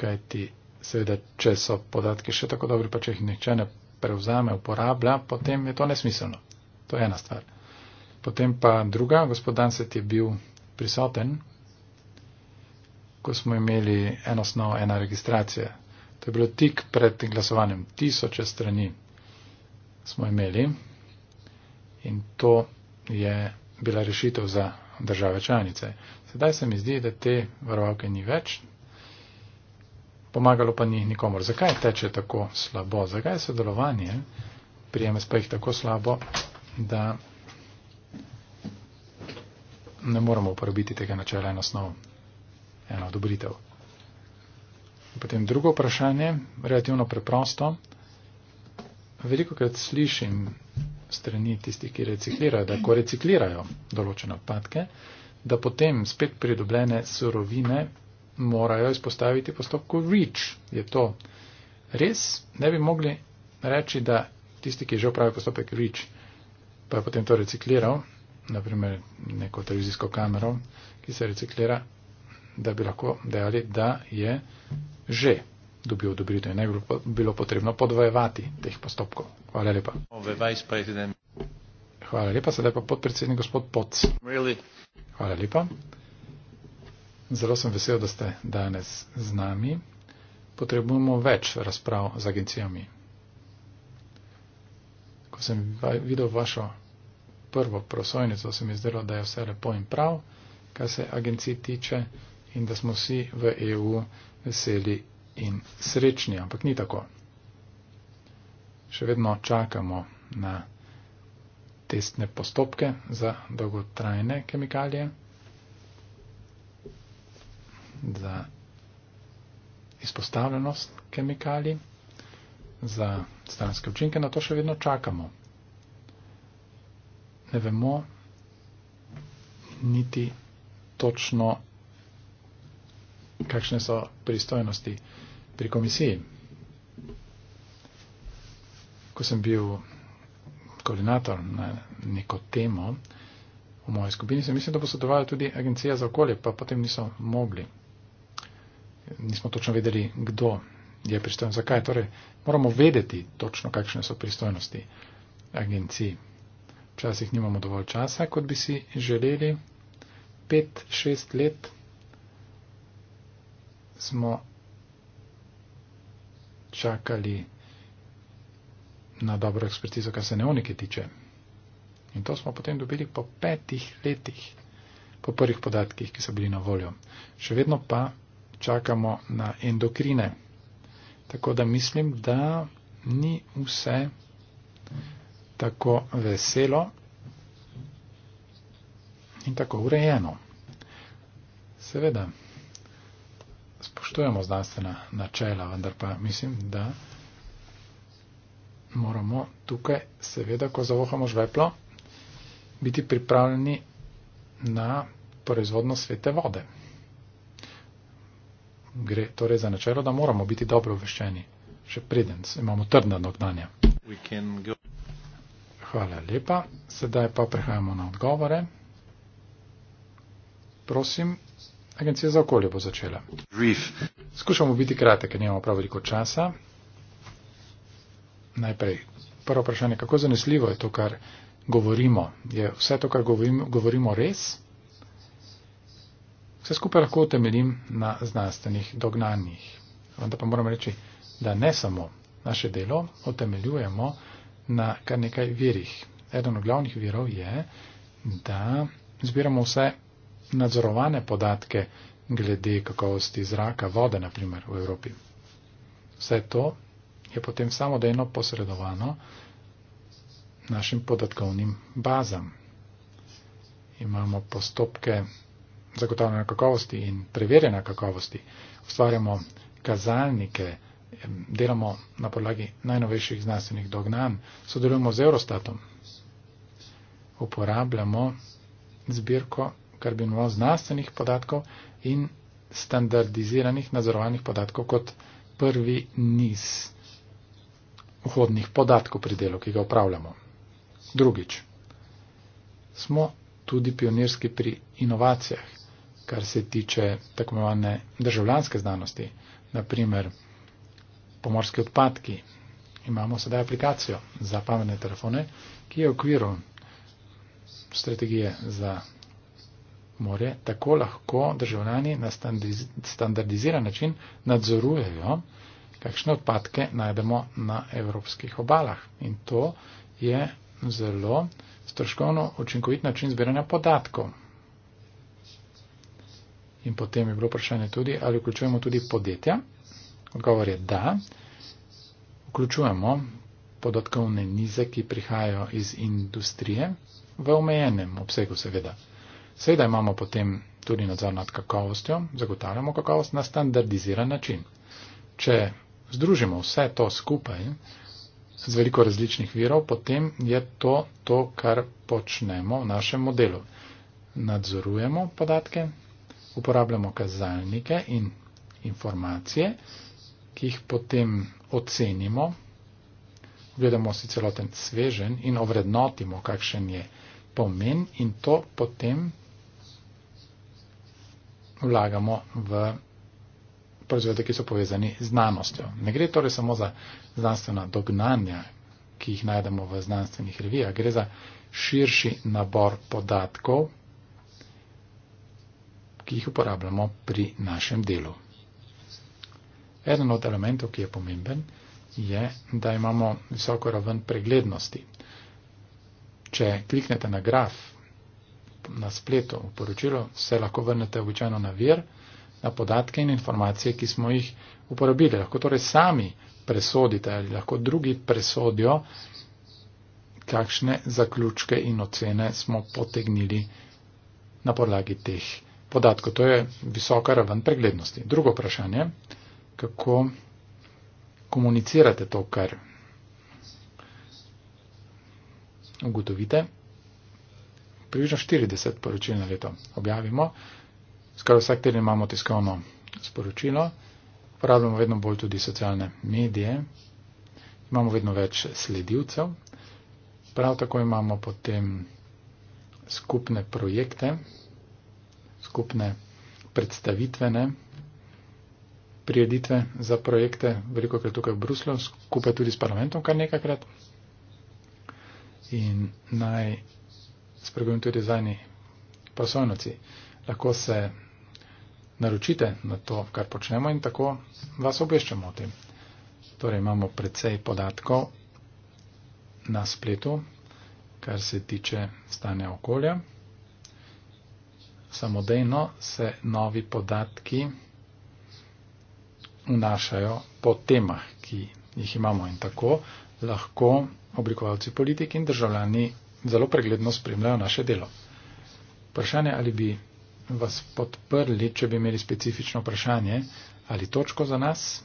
kajti seveda, če so podatki še tako dobri, pa če jih nihče ne prevzame, uporablja, potem je to nesmiselno. To je ena stvar. Potem pa druga, gospod Danset je bil prisoten, ko smo imeli eno snov, ena registracija. To je bilo tik pred glasovanjem. Tisoče strani smo imeli in to je bila rešitev za države članice. Sedaj se mi zdi, da te varovalke ni več, pomagalo pa ni nikomor. Zakaj teče tako slabo? Zakaj je sodelovanje pri MSP-jih tako slabo, da ne moramo uporabiti tega načela eno snov, eno odobritev? Potem drugo vprašanje, relativno preprosto. Veliko krat slišim strani tistih, ki reciklirajo, da ko reciklirajo določene odpadke, da potem spet pridobljene surovine morajo izpostaviti postopku REACH. Je to res? Ne bi mogli reči, da tisti, ki je že upravil postopek REACH, pa je potem to recikliral, naprimer neko televizijsko kamero, ki se reciklira, da bi lahko dejali, da je že dobil odobritev in ne bi bilo potrebno podvojevati teh postopkov. Hvala lepa. Hvala lepa, sedaj pa podpredsednik gospod Poc. Hvala lepa. Zelo sem vesel, da ste danes z nami. Potrebujemo več razprav z agencijami. Ko sem videl vašo prvo prosojnico, se mi zdelo, da je vse lepo in prav, kar se agencij tiče in da smo vsi v EU veseli in srečni, ampak ni tako. Še vedno čakamo na testne postopke za dolgotrajne kemikalije za izpostavljenost kemikali, za stranske učinke, na to še vedno čakamo. Ne vemo niti točno, kakšne so pristojnosti pri komisiji. Ko sem bil koordinator na neko temo, V moji skupini se mislim, da bo sodelovala tudi agencija za okolje, pa potem niso mogli nismo točno vedeli, kdo je pristojen za kaj. Torej, moramo vedeti točno, kakšne so pristojnosti agencij. Včasih nimamo dovolj časa, kot bi si želeli. Pet, šest let smo čakali na dobro ekspertizo, kar se neonike tiče. In to smo potem dobili po petih letih, po prvih podatkih, ki so bili na voljo. Še vedno pa čakamo na endokrine. Tako da mislim, da ni vse tako veselo in tako urejeno. Seveda, spoštujemo znanstvena načela, vendar pa mislim, da moramo tukaj, seveda, ko zavohamo žveplo, biti pripravljeni na proizvodno svete vode gre torej za načelo, da moramo biti dobro obveščeni, še preden imamo trdna dognanja. Hvala lepa. Sedaj pa prehajamo na odgovore. Prosim. Agencija za okolje bo začela. Skušamo biti kratki, ker nimamo prav veliko časa. Najprej, prvo vprašanje, kako zanesljivo je to, kar govorimo? Je vse to, kar govorimo, govorimo res? Vse skupaj lahko temeljim na znanstvenih dognanjih. Vendar pa moram reči, da ne samo naše delo utemeljujemo na kar nekaj virih. Eden od glavnih virov je, da zbiramo vse nadzorovane podatke glede kakovosti zraka, vode naprimer v Evropi. Vse to je potem samodejno posredovano našim podatkovnim bazam. Imamo postopke zagotavljanja kakovosti in preverjanja kakovosti, ustvarjamo kazalnike, delamo na podlagi najnovejših znanstvenih dognanj, sodelujemo z Eurostatom, uporabljamo zbirko karbinov znanstvenih podatkov in standardiziranih nadzorovanih podatkov kot prvi niz vhodnih podatkov pri delu, ki ga upravljamo. Drugič, smo tudi pionirski pri inovacijah kar se tiče tako imenovane državljanske znanosti, naprimer pomorski odpadki. Imamo sedaj aplikacijo za pametne telefone, ki je v okviru strategije za morje, tako lahko državljani na standardiziran način nadzorujejo, kakšne odpadke najdemo na evropskih obalah. In to je zelo stroškovno učinkovit način zbiranja podatkov. In potem je bilo vprašanje tudi, ali vključujemo tudi podjetja. Odgovor je da. Vključujemo podatkovne nize, ki prihajajo iz industrije, v omejenem obsegu seveda. Seveda imamo potem tudi nadzor nad kakovostjo, zagotavljamo kakovost na standardiziran način. Če združimo vse to skupaj z veliko različnih virov, potem je to to, kar počnemo v našem modelu. Nadzorujemo podatke, uporabljamo kazalnike in informacije, ki jih potem ocenimo, gledamo si celoten svežen in ovrednotimo, kakšen je pomen in to potem vlagamo v proizvode, ki so povezani z znanostjo. Ne gre torej samo za znanstvena dognanja, ki jih najdemo v znanstvenih revijah, gre za širši nabor podatkov, ki jih uporabljamo pri našem delu. Eden od elementov, ki je pomemben, je, da imamo visoko raven preglednosti. Če kliknete na graf na spletu v poročilo, se lahko vrnete običajno na vir, na podatke in informacije, ki smo jih uporabili. Lahko torej sami presodite ali lahko drugi presodijo, kakšne zaključke in ocene smo potegnili na podlagi teh informacij podatkov. To je visoka raven preglednosti. Drugo vprašanje, kako komunicirate to, kar ugotovite. Približno 40 poročil na leto objavimo. Skoraj vsak teden imamo tiskovno sporočilo. Uporabljamo vedno bolj tudi socialne medije. Imamo vedno več sledilcev. Prav tako imamo potem skupne projekte, skupne predstavitvene prijeditve za projekte, veliko krat tukaj v Bruslju, skupaj tudi s parlamentom kar nekakrat. In naj spregovorim tudi zadnji prosojnici. Lahko se naročite na to, kar počnemo in tako vas obveščamo o tem. Torej imamo precej podatkov na spletu, kar se tiče stanja okolja samodejno se novi podatki vnašajo po temah, ki jih imamo in tako lahko oblikovalci politik in državljani zelo pregledno spremljajo naše delo. Vprašanje, ali bi vas podprli, če bi imeli specifično vprašanje ali točko za nas.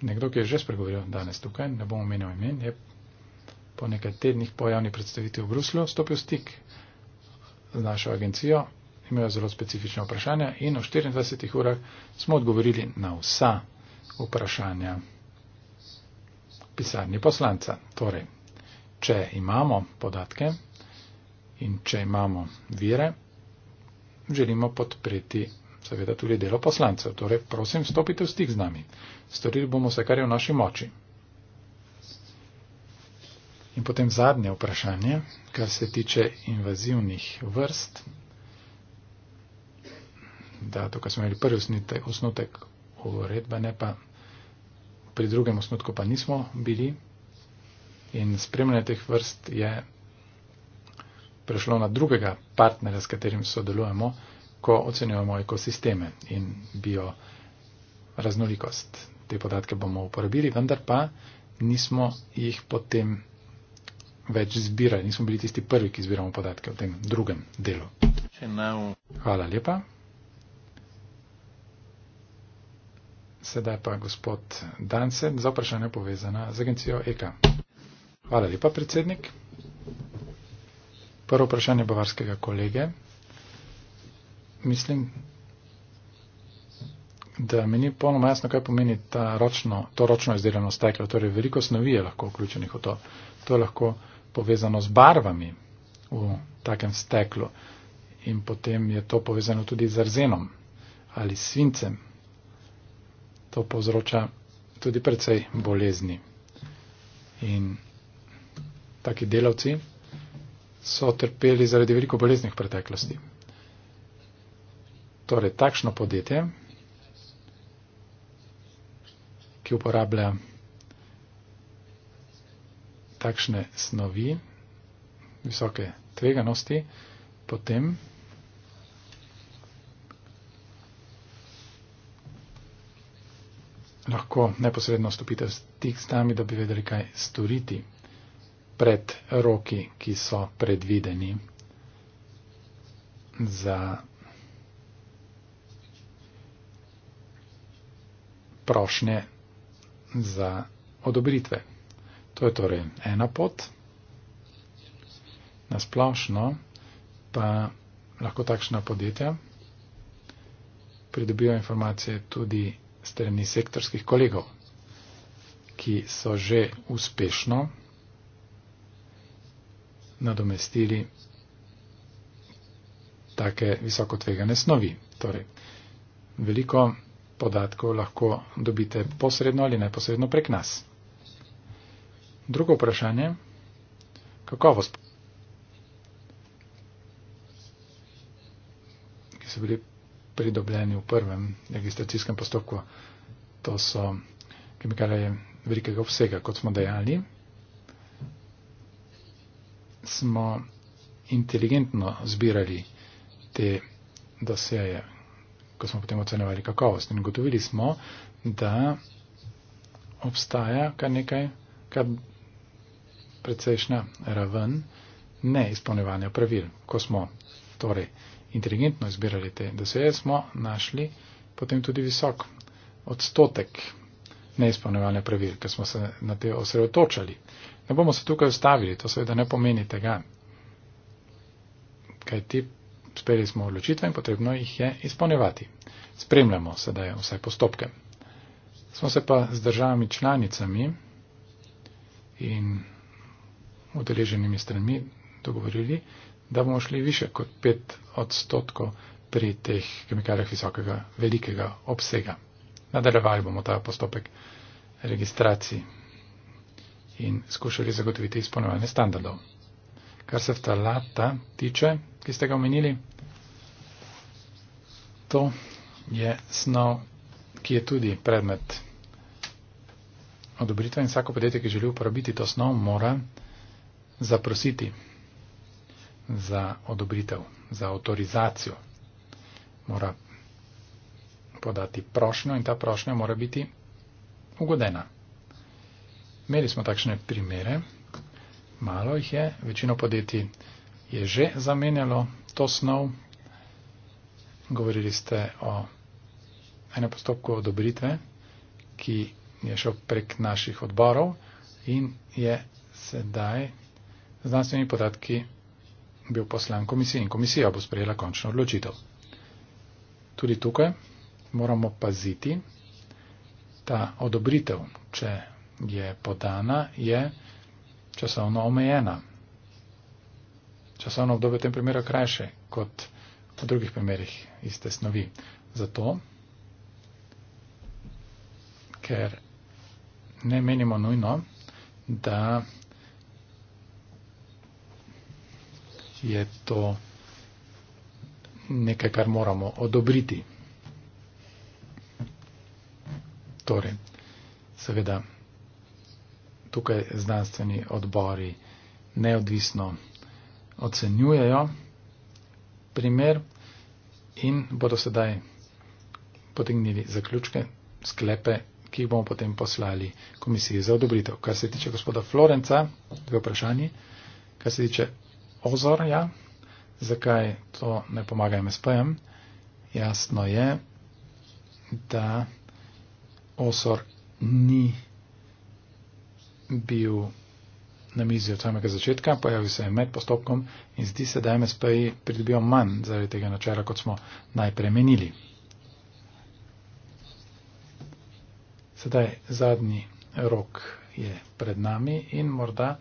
Nekdo, ki je že spregovoril danes tukaj, ne bom omenil imen, je po nekaj tednih po javni predstavitvi v Bruslju stopil stik z našo agencijo, imajo zelo specifične vprašanja in v 24 urah smo odgovorili na vsa vprašanja pisarni poslanca. Torej, če imamo podatke in če imamo vire, želimo podpreti seveda tudi delo poslancev. Torej, prosim, stopite v stik z nami. Storili bomo vse, kar je v naši moči. In potem zadnje vprašanje, kar se tiče invazivnih vrst. Da, tukaj smo imeli prvi osnutek, osnutek uredbe, ne pa pri drugem osnutku pa nismo bili. In spremljanje teh vrst je prešlo na drugega partnera, s katerim sodelujemo, ko ocenjujemo ekosisteme in bio raznolikost. Te podatke bomo uporabili, vendar pa nismo jih potem več zbirali, nismo bili tisti prvi, ki zbiramo podatke v tem drugem delu. Hvala lepa. Sedaj pa gospod Dansen za vprašanje povezana z agencijo EK. Hvala lepa, predsednik. Prvo vprašanje bavarskega kolege. Mislim, da mi ni polno jasno, kaj pomeni ta ročno, to ročno izdelano steklo. Torej, veliko snovi je lahko vključenih v to. To lahko povezano z barvami v takem steklu in potem je to povezano tudi z arzenom ali svincem. To povzroča tudi precej bolezni. In taki delavci so trpeli zaradi veliko bolezni v preteklosti. Torej, takšno podjetje, ki uporablja takšne snovi, visoke tveganosti, potem lahko neposredno stopite v stik s nami, da bi vedeli, kaj storiti pred roki, ki so predvideni za prošnje za odobritve. To je torej ena pot. Na splošno pa lahko takšna podjetja pridobijo informacije tudi strani sektorskih kolegov, ki so že uspešno nadomestili take visokotvegane snovi. Torej, veliko podatkov lahko dobite posredno ali neposredno prek nas. Drugo vprašanje. Kakovost. Ki so bili pridobljeni v prvem registracijskem postopku. To so kemikalije velikega obsega, kot smo dejali. Smo inteligentno zbirali te doseje, ko smo potem ocenjevali kakovost. In gotovili smo, da obstaja kar nekaj, kar precejšnja raven neizpolnevanja pravil. Ko smo torej inteligentno izbirali te doseje, smo našli potem tudi visok odstotek neizpolnevanja pravil, ker smo se na te osredotočali. Ne bomo se tukaj ustavili, to seveda ne pomeni tega, kaj ti speli smo odločitve in potrebno jih je izpolnevati. Spremljamo sedaj vse postopke. Smo se pa z državami članicami in udeleženimi stranmi dogovorili, da bomo šli više kot 5 odstotkov pri teh kemikalijah visokega, velikega obsega. Nadaljevali bomo ta postopek registracij in skušali zagotoviti izpolnjevanje standardov. Kar se vtalata tiče, ki ste ga omenili, to je snov, ki je tudi predmet odobritve in vsako podjetje, ki želi uporabiti to snov, mora zaprositi za odobritev, za avtorizacijo. Mora podati prošnjo in ta prošnja mora biti ugodena. Imeli smo takšne primere, malo jih je, večino podjetij je že zamenjalo to snov. Govorili ste o enem postopku odobritve, ki je šel prek naših odborov in je sedaj znanstvenimi podatki bil poslan komisiji in komisija bo sprejela končno odločitev. Tudi tukaj moramo paziti, ta odobritev, če je podana, je časovno omejena. Časovno obdobje v tem primeru krajše kot v drugih primerih iste snovi. Zato, ker ne menimo nujno, da je to nekaj, kar moramo odobriti. Torej, seveda, tukaj znanstveni odbori neodvisno ocenjujejo primer in bodo sedaj potegnili zaključke, sklepe, ki jih bomo potem poslali komisiji za odobritev. Kar se tiče gospoda Florenca, dve vprašanje. Kar se tiče ozor, ja, zakaj to ne pomaga MSP-jem, jasno je, da ozor ni bil na mizi od samega začetka, pojavil se je med postopkom in zdi se, da MSP-ji pridobijo manj zaradi tega načela, kot smo najprej menili. Sedaj zadnji rok je pred nami in morda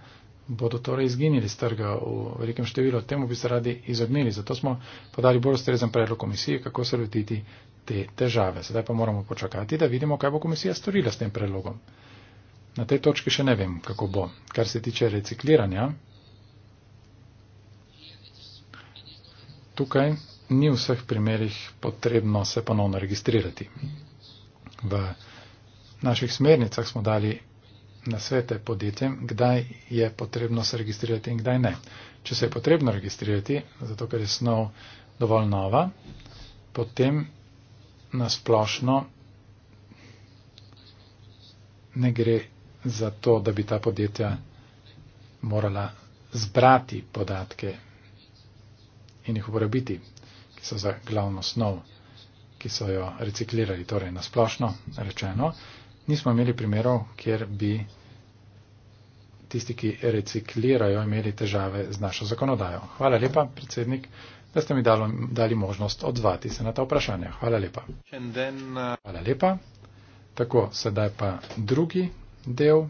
bodo torej izginili z trga v velikem številu. Temu bi se radi izognili, zato smo podali bolj ustrezen predlog komisiji, kako se lotiti te težave. Sedaj pa moramo počakati, da vidimo, kaj bo komisija storila s tem predlogom. Na tej točki še ne vem, kako bo. Kar se tiče recikliranja, tukaj ni v vseh primerjih potrebno se ponovno registrirati. V naših smernicah smo dali na svete podjetjem, kdaj je potrebno se registrirati in kdaj ne. Če se je potrebno registrirati, zato ker je snov dovolj nova, potem nasplošno ne gre za to, da bi ta podjetja morala zbrati podatke in jih uporabiti, ki so za glavno snov, ki so jo reciklirali, torej nasplošno rečeno, nismo imeli primerov, kjer bi tisti, ki reciklirajo, imeli težave z našo zakonodajo. Hvala lepa, predsednik, da ste mi dali, dali možnost odzvati se na ta vprašanja. Hvala lepa. Uh, Hvala lepa. Tako, sedaj pa drugi del.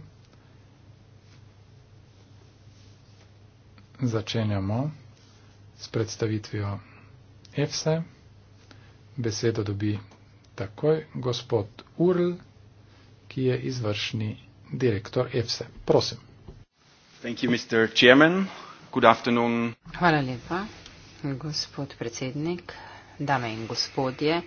Začenjamo s predstavitvijo EFSE. Besedo dobi takoj gospod Url ki je izvršni direktor EFSE. Prosim. Thank you, Mr. Chairman. Good afternoon. Hvala lepa, gospod predsednik, dame in gospodje.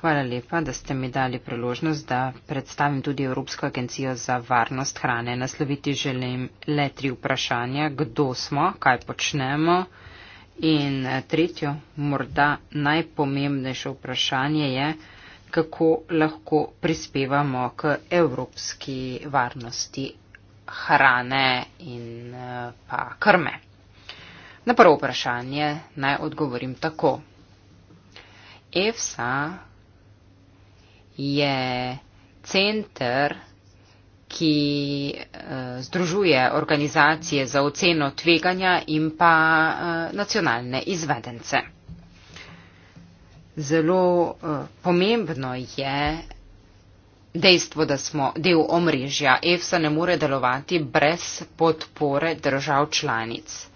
Hvala lepa, da ste mi dali priložnost, da predstavim tudi Evropsko agencijo za varnost hrane. Nasloviti želim le tri vprašanja, kdo smo, kaj počnemo. In tretjo, morda najpomembnejše vprašanje je, kako lahko prispevamo k evropski varnosti hrane in eh, pa krme. Na prvo vprašanje naj odgovorim tako. EFSA je center, ki eh, združuje organizacije za oceno tveganja in pa eh, nacionalne izvedence zelo uh, pomembno je dejstvo, da smo del omrežja. EFSA ne more delovati brez podpore držav članic.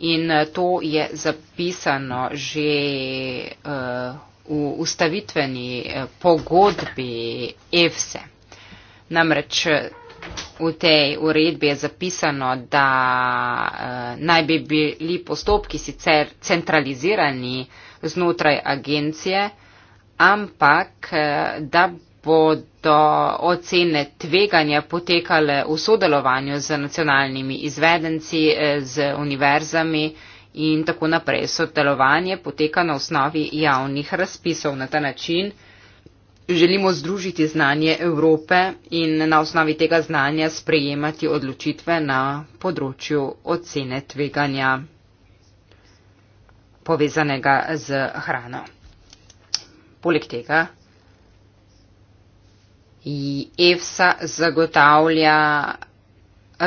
In eh, to je zapisano že uh, v ustavitveni pogodbi EFSE. Namreč v tej uredbi je zapisano, da uh, naj bi bili postopki sicer centralizirani, uh, znotraj agencije, ampak eh, da bodo ocene tveganja potekale v sodelovanju z nacionalnimi izvedenci, eh, z univerzami in tako naprej. Sodelovanje poteka na osnovi javnih razpisov na ta način. Želimo združiti znanje Evrope in na osnovi tega znanja sprejemati odločitve na področju ocene tveganja povezanega z hrano. Poleg tega, EFSA zagotavlja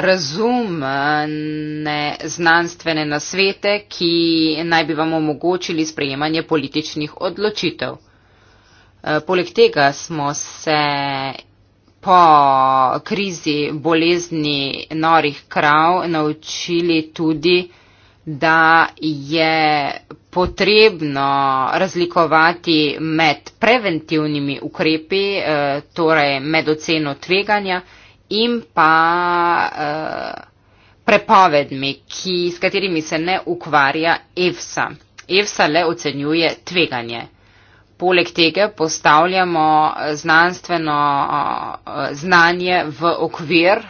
razumne znanstvene nasvete, ki naj bi vam omogočili sprejemanje političnih odločitev. Eh, poleg tega smo se po krizi bolezni norih krav naučili tudi, da je potrebno razlikovati med preventivnimi ukrepi, eh, torej med oceno tveganja in pa eh, prepovedmi, ki, s katerimi se ne ukvarja EFSA. EFSA le ocenjuje tveganje. Poleg tega postavljamo znanstveno eh, znanje v okvir,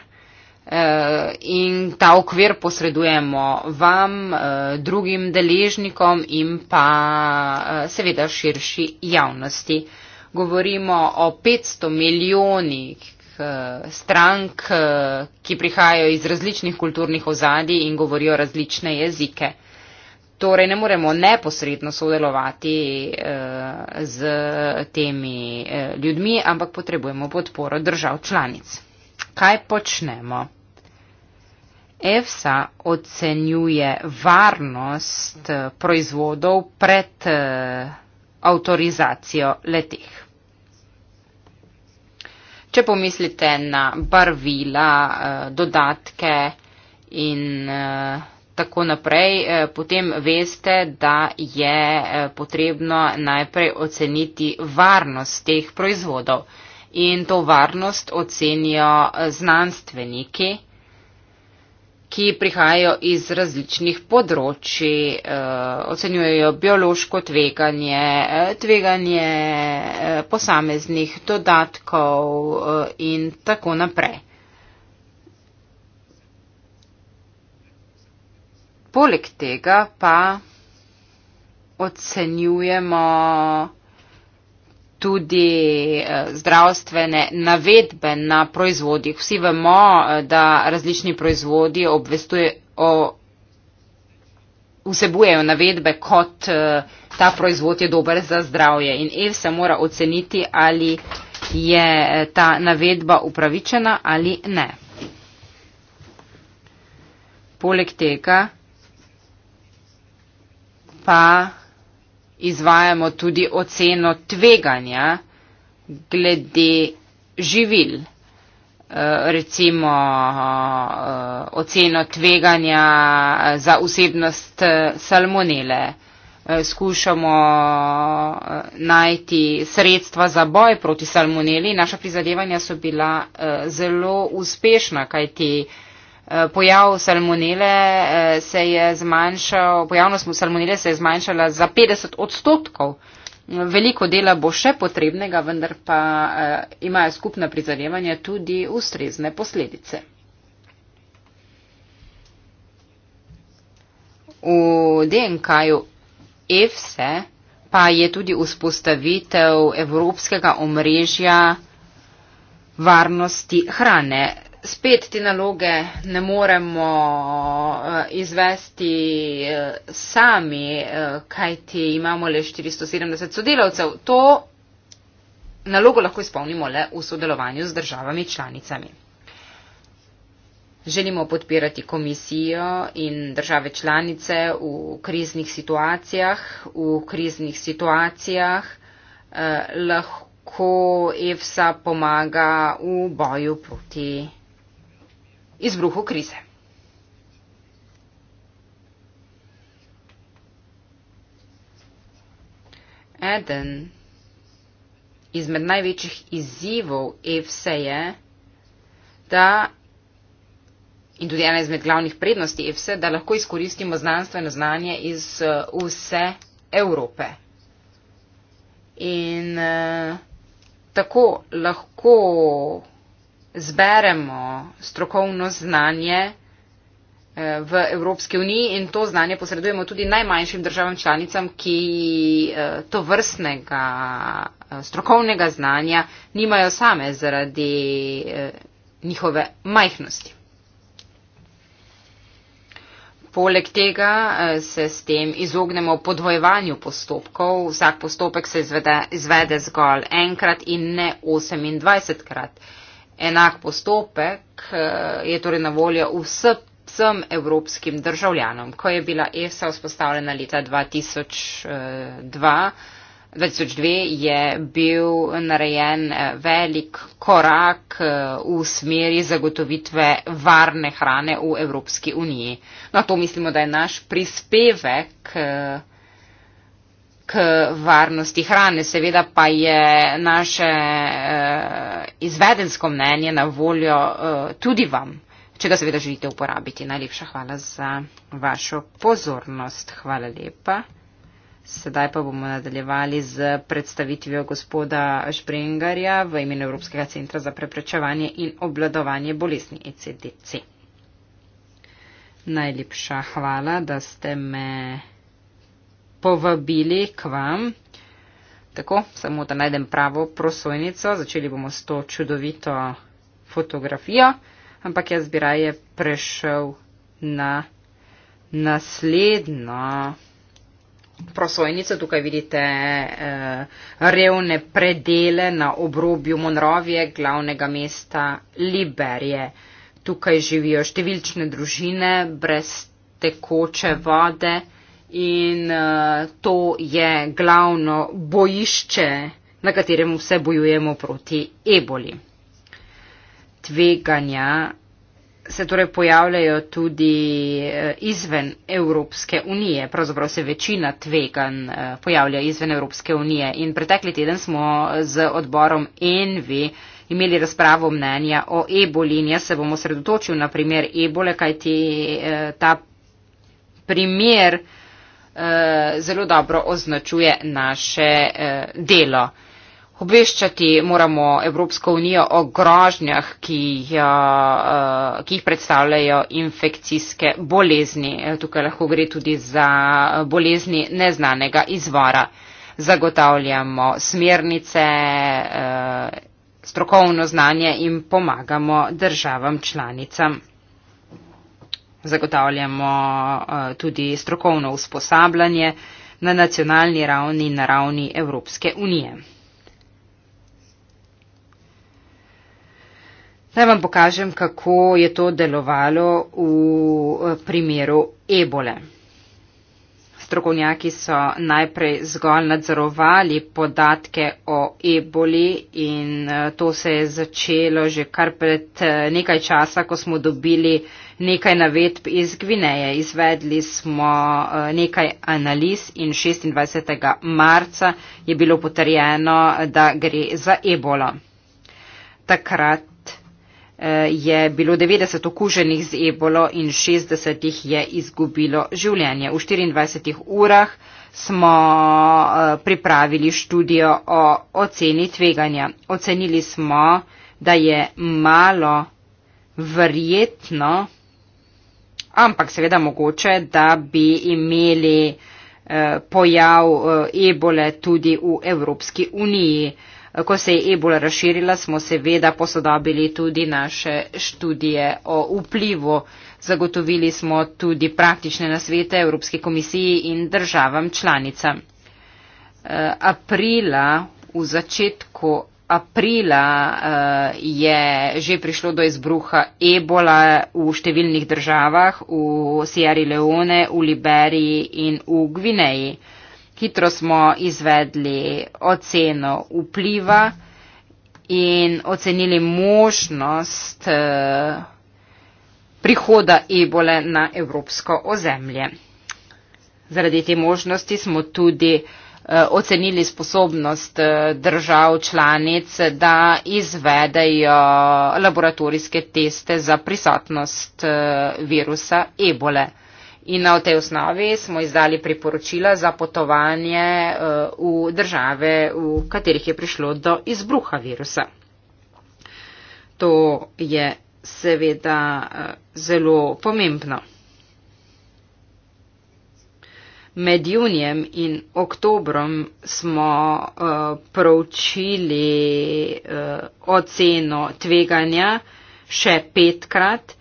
Eh, in ta okvir posredujemo vam, eh, drugim deležnikom in pa eh, seveda širši javnosti. Govorimo o 500 milijonih strank, ki prihajajo iz različnih kulturnih ozadij in govorijo različne jezike. Torej ne moremo neposredno sodelovati z temi ljudmi, ampak potrebujemo podporo držav članic. Kaj počnemo? EFSA ocenjuje varnost eh, proizvodov pred eh, avtorizacijo letih. Če pomislite na barvila, eh, dodatke in tako naprej, potem veste, da je potrebno najprej oceniti varnost teh proizvodov. In to varnost ocenijo znanstveniki ki prihajajo iz različnih področji, eh, ocenjujejo biološko tveganje, eh, tveganje eh, posameznih dodatkov in tako naprej. Poleg tega pa ocenjujemo tudi eh, zdravstvene navedbe na proizvodih. Vsi vemo, eh, da različni proizvodi o, vsebujejo navedbe, kot eh, ta proizvod je dober za zdravje in EF se mora oceniti, ali je ta navedba upravičena ali ne. Poleg tega pa izvajamo tudi oceno tveganja glede živil. Eh, recimo eh, oceno tveganja eh, za vsebnost salmonele. Skušamo najti sredstva za boj proti salmoneli. Naša prizadevanja so bila zelo uspešna, kajti Eh, pojav salmonele eh, se je zmanjšal, pojavnost salmonele se je zmanjšala za 50 odstotkov. Veliko dela bo še potrebnega, vendar pa eh, imajo skupna prizadevanja tudi ustrezne posledice. V DNK-ju EFSE pa je tudi vzpostavitev evropskega omrežja varnosti hrane spet te naloge ne moremo eh, izvesti eh, sami, eh, kajti imamo le 470 sodelavcev. To nalogo lahko izpolnimo le v sodelovanju z državami članicami. Želimo podpirati komisijo in države članice v kriznih situacijah. V kriznih situacijah eh, lahko EFSA pomaga v boju proti izbruhu krize. Eden izmed največjih izzivov EFSE je, da in tudi ena izmed glavnih prednosti EFSE, da lahko izkoristimo znanstveno znanje iz uh, vse Evrope. In eh, tako lahko zberemo strokovno znanje eh, v Evropski uniji in to znanje posredujemo tudi najmanjšim državam članicam, ki eh, to vrstnega eh, strokovnega znanja nimajo same zaradi njihove majhnosti. Poleg tega se s tem izognemo podvojevanju postopkov. Vsak postopek se izvede, izvede zgolj enkrat in ne 28krat. Enak postopek eh, je torej na voljo vsem evropskim državljanom. Ko je bila ESA vzpostavljena leta 2002, 2002 eh, je bil narejen eh, velik korak v smeri zagotovitve varne hrane v Evropski uniji. No, to mislimo, da je naš prispevek k varnosti hrane. Seveda pa je naše uh, izvedensko mnenje na voljo uh, tudi vam, če ga seveda želite uporabiti. Najlepša hvala za vašo pozornost. Hvala lepa. Sedaj pa bomo nadaljevali z predstavitvijo gospoda Špringarja v imenu Evropskega centra za preprečevanje in obladovanje bolezni ECDC. Najlepša hvala, da ste me povabili k vam. Tako, samo da najdem pravo prosojnico, začeli bomo s to čudovito fotografijo, ampak jaz bi raje prešel na naslednjo prosojnico. Tukaj vidite eh, revne predele na obrobju Monrovije, glavnega mesta Liberije. Tukaj živijo številčne družine brez tekoče vode. Mm -hmm in uh, to je glavno bojišče, na katerem vse bojujemo proti eboli. Tveganja se torej pojavljajo tudi eh, izven Evropske unije, pravzaprav se večina tvegan eh, pojavlja izven Evropske unije in pretekli teden smo z odborom Envi imeli razpravo mnenja o eboli in jaz se bom osredotočil na primer ebole, kajti ta primer Eh, zelo dobro označuje naše eh, delo. Obveščati moramo Evropsko unijo o grožnjah, ki jih, eh, ki jih predstavljajo infekcijske bolezni. Tukaj lahko gre tudi za bolezni neznanega izvora. Zagotavljamo smernice, strokovno znanje in pomagamo državam članicam. Zagotavljamo eh, tudi strokovno usposabljanje na nacionalni ravni in na ravni Evropske unije. Naj vam pokažem, kako je to delovalo v eh, primeru ebole. Strokovnjaki so najprej zgolj nadzorovali podatke o eboli in eh, to se je začelo že kar pred nekaj časa, ko smo dobili uh, nekaj navedb iz Gvineje. Izvedli smo eh, nekaj analiz in 26. marca je bilo potrjeno, da gre za ebolo. Takrat eh, je bilo 90 okuženih z ebolo in 60 jih je izgubilo življenje. V 24 urah smo eh, pripravili študijo o oceni tveganja. Ocenili smo, da je malo verjetno, ampak seveda mogoče, da bi imeli eh, pojav eh, ebole tudi v Evropski uniji. Eh, ko se je ebola razširila, smo seveda posodobili tudi naše študije o vplivu. Zagotovili smo tudi praktične nasvete Evropske komisiji in državam članicam. Aprila, v začetku aprila uh, je že prišlo do izbruha ebola v številnih državah, v Sierra Leone, v Liberiji in v Gvineji. Hitro smo izvedli oceno vpliva in ocenili možnost eh, prihoda ebole na evropsko ozemlje. Zaradi te možnosti smo tudi uh, Eh, ocenili sposobnost eh, držav članic, da izvedejo laboratorijske teste za prisotnost eh, virusa ebole. In na tej osnovi smo izdali priporočila za potovanje v države, v katerih je prišlo do izbruha virusa. To je seveda zelo pomembno. Med junijem in oktobrom smo uh, proučili uh, oceno tveganja še petkrat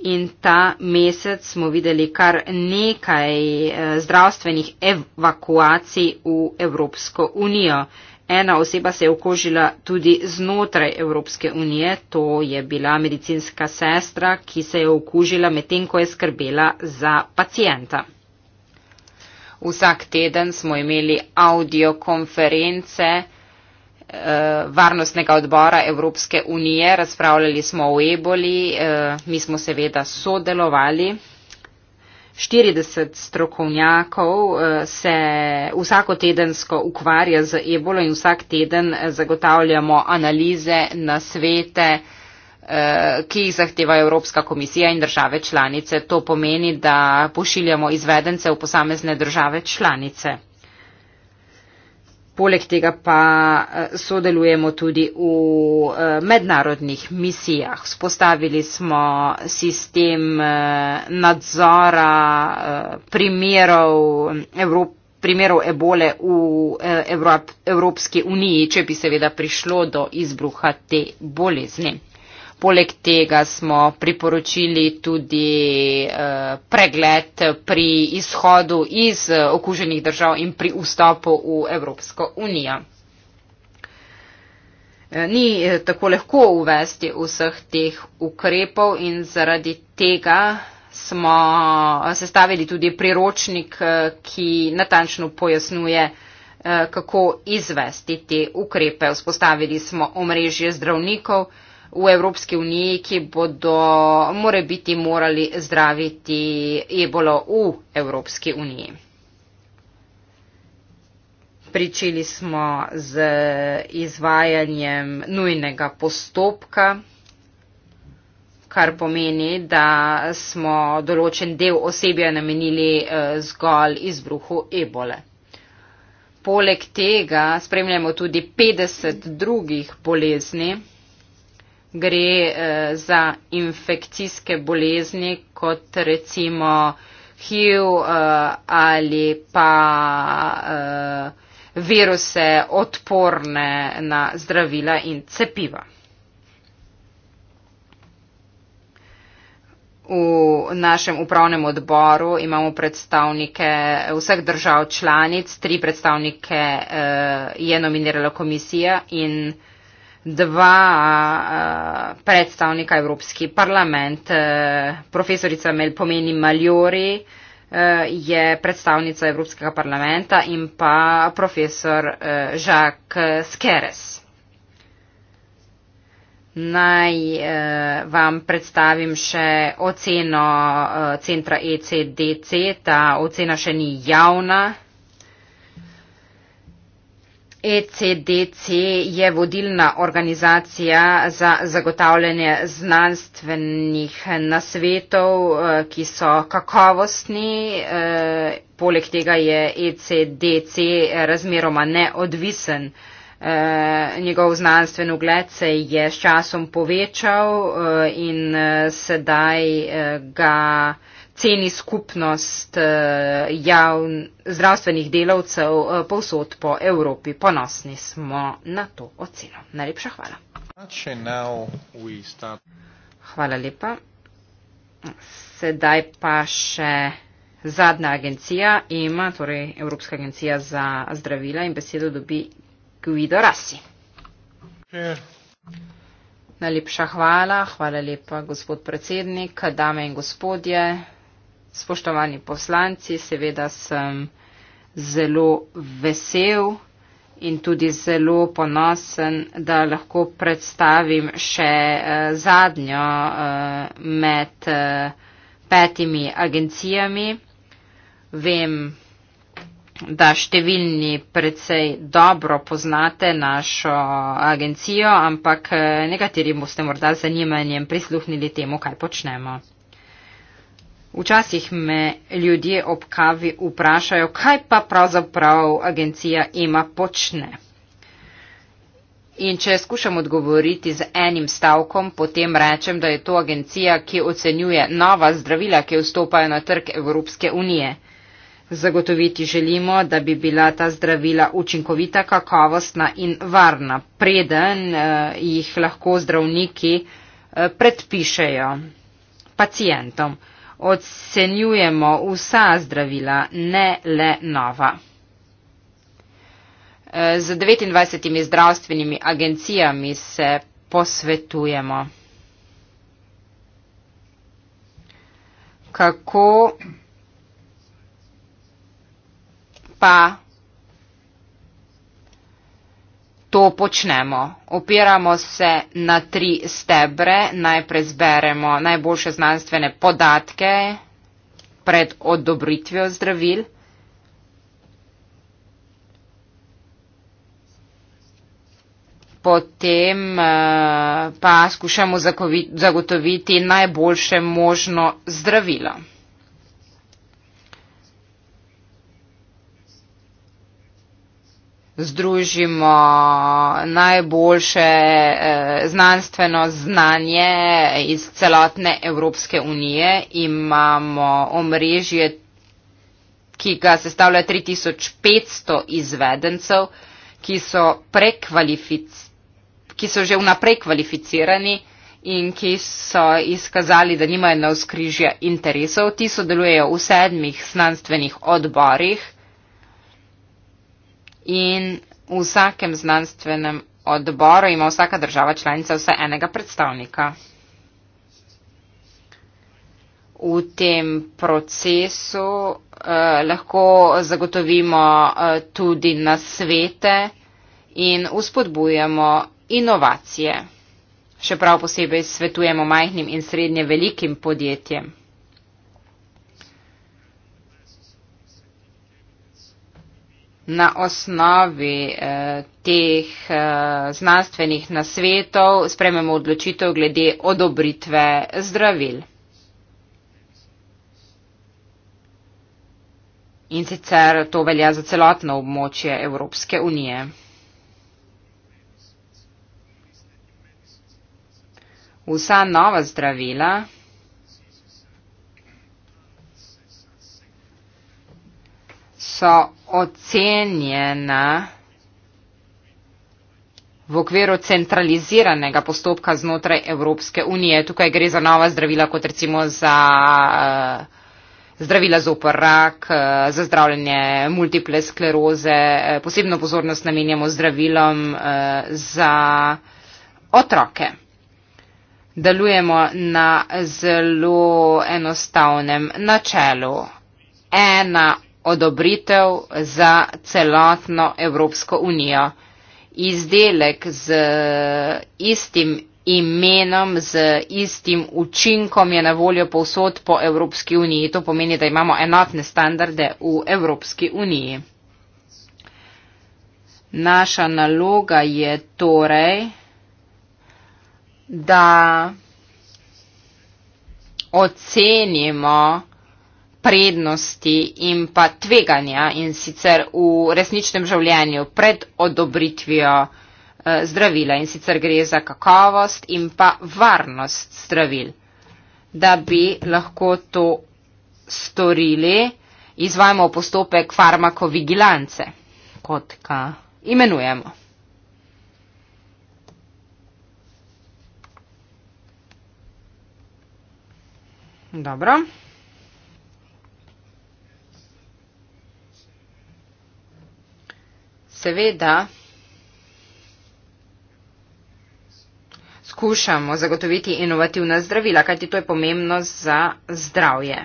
in ta mesec smo videli kar nekaj uh, zdravstvenih evakuacij v Evropsko unijo. Ena oseba se je okožila tudi znotraj Evropske unije, to je bila medicinska sestra, ki se je okužila medtem, ko je skrbela za pacijenta. Vsak teden smo imeli audiokonference eh, varnostnega odbora Evropske unije, razpravljali smo o eboli, eh, mi smo seveda sodelovali. 40 strokovnjakov eh, se vsako tedensko ukvarja z ebolo in vsak teden zagotavljamo analize, nasvete, Eh, ki jih zahteva Evropska komisija in države članice. To pomeni, da pošiljamo izvedence v posamezne države članice. Poleg tega pa eh, sodelujemo tudi v eh, mednarodnih misijah. Spostavili smo sistem nadzora primerov, Evrop, primerov ebole v Evrop, Evropski uniji, če bi seveda prišlo do izbruha te bolezni. Poleg tega smo priporočili tudi eh, pregled pri izhodu iz okuženih držav in pri vstopu v Evropsko unijo. Eh, ni eh, tako lahko uvesti vseh teh ukrepov in zaradi tega smo sestavili tudi priročnik, ki natančno pojasnuje, kako izvesti te ukrepe. Vzpostavili smo omrežje zdravnikov, v Evropski uniji, ki bodo more biti morali zdraviti ebolo v Evropski uniji. Pričeli smo z izvajanjem nujnega postopka, kar pomeni, da smo določen del osebja namenili eh, zgolj izbruhu ebole. Poleg tega spremljamo tudi 50 drugih bolezni, gre eh, za infekcijske bolezni, kot recimo HIV eh, ali pa eh, viruse odporne na zdravila in cepiva. V našem upravnem odboru imamo predstavnike vseh držav članic, tri predstavnike je nominirala komisija in dva predstavnika Evropski parlament. E, profesorica Mel pomeni Maliori e, je predstavnica Evropskega parlamenta in pa profesor e, Jacques Skeres. Naj vam predstavim še oceno centra ECDC. Ta ocena še ni javna. ECDC je vodilna organizacija za zagotavljanje znanstvenih nasvetov, eh, ki so kakovostni. Eh, poleg tega je ECDC razmeroma neodvisen. Eh, njegov znanstven ugled se je s časom povečal in sedaj ga ceni skupnost eh, javn, zdravstvenih delavcev eh, povsod po Evropi. Ponosni smo na to oceno. Najlepša hvala. Hvala lepa. Sedaj pa še zadnja agencija ima, torej Evropska agencija za zdravila in besedo dobi Guido Rasi. Najlepša hvala, hvala lepa gospod predsednik, dame in gospodje, spoštovani poslanci, seveda sem zelo vesel in tudi zelo ponosen, da lahko predstavim še eh, zadnjo eh, med eh, petimi agencijami. Vem, da številni precej dobro poznate našo agencijo, ampak nekateri boste morda z zanimanjem prisluhnili temu, kaj počnemo. Včasih me ljudje ob kavi vprašajo, kaj pa pravzaprav agencija ima počne. In če skušam odgovoriti z enim stavkom, potem rečem, da je to agencija, ki ocenjuje nova zdravila, ki vstopajo na trg Evropske unije. Zagotoviti želimo, da bi bila ta zdravila učinkovita, kakovostna in varna, preden eh, jih lahko zdravniki eh, predpišejo pacijentom ocenjujemo vsa zdravila, ne le nova. E, z 29 zdravstvenimi agencijami se posvetujemo. Kako pa to počnemo. Opiramo se na tri stebre, najprej zberemo najboljše znanstvene podatke pred odobritvijo zdravil. Potem eh, pa skušamo zagotoviti najboljše možno zdravilo. združimo najboljše eh, znanstveno znanje iz celotne Evropske unije. Imamo omrežje, ki ga sestavlja 3500 izvedencev, ki so, ki so že vnaprej kvalificirani in ki so izkazali, da nimajo na vzkrižja interesov. Ti sodelujejo v sedmih znanstvenih odborih in v vsakem znanstvenem odboru ima vsaka država članica vse enega predstavnika. V tem procesu eh, lahko zagotovimo eh, tudi nasvete in uspodbujamo inovacije. Še prav posebej svetujemo majhnim in srednje velikim podjetjem. na osnovi eh, teh eh, znanstvenih nasvetov sprememo odločitev glede odobritve zdravil. In sicer to velja za celotno območje Evropske unije. Vsa nova zdravila so ocenjena v okviru centraliziranega postopka znotraj Evropske unije. Tukaj gre za nova zdravila, kot recimo za uh, zdravila za uporak, uh, eh, za zdravljenje multiple skleroze. Uh, posebno pozornost namenjamo zdravilom uh, za otroke. Delujemo na zelo enostavnem načelu. Ena odobritev za celotno Evropsko unijo. Izdelek z istim imenom, z istim učinkom je na voljo povsod po Evropski uniji. To pomeni, da imamo enotne standarde v Evropski uniji. Naša naloga je torej, da ocenimo, prednosti in pa tveganja in sicer v resničnem življenju pred odobritvijo eh, zdravila in sicer gre za kakovost in pa varnost zdravil. Da bi lahko to storili, izvajamo postopek farmakovigilance, kot ga imenujemo. Dobro. seveda skušamo zagotoviti inovativna zdravila, kajti to je pomembno za zdravje.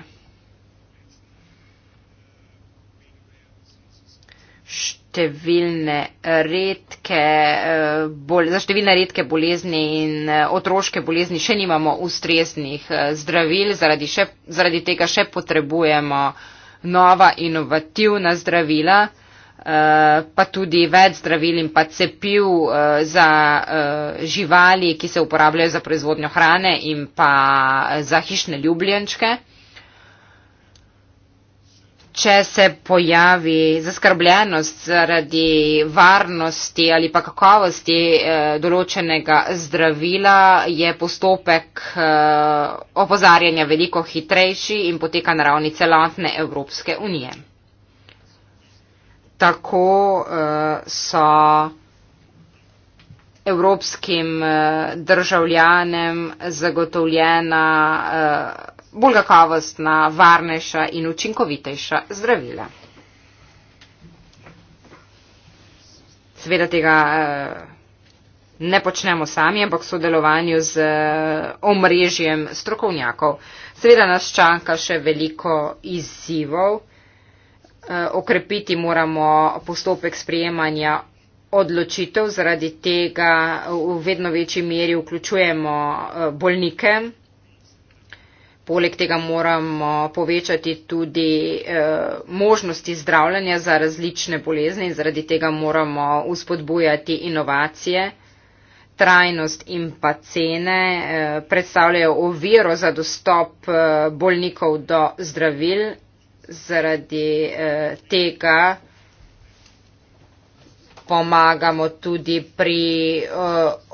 Številne redke, eh, bol, za številne redke bolezni in eh, otroške bolezni še nimamo ustreznih eh, zdravil, zaradi, še, zaradi tega še potrebujemo nova inovativna zdravila. Eh, pa tudi več zdravil in pa cepiv eh, za eh, živali, ki se uporabljajo za proizvodnjo hrane in pa za hišne ljubljenčke. Če se pojavi zaskrbljenost zaradi varnosti ali pa kakovosti določenega zdravila, je postopek opozarjanja veliko hitrejši in poteka na ravni celotne Evropske unije tako eh, so evropskim eh, državljanem zagotovljena eh, bolj kakovostna, varnejša in učinkovitejša zdravila. Seveda tega ne počnemo sami, ampak v sodelovanju z omrežjem strokovnjakov. Seveda nas čaka še veliko izzivov. Eh, okrepiti moramo postopek sprijemanja odločitev, zaradi tega eh, v vedno večji meri vključujemo eh, bolnike. Poleg tega moramo povečati tudi možnosti zdravljanja za različne bolezni in zaradi tega moramo uspodbujati inovacije. Trajnost in pa cene predstavljajo oviro za dostop bolnikov do zdravil zaradi eh, tega pomagamo tudi pri eh,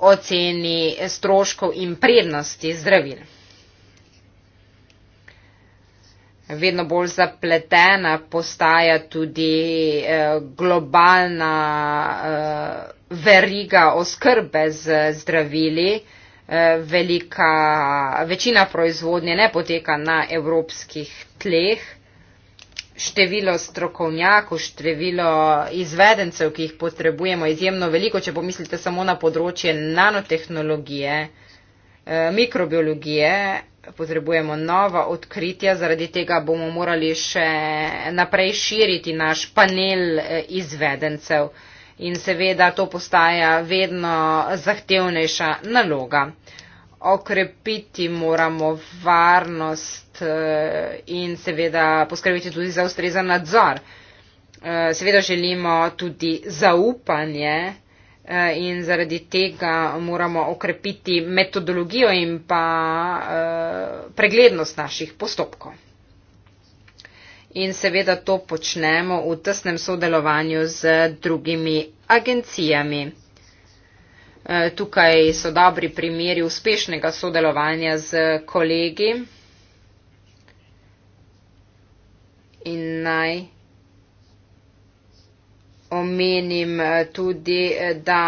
oceni stroškov in prednosti zdravil. Vedno bolj zapletena postaja tudi eh, globalna eh, veriga oskrbe z zdravili. Eh, velika večina proizvodnje ne poteka na evropskih tleh, število strokovnjakov, število izvedencev, ki jih potrebujemo, izjemno veliko, če pomislite samo na področje nanotehnologije, eh, mikrobiologije, potrebujemo nova odkritja, zaradi tega bomo morali še naprej širiti naš panel eh, izvedencev in seveda to postaja vedno zahtevnejša naloga okrepiti moramo varnost eh, in seveda poskrbeti tudi za ustrezan nadzor. Eh, seveda želimo tudi zaupanje eh, in zaradi tega moramo okrepiti metodologijo in pa preglednost naših postopkov. In seveda to počnemo v tesnem sodelovanju z drugimi agencijami. Eh, tukaj so dobri primeri uspešnega sodelovanja z kolegi. In naj omenim eh, tudi, eh, da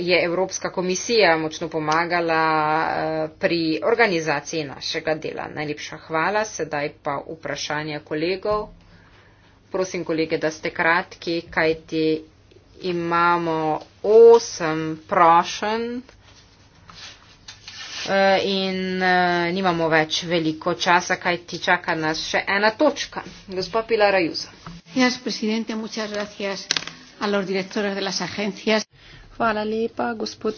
je Evropska komisija močno pomagala pri organizaciji našega dela. Najlepša hvala, sedaj pa vprašanje kolegov. Prosim, kolege, da ste kratki, kaj ti imamo osem prošenj eh, in eh, nimamo več veliko časa, kaj ti čaka nas še ena točka. Gospod Pilar Ajuza. Hvala lepa, gospod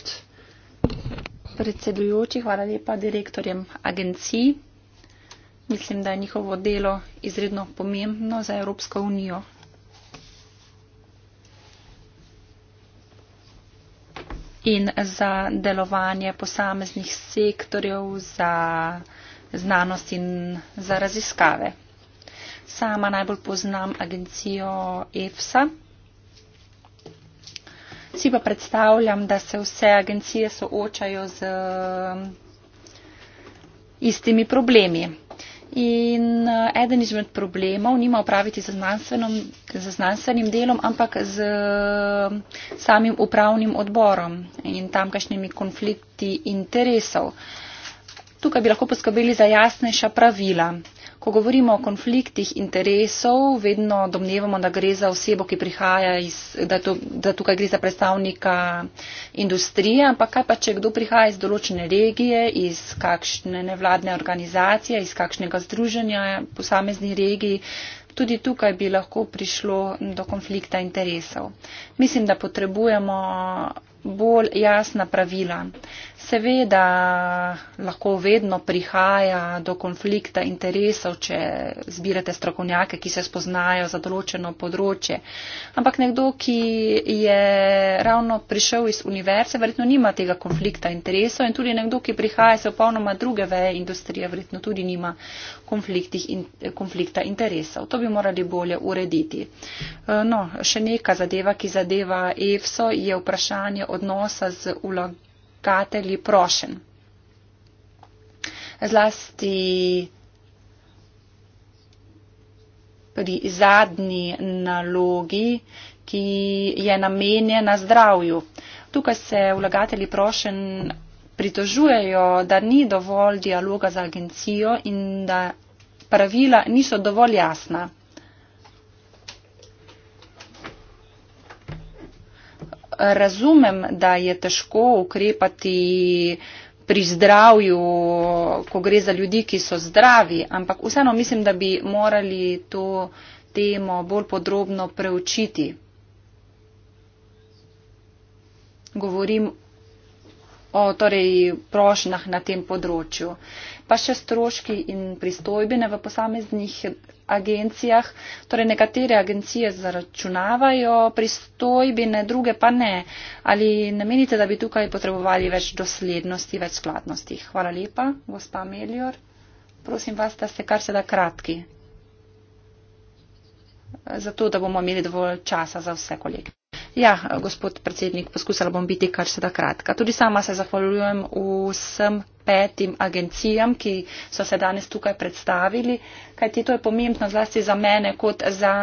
predsedujoči, hvala lepa direktorjem agencij. Mislim, da je njihovo delo izredno pomembno za Evropsko unijo in za delovanje posameznih sektorjev za znanost in za raziskave. Sama najbolj poznam agencijo EFSA. Si pa predstavljam, da se vse agencije soočajo z um, istimi problemi. In eh, eden izmed problemov nima opraviti z znanstvenim delom, ampak z eh, samim upravnim odborom in tamkajšnjimi konflikti interesov. Tukaj bi lahko poskrbeli za jasnejša pravila. Ko govorimo o konfliktih interesov, vedno domnevamo, da gre za osebo, ki prihaja iz, da, to, da tukaj gre za predstavnika industrije, ampak kaj pa, če kdo prihaja iz določene regije, iz kakšne nevladne organizacije, iz kakšnega združenja posamezni regiji, tudi tukaj bi lahko prišlo do konflikta interesov. Mislim, da potrebujemo bolj jasna pravila. Seveda lahko vedno prihaja do konflikta interesov, če zbirate strokovnjake, ki se spoznajo za določeno področje. Ampak nekdo, ki je ravno prišel iz univerze, verjetno nima tega konflikta interesov in tudi nekdo, ki prihaja se v polnoma druge veje industrije, verjetno tudi nima in, konflikta interesov. To bi morali bolje urediti. Eh, no, še neka zadeva, ki zadeva EFSO, je vprašanje odnosa z vlagatelji prošen. Zlasti pri zadnji nalogi, ki je namenjena zdravju. Tukaj se vlagatelji prošen pritožujejo, da ni dovolj dialoga z agencijo in da pravila niso dovolj jasna. razumem, da je težko ukrepati pri zdravju, ko gre za ljudi, ki so zdravi, ampak vseeno mislim, da bi morali to temo bolj podrobno preučiti. Govorim o torej, prošnjah na tem področju pa še stroški in pristojbine v posameznih agencijah. Torej, nekatere agencije zaračunavajo pristojbine, druge pa ne. Ali ne menite, da bi tukaj potrebovali več doslednosti, več skladnosti? Hvala lepa, gospa Melior. Prosim vas, da ste kar se da kratki. Zato, da bomo imeli dovolj časa za vse kolege. Ja, gospod predsednik, poskusala bom biti kar se da kratka. Tudi sama se zahvaljujem vsem petim agencijam, ki so se danes tukaj predstavili, kajti to je pomembno zlasti za mene kot za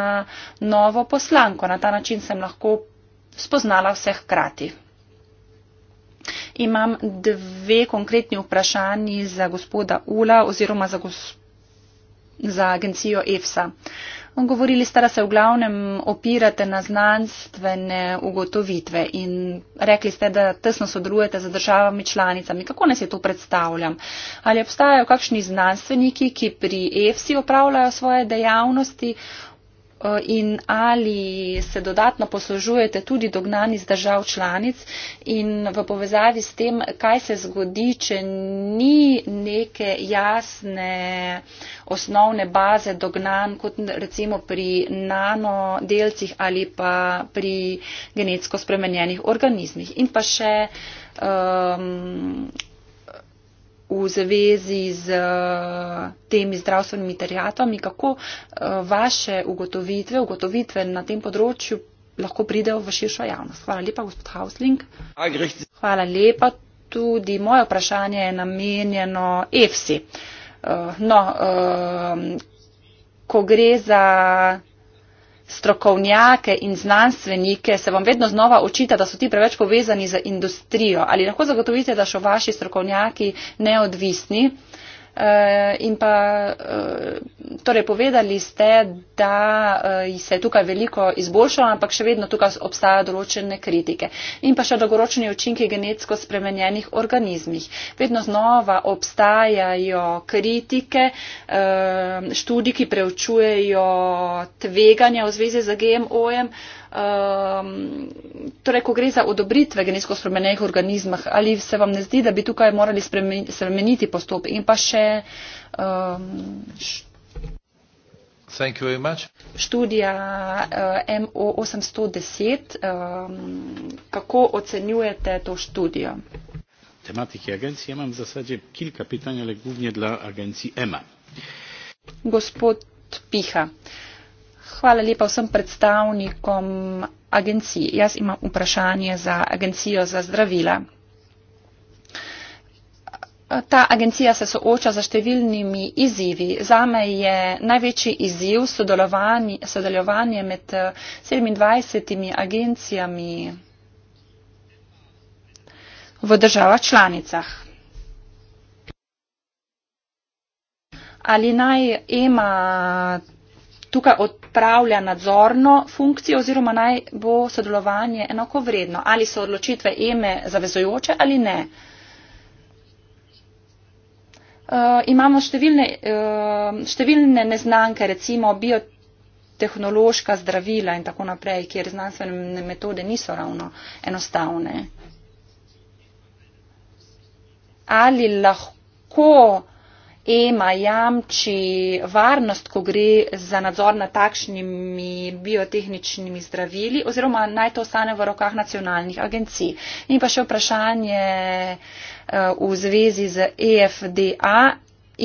novo poslanko. Na ta način sem lahko spoznala vseh krati. Imam dve konkretni vprašanji za gospoda Ula oziroma za, gos za agencijo EFSA. Govorili ste, da se v glavnem opirate na znanstvene ugotovitve in rekli ste, da tesno sodelujete z državami članicami. Kako nas je to predstavljam? Ali obstajajo kakšni znanstveniki, ki pri EFSI opravljajo svoje dejavnosti in ali se dodatno poslužujete tudi dognan iz držav članic in v povezavi s tem, kaj se zgodi, če ni neke jasne osnovne baze dognan, kot recimo pri nanodelcih ali pa pri genetsko spremenjenih organizmih. In pa še um, v zvezi z eh, temi zdravstvenimi terjatvami, kako eh, vaše ugotovitve, ugotovitve na tem področju lahko pridejo v širšo javnost. Hvala lepa, gospod Hausling. Hvala lepa. Tudi moje vprašanje je namenjeno EFSI. Eh, no, ko gre za strokovnjake in znanstvenike se vam vedno znova očita, da so ti preveč povezani z industrijo. Ali lahko zagotovite, da so vaši strokovnjaki neodvisni? Uh, in pa uh, torej povedali ste, da uh, se je tukaj veliko izboljšalo, ampak še vedno tukaj obstaja določene kritike. In pa še dolgoročni učinki genetsko spremenjenih organizmih. Vedno znova obstajajo kritike, uh, študiji, ki preučujejo tveganja v zvezi z GMO-jem. Uh, um, torej, ko gre za odobritve genetsko spremenjenih organizmah, ali se vam ne zdi, da bi tukaj morali spremeniti postopek in pa še um, študija uh, MO810, um, kako ocenjujete to študijo? Tematike agencije imam za sadje kilka pitanja, le glavnje dla agencije EMA. Gospod Piha. Uh, hvala lepa vsem predstavnikom agencij. Jaz imam vprašanje za agencijo za zdravila. Ta agencija se sooča za številnimi izzivi. Zame je največji izziv sodelovanje, sodelovanje med 27 eh, agencijami v državah članicah. Ali naj ima tukaj odpravlja nadzorno funkcijo oziroma naj bo sodelovanje enakovredno, ali so odločitve EME zavezojoče ali ne. Uh, imamo številne, uh, številne neznanke, recimo biotehnološka zdravila in tako naprej, kjer znanstvene metode niso ravno enostavne. Ali lahko uh, EMA jamči varnost, ko gre za nadzor nad takšnimi biotehničnimi zdravili oziroma naj to ostane v rokah nacionalnih agencij. In pa še vprašanje eh, v zvezi z EFDA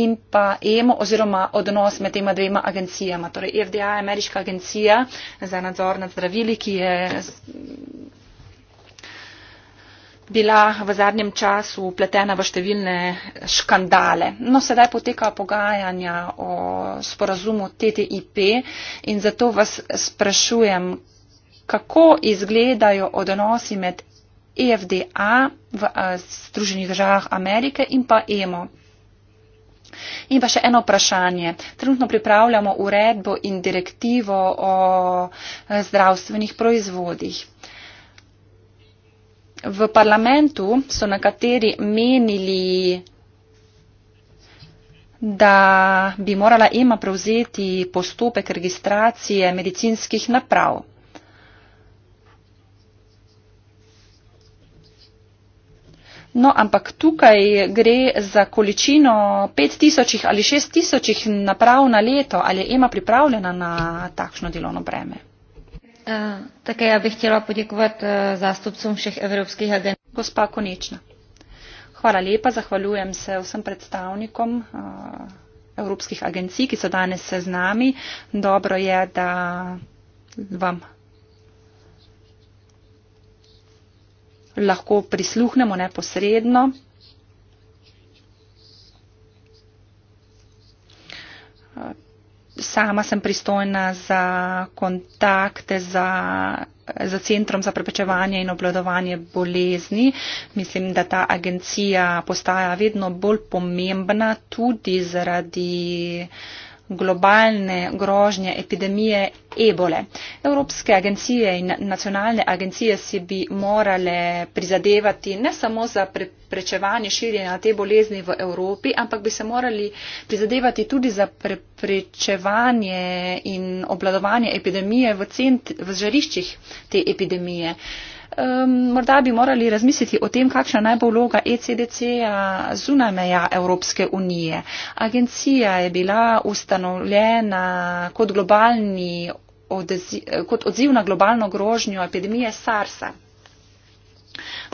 in pa EMO oziroma odnos med tema dvema agencijama. Torej EFDA je ameriška agencija za nadzor nad zdravili, ki je bila v zadnjem času upletena v številne škandale. No, sedaj potekajo pogajanja o sporazumu TTIP in zato vas sprašujem, kako izgledajo odnosi med EFDA v Združenih državah Amerike in pa EMO. In pa še eno vprašanje. Trenutno pripravljamo uredbo in direktivo o zdravstvenih proizvodih. V parlamentu so nekateri menili, da bi morala EMA prevzeti postopek registracije medicinskih naprav. No, ampak tukaj gre za količino 5000 ali 6000 naprav na leto. Ali je EMA pripravljena na takšno delovno breme? Eh, také já bych chtěla poděkovat eh, zástupcům všech evropských agentů. Gospa Konečna. Hvala lepa, zahvaljujem se vsem predstavnikom eh, evropskih agencij, ki so danes se z nami. Dobro je, da vam lahko prisluhnemo neposredno. Uh, sama sem pristojna za kontakte za, za centrom za preprečevanje in obladovanje bolezni. Mislim, da ta agencija postaja vedno bolj pomembna tudi zaradi uh, globalne grožnje epidemije ebole. Evropske agencije in nacionalne agencije si bi morale prizadevati ne samo za preprečevanje širjenja te bolezni v Evropi, ampak bi se morali prizadevati tudi za preprečevanje in obladovanje epidemije v, cent, v žariščih te epidemije. Uh, um, morda bi morali razmisliti o tem, kakšna naj bo vloga ECDC-a zunaj meja Evropske unije. Agencija je bila ustanovljena kot globalni. Odzi, kot odziv na globalno grožnjo epidemije SARS-a.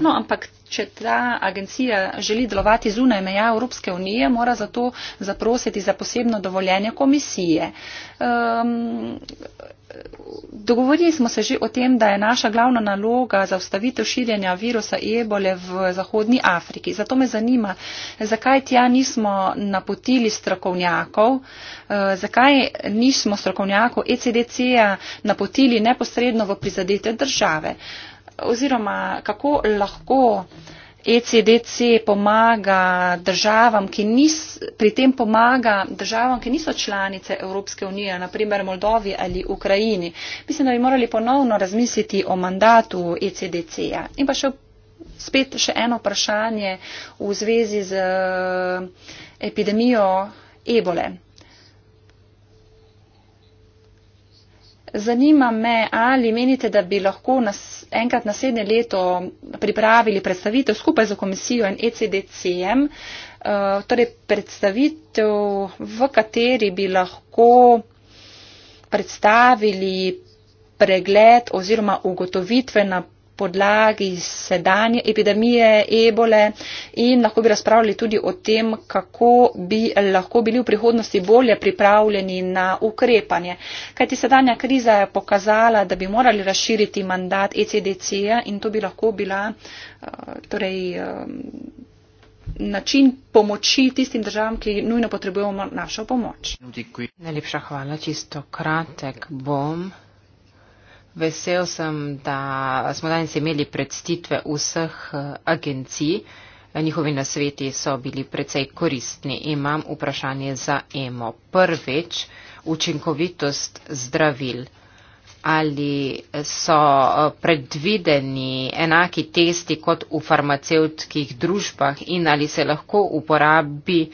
No, ampak, če ta agencija želi delovati zunaj meja Evropske unije, mora zato zaprositi za posebno dovoljenje komisije. Um, Dogovorili smo se že o tem, da je naša glavna naloga za ustavitev širjenja virusa ebole v Zahodnji Afriki. Zato me zanima, zakaj tja nismo napotili strokovnjakov, eh, zakaj nismo strokovnjakov ECDC-ja napotili neposredno v prizadete države. Oziroma, kako lahko uh, ECDC pomaga državam, ki nis, pri tem pomaga državam, ki niso članice Evropske unije, naprimer Moldovi ali Ukrajini. Mislim, da bi morali ponovno razmisliti o mandatu ECDC-ja. In pa še spet še eno vprašanje v zvezi z eh, epidemijo ebole. zanima me, ali menite, da bi lahko nas, enkrat naslednje leto pripravili predstavitev skupaj z komisijo in ECDCM, uh, eh, torej predstavitev, v kateri bi lahko predstavili pregled oziroma ugotovitve na področju podlagi sedanje epidemije ebole in lahko bi razpravljali tudi o tem, kako bi lahko bili v prihodnosti bolje pripravljeni na ukrepanje. Kajti sedanja kriza je pokazala, da bi morali razširiti mandat ECDC-ja in to bi lahko bila eh, torej, eh, način pomoči tistim državam, ki nujno potrebujemo našo pomoč. Najlepša hvala, čisto kratek bom. Vesel sem, da smo danes imeli predstitve vseh eh, agencij. Njihovi nasveti so bili precej koristni. Imam vprašanje za EMO. Prvič, učinkovitost zdravil. Ali so eh, predvideni enaki testi kot v farmacevtskih družbah in ali se lahko uporabi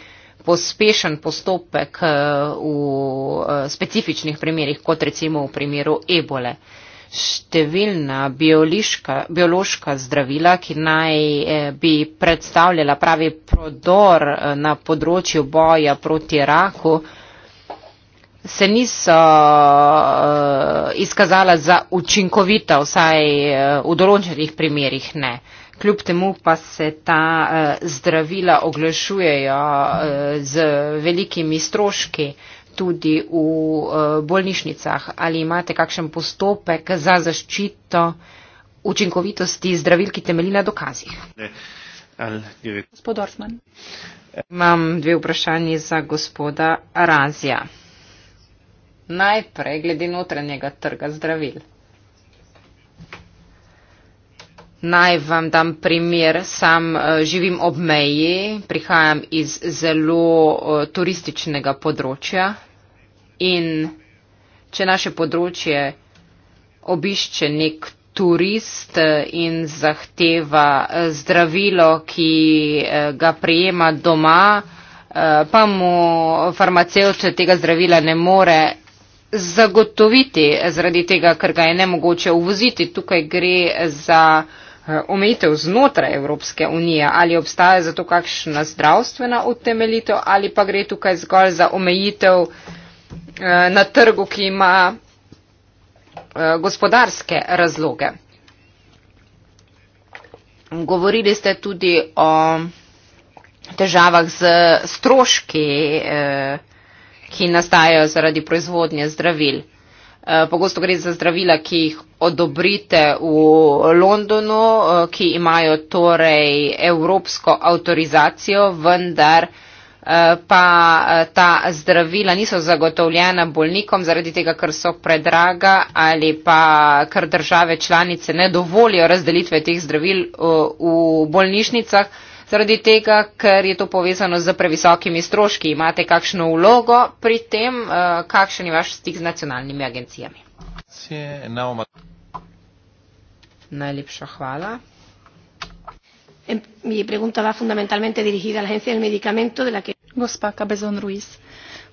pospešen postopek eh, v specifičnih primerjih, kot recimo v primeru ebole? številna biološka, biološka zdravila, ki naj eh, bi predstavljala pravi prodor eh, na področju boja proti raku, se niso eh, izkazala za učinkovita, vsaj v določenih primerjih ne. Kljub temu pa se ta zdravila oglašujejo z velikimi stroški tudi v eh, bolnišnicah. Ali imate kakšen postopek za zaščito učinkovitosti zdravil, ki temelji na dokazih? Gospod Orsman. Imam dve vprašanji za gospoda Razija. Najprej glede notranjega trga zdravil. Naj vam dam primer, sam eh, živim ob meji, prihajam iz zelo eh, turističnega področja in če naše področje obišče nek turist eh, in zahteva zdravilo, ki ga prijema doma, pa mu farmacevt tega zdravila ne more zagotoviti, zaradi tega, ker ga je nemogoče uvoziti. Tukaj gre za Eh, omejitev znotraj Evropske unije, ali obstaja za to kakšna zdravstvena utemeljitev, ali pa gre tukaj zgolj za omejitev eh, na trgu, ki ima eh, gospodarske razloge. Govorili ste tudi o težavah z stroški, ki nastajajo zaradi proizvodnje zdravil. Eh, pogosto gre za zdravila, ki jih odobrite v Londonu, eh, ki imajo torej evropsko avtorizacijo, vendar eh, pa ta zdravila niso zagotovljena bolnikom zaradi tega, ker so predraga ali pa ker države članice ne dovolijo razdelitve teh zdravil v bolnišnicah. Zaradi tega, ker je to povezano z previsokimi stroški, imate kakšno vlogo pri tem, eh, kakšen je vaš stik z nacionalnimi agencijami? Najlepša hvala. Mi pregunta va fundamentalmente dirigida a la agencia del medicamento de la que... Gospa Cabezon Ruiz,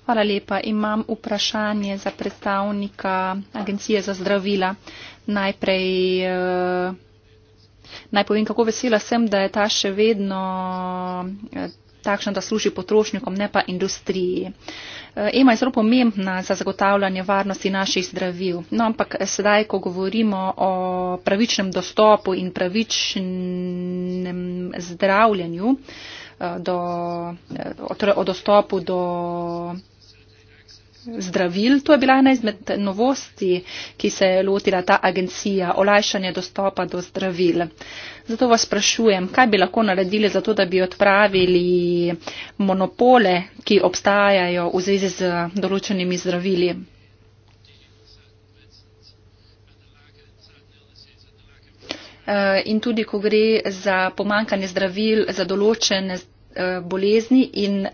hvala lepa. Imam vprašanje za predstavnika agencije za zdravila. Najprej uh, Naj povem, kako vesela sem, da je ta še vedno eh, takšna, da služi potrošnikom, ne pa industriji. Eh, Ema je zelo pomembna za zagotavljanje varnosti naših zdravil. No, ampak eh, sedaj, ko govorimo o pravičnem dostopu in pravičnem zdravljenju, do, torej o dostopu do zdravil. To je bila ena izmed novosti, ki se je lotila ta agencija, olajšanje dostopa do zdravil. Zato vas sprašujem, kaj bi lahko naredili za to, da bi odpravili monopole, ki obstajajo v zvezi z določenimi zdravili. In tudi, ko gre za pomankanje zdravil za določene eh, bolezni in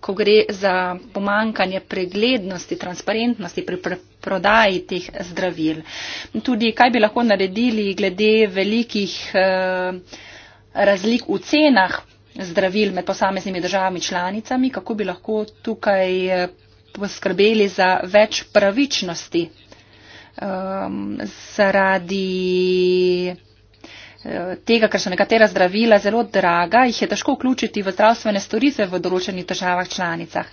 ko gre za pomankanje preglednosti, transparentnosti pri prodaji teh zdravil. Tudi kaj bi lahko naredili glede velikih eh, razlik v cenah zdravil med posameznimi državami članicami, kako bi lahko tukaj eh, poskrbeli za več pravičnosti um, zaradi tega, ker so nekatera zdravila zelo draga, jih je težko vključiti v zdravstvene storitve v določenih državah članicah.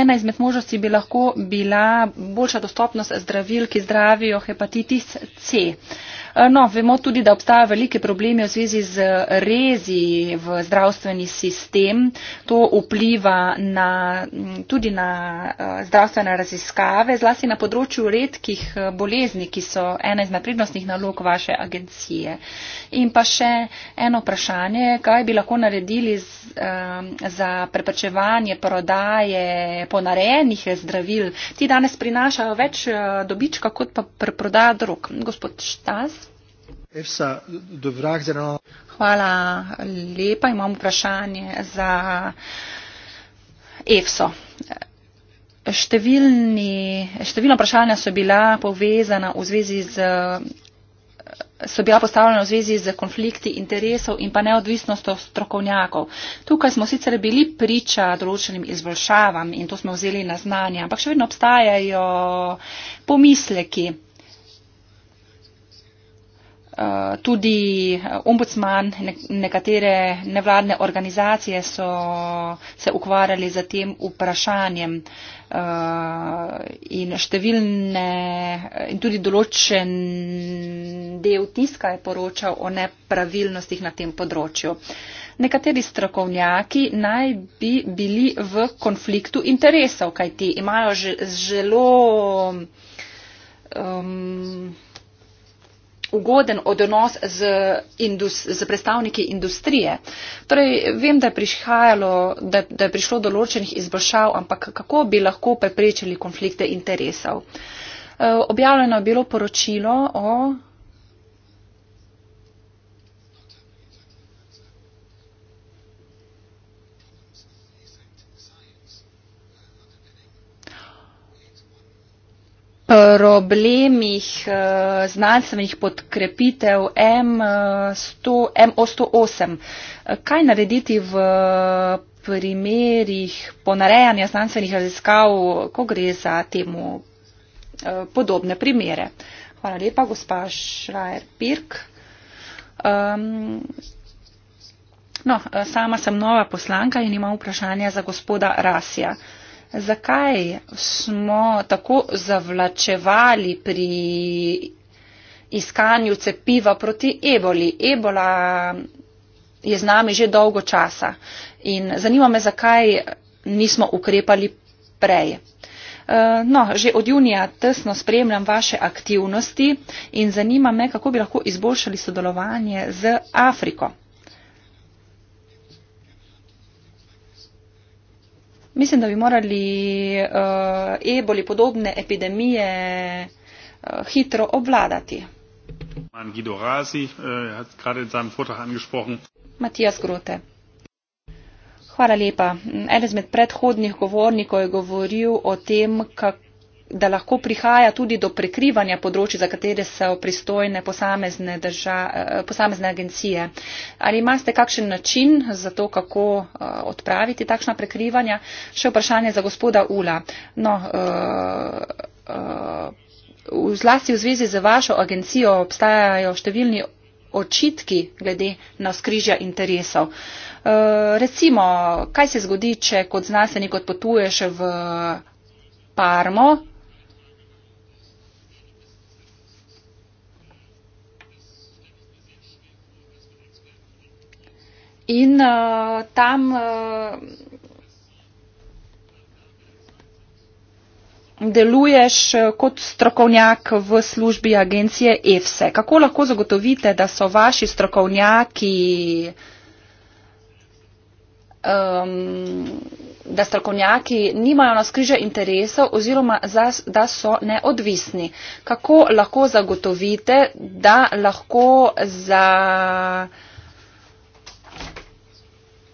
Ena izmed možnosti bi lahko bila boljša dostopnost zdravil, ki zdravijo hepatitis C. Eh, no, vemo tudi, da obstaja velike probleme v zvezi z rezi v zdravstveni sistem. To vpliva na, tudi na eh, zdravstvene raziskave, zlasti na področju redkih eh, bolezni, ki so ena iz naprednostnih nalog vaše agencije. In pa še eno vprašanje, kaj bi lahko naredili z, za preprečevanje prodaje ponarejenih zdravil. Ti danes prinašajo več dobička kot pa preprodaja drug. Gospod Štas. Hvala lepa. Imam vprašanje za EFSO. Številni, številna vprašanja so bila povezana v zvezi z so bila postavljena v zvezi z konflikti interesov in pa neodvisnostjo strokovnjakov. Tukaj smo sicer bili priča določenim izboljšavam in to smo vzeli na znanje, ampak še vedno obstajajo pomisleki. Eh, tudi eh, ombudsman, nekatere nevladne organizacije so se ukvarjali z tem vprašanjem eh, in številne in tudi določen del tiska je poročal o nepravilnostih na tem področju. Nekateri strokovnjaki naj bi bili v konfliktu interesov, kajti imajo zelo um, ugoden odnos z, indus, z predstavniki industrije. Torej, vem, da je, da, da je prišlo do ločenih izboljšav, ampak kako bi lahko preprečili konflikte interesov? Eh, objavljeno je bilo poročilo o problemih eh, znanstvenih podkrepitev M100, eh, M108. Eh, kaj narediti v primerih ponarejanja znanstvenih raziskav, ko gre za temu podobne primere? Hvala lepa, gospa Šrajer-Pirk. Um, no, sama sem nova poslanka in imam vprašanje za gospoda Rasija. Uh, zakaj smo tako zavlačevali pri iskanju cepiva proti eboli. Ebola je z nami že dolgo časa in zanima me, zakaj nismo ukrepali prej. Eh, no, že od junija tesno spremljam vaše aktivnosti in zanima me, kako bi lahko izboljšali sodelovanje z Afriko. Mislim, da bi morali uh, eboli podobne epidemije uh, hitro obvladati. Eh, Matijas Grote. Hvala lepa. Eden izmed predhodnih govornikov je govoril o tem, kako da lahko prihaja tudi do prekrivanja področji, za katere so pristojne posamezne, drža, eh, posamezne agencije. Ali imate kakšen način za to, kako eh, odpraviti takšna prekrivanja? Še vprašanje za gospoda Ula. No, uh, uh, v zlasti v zvezi z vašo agencijo obstajajo številni očitki glede na skrižja interesov. E, recimo, kaj se zgodi, če kot znanstvenik odpotuješ v Parmo, In uh, tam uh, deluješ kot strokovnjak v službi agencije EFSE. Kako lahko zagotovite, da so vaši strokovnjaki, um, da strokovnjaki nimajo na skriže interesov oziroma za, da so neodvisni? Kako lahko zagotovite, da lahko za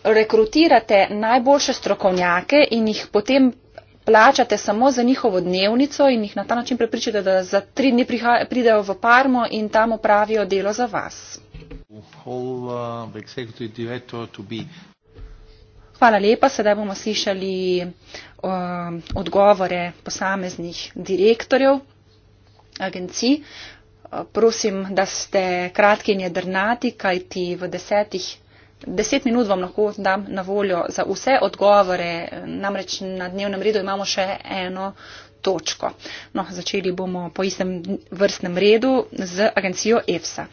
rekrutirate najboljše strokovnjake in jih potem plačate samo za njihovo dnevnico in jih na ta način prepričate, da za tri dni prihaja, pridejo v Parmo in tam opravijo delo za vas. Hvala lepa, sedaj bomo slišali uh, odgovore posameznih direktorjev agencij. Uh, prosim, da ste kratki in jedrnati, kajti v desetih Deset minut vam lahko dam na voljo za vse odgovore, namreč na dnevnem redu imamo še eno točko. No, začeli bomo po istem vrstnem redu z agencijo EFSA.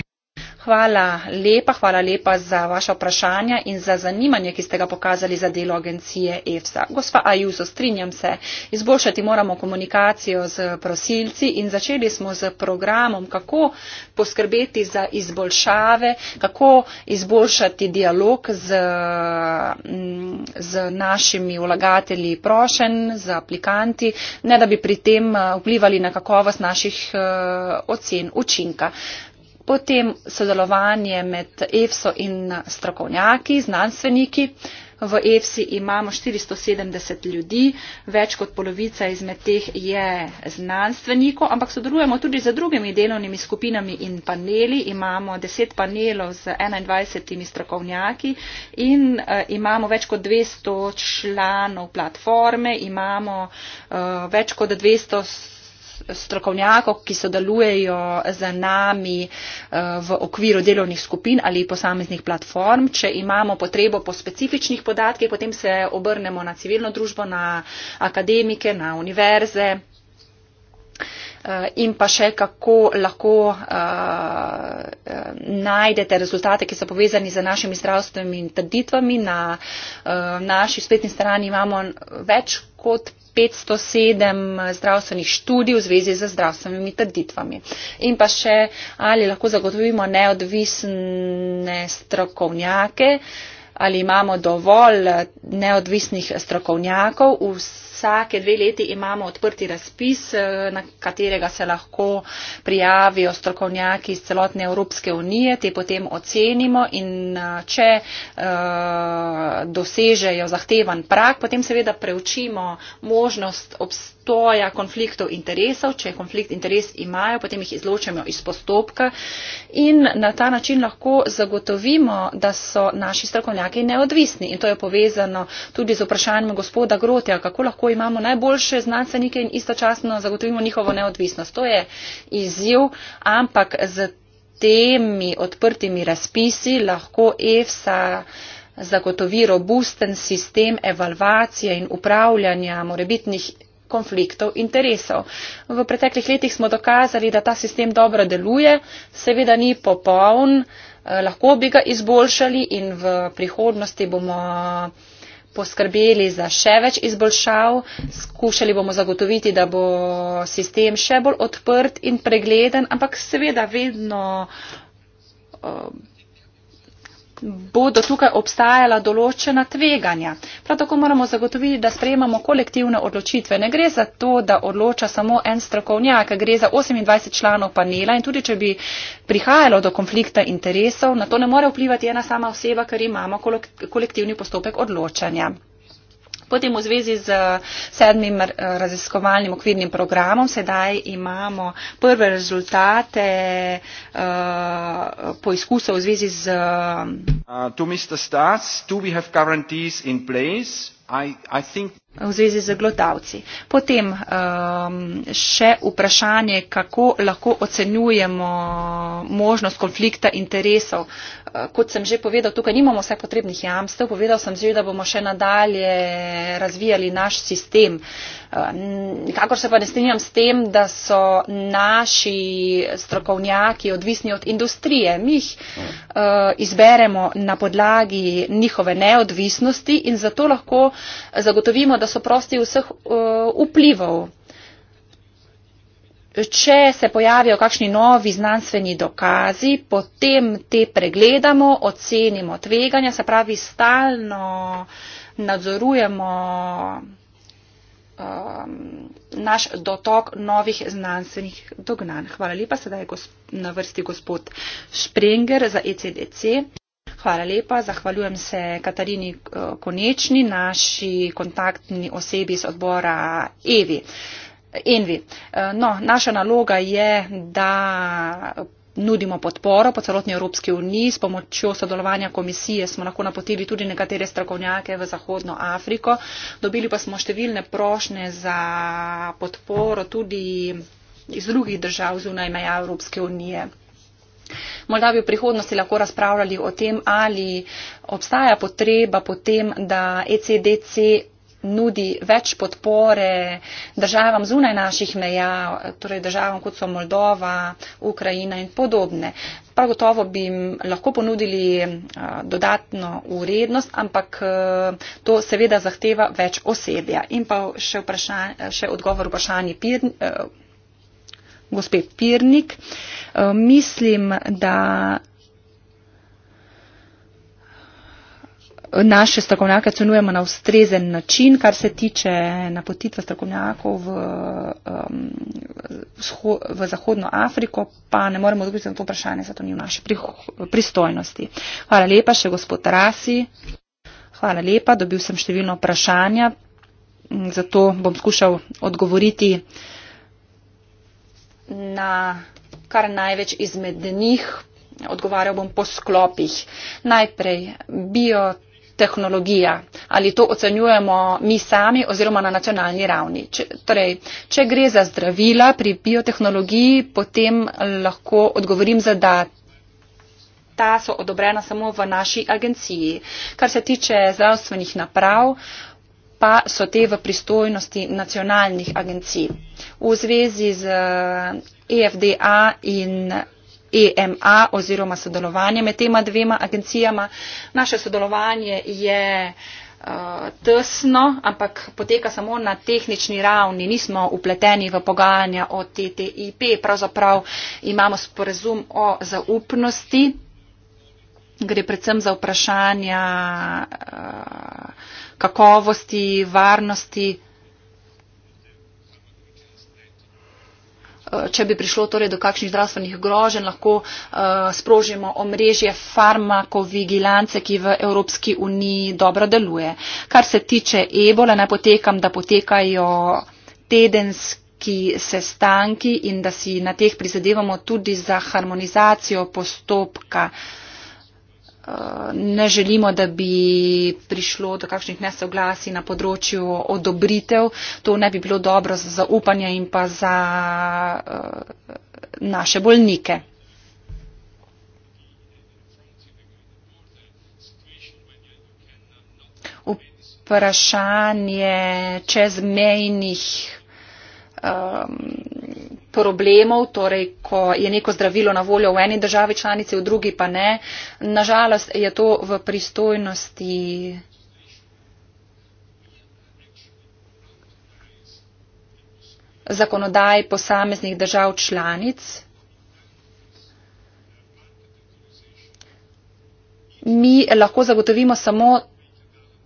Hvala lepa, hvala lepa za vaše vprašanja in za zanimanje, ki ste ga pokazali za delo agencije EFSA. Gospa Ajuso, strinjam se, izboljšati moramo komunikacijo z prosilci in začeli smo z programom, kako poskrbeti za izboljšave, kako izboljšati dialog z, z našimi ulagatelji prošen, z aplikanti, ne da bi pri tem vplivali na kakovost naših ocen učinka potem sodelovanje med EFSO in strokovnjaki, znanstveniki. V EFSI imamo 470 ljudi, več kot polovica izmed teh je znanstvenikov, ampak sodelujemo tudi z drugimi delovnimi skupinami in paneli. Imamo 10 panelov z 21 strokovnjaki in uh, imamo več kot 200 članov platforme, imamo uh, več kot 200 strokovnjakov, ki sodelujejo z nami eh, v okviru delovnih skupin ali posameznih platform. Če imamo potrebo po specifičnih podatkih, potem se obrnemo na civilno družbo, na akademike, na univerze. Eh, in pa še kako lahko uh, najdete rezultate, ki so povezani z našimi zdravstvenimi trditvami. Na uh, naši spletni strani imamo več kot 507 eh, zdravstvenih študij v zvezi z zdravstvenimi trditvami. In pa še, ali lahko zagotovimo neodvisne strokovnjake, ali imamo dovolj eh, neodvisnih strokovnjakov v vse vsake dve leti imamo odprti razpis, eh, na katerega se lahko prijavijo strokovnjaki iz celotne Evropske unije, te potem ocenimo in eh, če eh, dosežejo zahtevan prak, potem seveda preučimo možnost obstoja obstoja konfliktov interesov. Če konflikt interes imajo, potem jih izločamo iz postopka in na ta način lahko zagotovimo, da so naši strokovnjaki neodvisni. In to je povezano tudi z vprašanjem gospoda Grotja, kako lahko imamo najboljše znanstvenike in istočasno zagotovimo njihovo neodvisnost. To je izziv, ampak z temi odprtimi razpisi lahko EFSA zagotovi robusten sistem evalvacije in upravljanja morebitnih konfliktov interesov. V preteklih letih smo dokazali, da ta sistem dobro deluje, seveda ni popoln, eh, lahko bi ga izboljšali in v prihodnosti bomo poskrbeli za še več izboljšav, skušali bomo zagotoviti, da bo sistem še bolj odprt in pregleden, ampak seveda vedno eh, bodo tukaj obstajala določena tveganja. Prav tako moramo zagotoviti, da sprejemamo kolektivne odločitve. Ne gre za to, da odloča samo en strokovnjak, gre za 28 članov panela in tudi, če bi prihajalo do konflikta interesov, na to ne more vplivati ena sama oseba, ker imamo kolektivni postopek odločanja. Potem v zvezi z sedmim raziskovalnim okvirnim programom sedaj imamo prve rezultate uh, poizkusov v zvezi z. Uh, to, v zvezi z glodavci. Potem um, še vprašanje, kako lahko ocenjujemo možnost konflikta interesov. Uh, kot sem že povedal, tukaj nimamo vse potrebnih jamstev. Povedal sem že, da bomo še nadalje razvijali naš sistem. Uh, Nikakor se pa ne strinjam s tem, da so naši strokovnjaki odvisni od industrije. Mi jih mm. eh, izberemo na podlagi njihove neodvisnosti in zato lahko zagotovimo, da so prosti vseh eh, vplivov. Če se pojavijo kakšni novi znanstveni dokazi, potem te pregledamo, ocenimo tveganja, se pravi, stalno nadzorujemo um, naš dotok novih znanstvenih dognanj. Hvala lepa, sedaj je gosp, na vrsti gospod Sprenger za ECDC. Hvala lepa, zahvaljujem se Katarini uh, Konečni, naši kontaktni osebi iz odbora Evi. Envi. Uh, no, naša naloga je, da nudimo podporo po celotni Evropski uniji. S pomočjo sodelovanja komisije smo lahko napotili tudi nekatere strokovnjake v Zahodno Afriko. Dobili pa smo številne prošnje za podporo tudi iz drugih držav zunaj meja Evropske unije. Morda bi v prihodnosti lahko razpravljali o tem, ali obstaja potreba potem, da ECDC nudi več podpore državam zunaj naših meja, torej državam kot so Moldova, Ukrajina in podobne. Prav gotovo bi jim lahko ponudili eh, dodatno urednost, ampak eh, to seveda zahteva več osebja. In pa še, še odgovor vprašanje Pir, eh, gospe Pirnik. Mislim, da naše strokovnjake ocenjujemo na ustrezen način, kar se tiče napotitve strokovnjakov v, um, v Zahodno Afriko, pa ne moremo odgovoriti na to vprašanje, zato ni v naši pristojnosti. Hvala lepa še gospod Rasi. Hvala lepa, dobil sem številno vprašanja, zato bom skušal odgovoriti na kar največ izmed njih. Odgovarjal bom po sklopih. Najprej biotehnologija tehnologija, ali to ocenjujemo mi sami oziroma na nacionalni ravni. Če, torej, če gre za zdravila pri biotehnologiji, potem lahko odgovorim za da. Ta so odobrena samo v naši agenciji. Kar se tiče zdravstvenih naprav, pa so te v pristojnosti nacionalnih agencij. V zvezi z EFDA in EMA oziroma sodelovanje med tema dvema agencijama. Naše sodelovanje je eh, tesno, ampak poteka samo na tehnični ravni. Nismo upleteni v pogajanja o TTIP, pravzaprav imamo sporezum o zaupnosti. Gre predvsem za vprašanja eh, kakovosti, varnosti, če bi prišlo torej do kakšnih zdravstvenih grožen, lahko eh, sprožimo omrežje farmakovigilance, ki v Evropski uniji dobro deluje. Kar se tiče ebole, naj potekam, da potekajo tedenski ki se stanki in da si na teh prizadevamo tudi za harmonizacijo postopka uh, ne želimo, da bi prišlo do kakšnih nesoglasij na področju odobritev. To ne bi bilo dobro za zaupanje in pa za uh, naše bolnike. Vprašanje čezmejnih um, problemov, torej ko je neko zdravilo na voljo v eni državi članici, v drugi pa ne. Nažalost je to v pristojnosti. zakonodaj posameznih držav članic. Mi lahko zagotovimo samo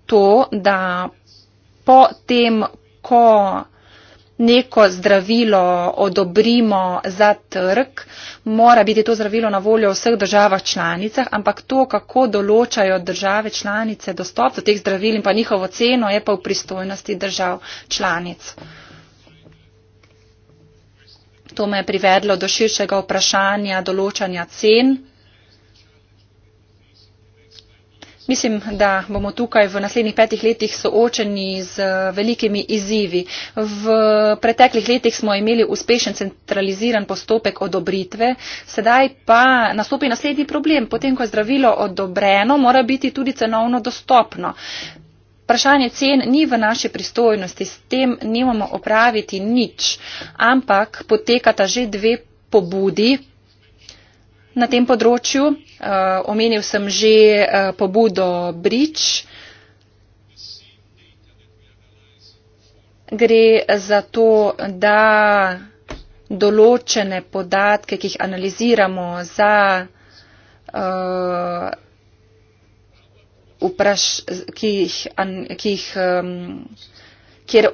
to, da po tem, ko neko zdravilo odobrimo za trg, mora biti to zdravilo na voljo v vseh državah članicah, ampak to, kako določajo države članice dostop do teh zdravil in pa njihovo ceno, je pa v pristojnosti držav članic. To me je privedlo do širšega vprašanja določanja cen Mislim, da bomo tukaj v naslednjih petih letih soočeni z eh, velikimi izzivi. V preteklih letih smo imeli uspešen centraliziran postopek odobritve, sedaj pa nastopi naslednji problem. Potem, ko je zdravilo odobreno, mora biti tudi cenovno dostopno. Vprašanje cen ni v naši pristojnosti, s tem nimamo opraviti nič, ampak potekata že dve pobudi na tem področju. Eh, omenil sem že eh, pobudo Brič. Gre za to, da določene podatke, ki jih analiziramo za uh, vpraš, ki jih, an, ki jih um, kjer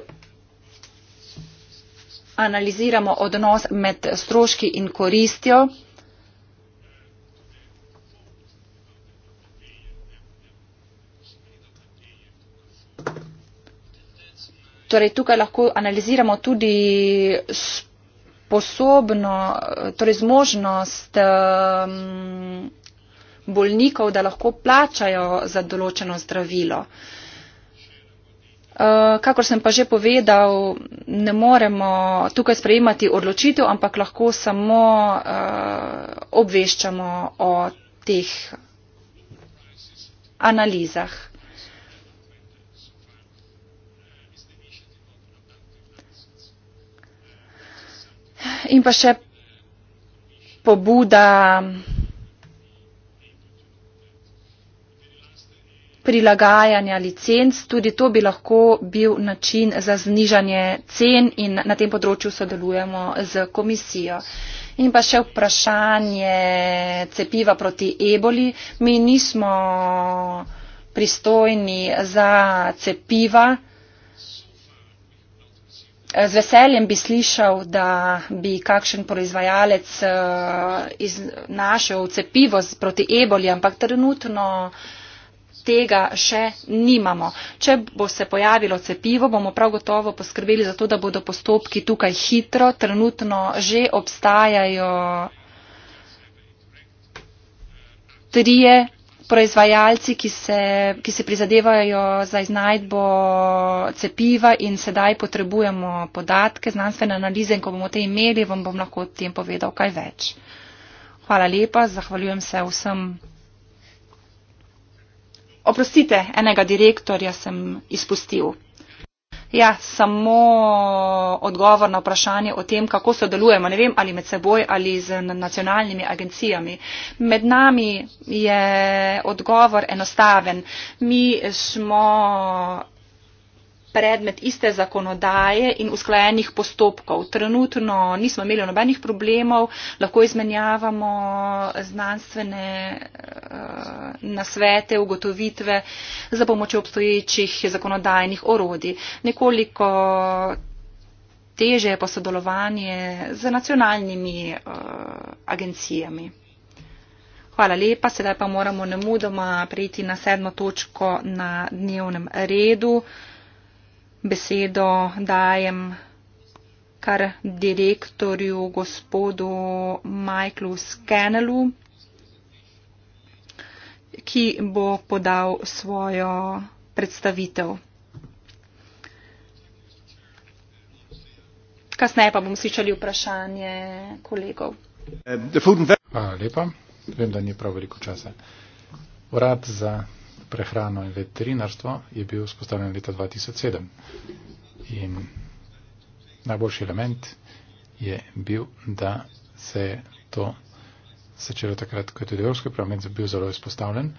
analiziramo odnos med stroški in koristjo, torej tukaj lahko analiziramo tudi sposobno, torej zmožnost um, bolnikov, da lahko plačajo za določeno zdravilo. Uh, kakor sem pa že povedal, ne moremo tukaj sprejemati odločitev, ampak lahko samo uh, obveščamo o teh analizah. in pa še pobuda prilagajanja licenc, tudi to bi lahko bil način za znižanje cen in na tem področju sodelujemo z komisijo. In pa še vprašanje cepiva proti eboli. Mi nismo pristojni za cepiva. Z veseljem bi slišal, da bi kakšen proizvajalec eh, našel cepivo proti eboli, ampak trenutno tega še nimamo. Če bo se pojavilo cepivo, bomo prav gotovo poskrbeli za to, da bodo postopki tukaj hitro. Trenutno že obstajajo trije proizvajalci, ki se, ki se prizadevajo za iznajdbo cepiva in sedaj potrebujemo podatke, znanstvene analize in ko bomo te imeli, vam bom lahko o tem povedal kaj več. Hvala lepa, zahvaljujem se vsem. Oprostite, enega direktorja sem izpustil. Ja, samo odgovor na vprašanje o tem, kako sodelujemo, ne vem, ali med seboj ali z nacionalnimi agencijami. Med nami je odgovor enostaven. Mi smo predmet iste zakonodaje in usklajenih postopkov. Trenutno nismo imeli nobenih problemov, lahko izmenjavamo znanstvene eh, nasvete, ugotovitve za pomočjo obstoječih zakonodajnih orodij. Nekoliko teže je pa sodelovanje z nacionalnimi eh, agencijami. Hvala lepa, sedaj pa moramo nemudoma prejti na sedmo točko na dnevnem redu besedo dajem kar direktorju gospodu Michaelu Scannelu, ki bo podal svojo predstavitev. Kasneje pa bomo slišali vprašanje kolegov. Eh, Hvala lepa. Vem, da ni prav veliko časa. Vrat za prehrano in veterinarstvo je bil vzpostavljen leta 2007. In najboljši element je bil, da se je to začelo takrat, ko je tudi Evropski parlament bil zelo izpostavljen,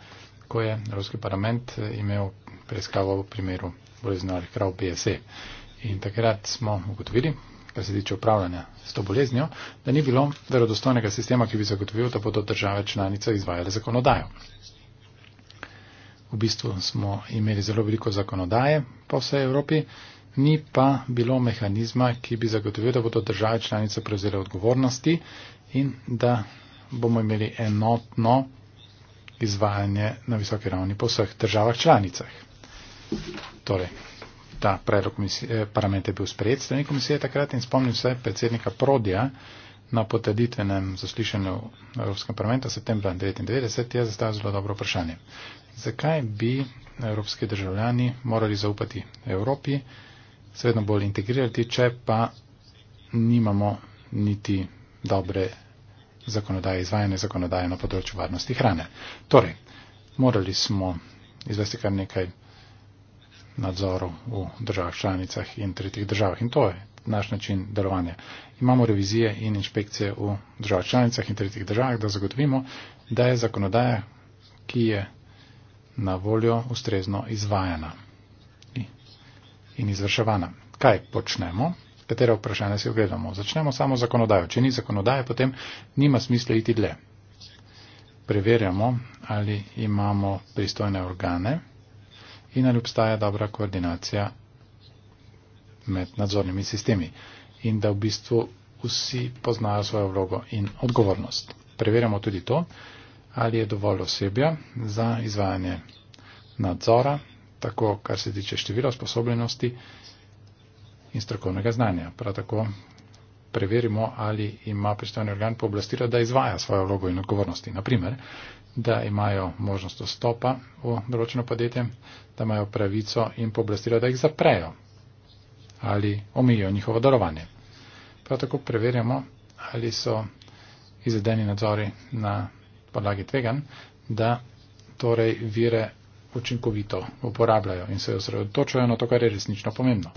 ko je Evropski parlament eh, imel preiskavo v primeru bolezni ali krav BSE. In takrat smo ugotovili, kar se tiče upravljanja s to boleznjo, da ni bilo verodostojnega sistema, ki bi zagotovil, da bodo države članice izvajale zakonodajo v bistvu smo imeli zelo veliko zakonodaje po vsej Evropi, ni pa bilo mehanizma, ki bi zagotovil, da bodo države članice prevzele odgovornosti in da bomo imeli enotno izvajanje na visoki ravni po vseh državah članicah. Torej, ta predlog eh, parlamenta je bil sprejet, strani komisije takrat in spomnim se predsednika Prodija na potreditvenem zaslišanju Evropskega parlamenta septembra 1999 je zastavil zelo dobro vprašanje zakaj bi evropski državljani morali zaupati Evropi, se vedno bolj integrirati, če pa nimamo niti dobre zakonodaje, izvajanje zakonodaje na področju varnosti hrane. Torej, morali smo izvesti kar nekaj nadzorov v državah članicah in tretjih državah in to je naš način delovanja. Imamo revizije in inšpekcije v državah članicah in tretjih državah, da zagotovimo, da je zakonodaja, ki je na voljo ustrezno izvajana in izvrševana. Kaj počnemo? Katera vprašanja si ogledamo? Začnemo samo zakonodajo. Če ni zakonodaje, potem nima smisla iti dlje. Preverjamo, ali imamo pristojne organe in ali obstaja dobra koordinacija med nadzornimi sistemi in da v bistvu vsi poznajo svojo vlogo in odgovornost. Preverjamo tudi to, ali je dovolj osebja za izvajanje nadzora, tako kar se tiče števila sposobnosti in strokovnega znanja. Prav tako preverimo, ali ima pristojni organ pooblastila, da izvaja svojo vlogo in odgovornosti. Naprimer, da imajo možnost dostopa v določeno podjetje, da imajo pravico in pooblastila, da jih zaprejo ali omejijo njihovo darovanje. Prav tako preverjamo, ali so izvedeni nadzori na podlagi tvegan, da torej vire učinkovito uporabljajo in se osredotočajo na to, kar je resnično pomembno.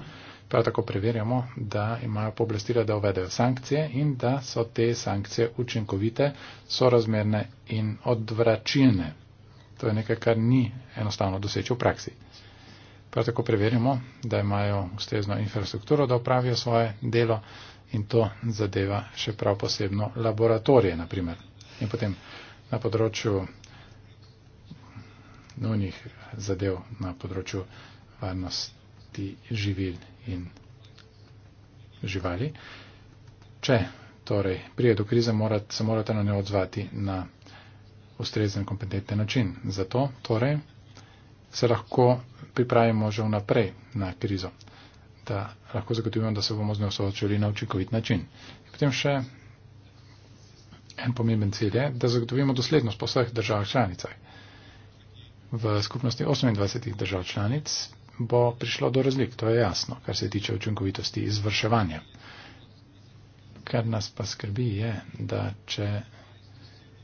Prav tako preverjamo, da imajo pooblastila, da uvedejo sankcije in da so te sankcije učinkovite, sorazmerne in odvračilne. To je nekaj, kar ni enostavno doseči v praksi. Prav tako preverjamo, da imajo ustrezno infrastrukturo, da upravijo svoje delo in to zadeva še prav posebno laboratorije, naprimer. In potem na področju nujnih zadev, na področju varnosti živil in živali. Če torej prije do krize, morat, se morate na ne odzvati na ustrezen kompetenten način. Zato torej se lahko pripravimo že vnaprej na krizo, da lahko zagotovimo, da se bomo z njo soočili na učinkovit način. Potem še En pomemben cilj je, da zagotovimo doslednost po vseh državah članicah. V skupnosti 28 držav članic bo prišlo do razlik, to je jasno, kar se tiče učinkovitosti izvrševanja. Kar nas pa skrbi je, da če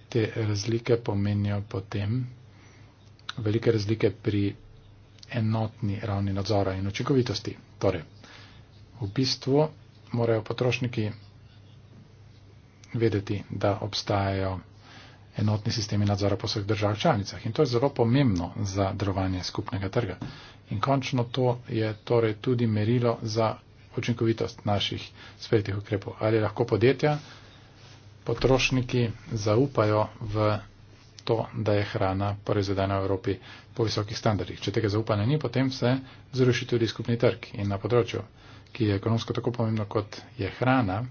te razlike pomenijo potem velike razlike pri enotni ravni nadzora in učinkovitosti. Torej, v bistvu morajo potrošniki vedeti, da obstajajo enotni sistemi nadzora po vseh državah članicah. In to je zelo pomembno za delovanje skupnega trga. In končno to je torej tudi merilo za učinkovitost naših svetih ukrepov. Ali lahko podjetja, potrošniki zaupajo v to, da je hrana proizvedena v Evropi po visokih standardih. Če tega zaupanja ni, potem se zruši tudi skupni trg. In na področju, ki je ekonomsko tako pomembno, kot je hrana,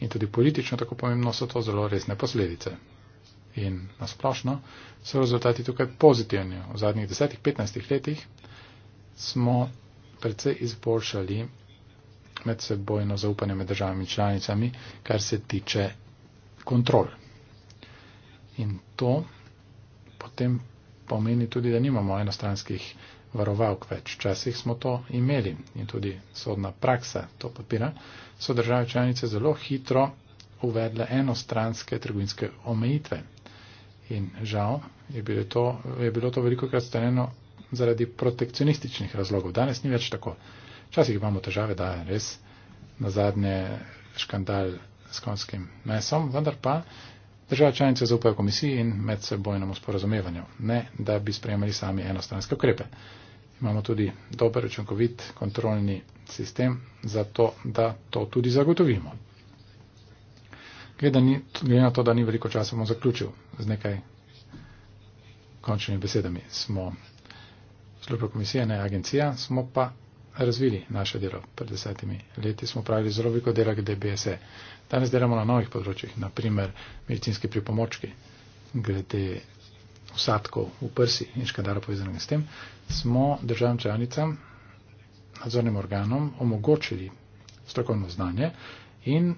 in tudi politično tako pomembno, so to zelo resne posledice. In nasplošno so rezultati tukaj pozitivni. V zadnjih 10-15 letih smo predvsej izboljšali medsebojno zaupanje med državami in članicami, kar se tiče kontrol. In to potem pomeni tudi, da nimamo enostranskih varovalk več. Včasih smo to imeli in tudi sodna praksa to papira, so države članice zelo hitro uvedle enostranske trgovinske omejitve. In žal je bilo to, je bilo to veliko krat stanjeno zaradi protekcionističnih razlogov. Danes ni več tako. Včasih imamo težave, da je res na zadnje škandal s konskim mesom, vendar pa države članice zaupajo komisiji in medsebojnemu sporazumevanju, ne da bi sprejemali sami enostranske ukrepe imamo tudi dober učinkovit kontrolni sistem za to, da to tudi zagotovimo. Glede na to, da ni veliko časa, bom zaključil z nekaj končnimi besedami. Smo služba komisije, ne agencija, smo pa razvili naše delo. Pred desetimi leti smo pravili zelo veliko dela glede BSE. Danes delamo na novih področjih, naprimer medicinski pripomočki, glede usadkov v prsi in škandara povezanega s tem, smo državnim članicam, nadzornim organom omogočili strokovno znanje in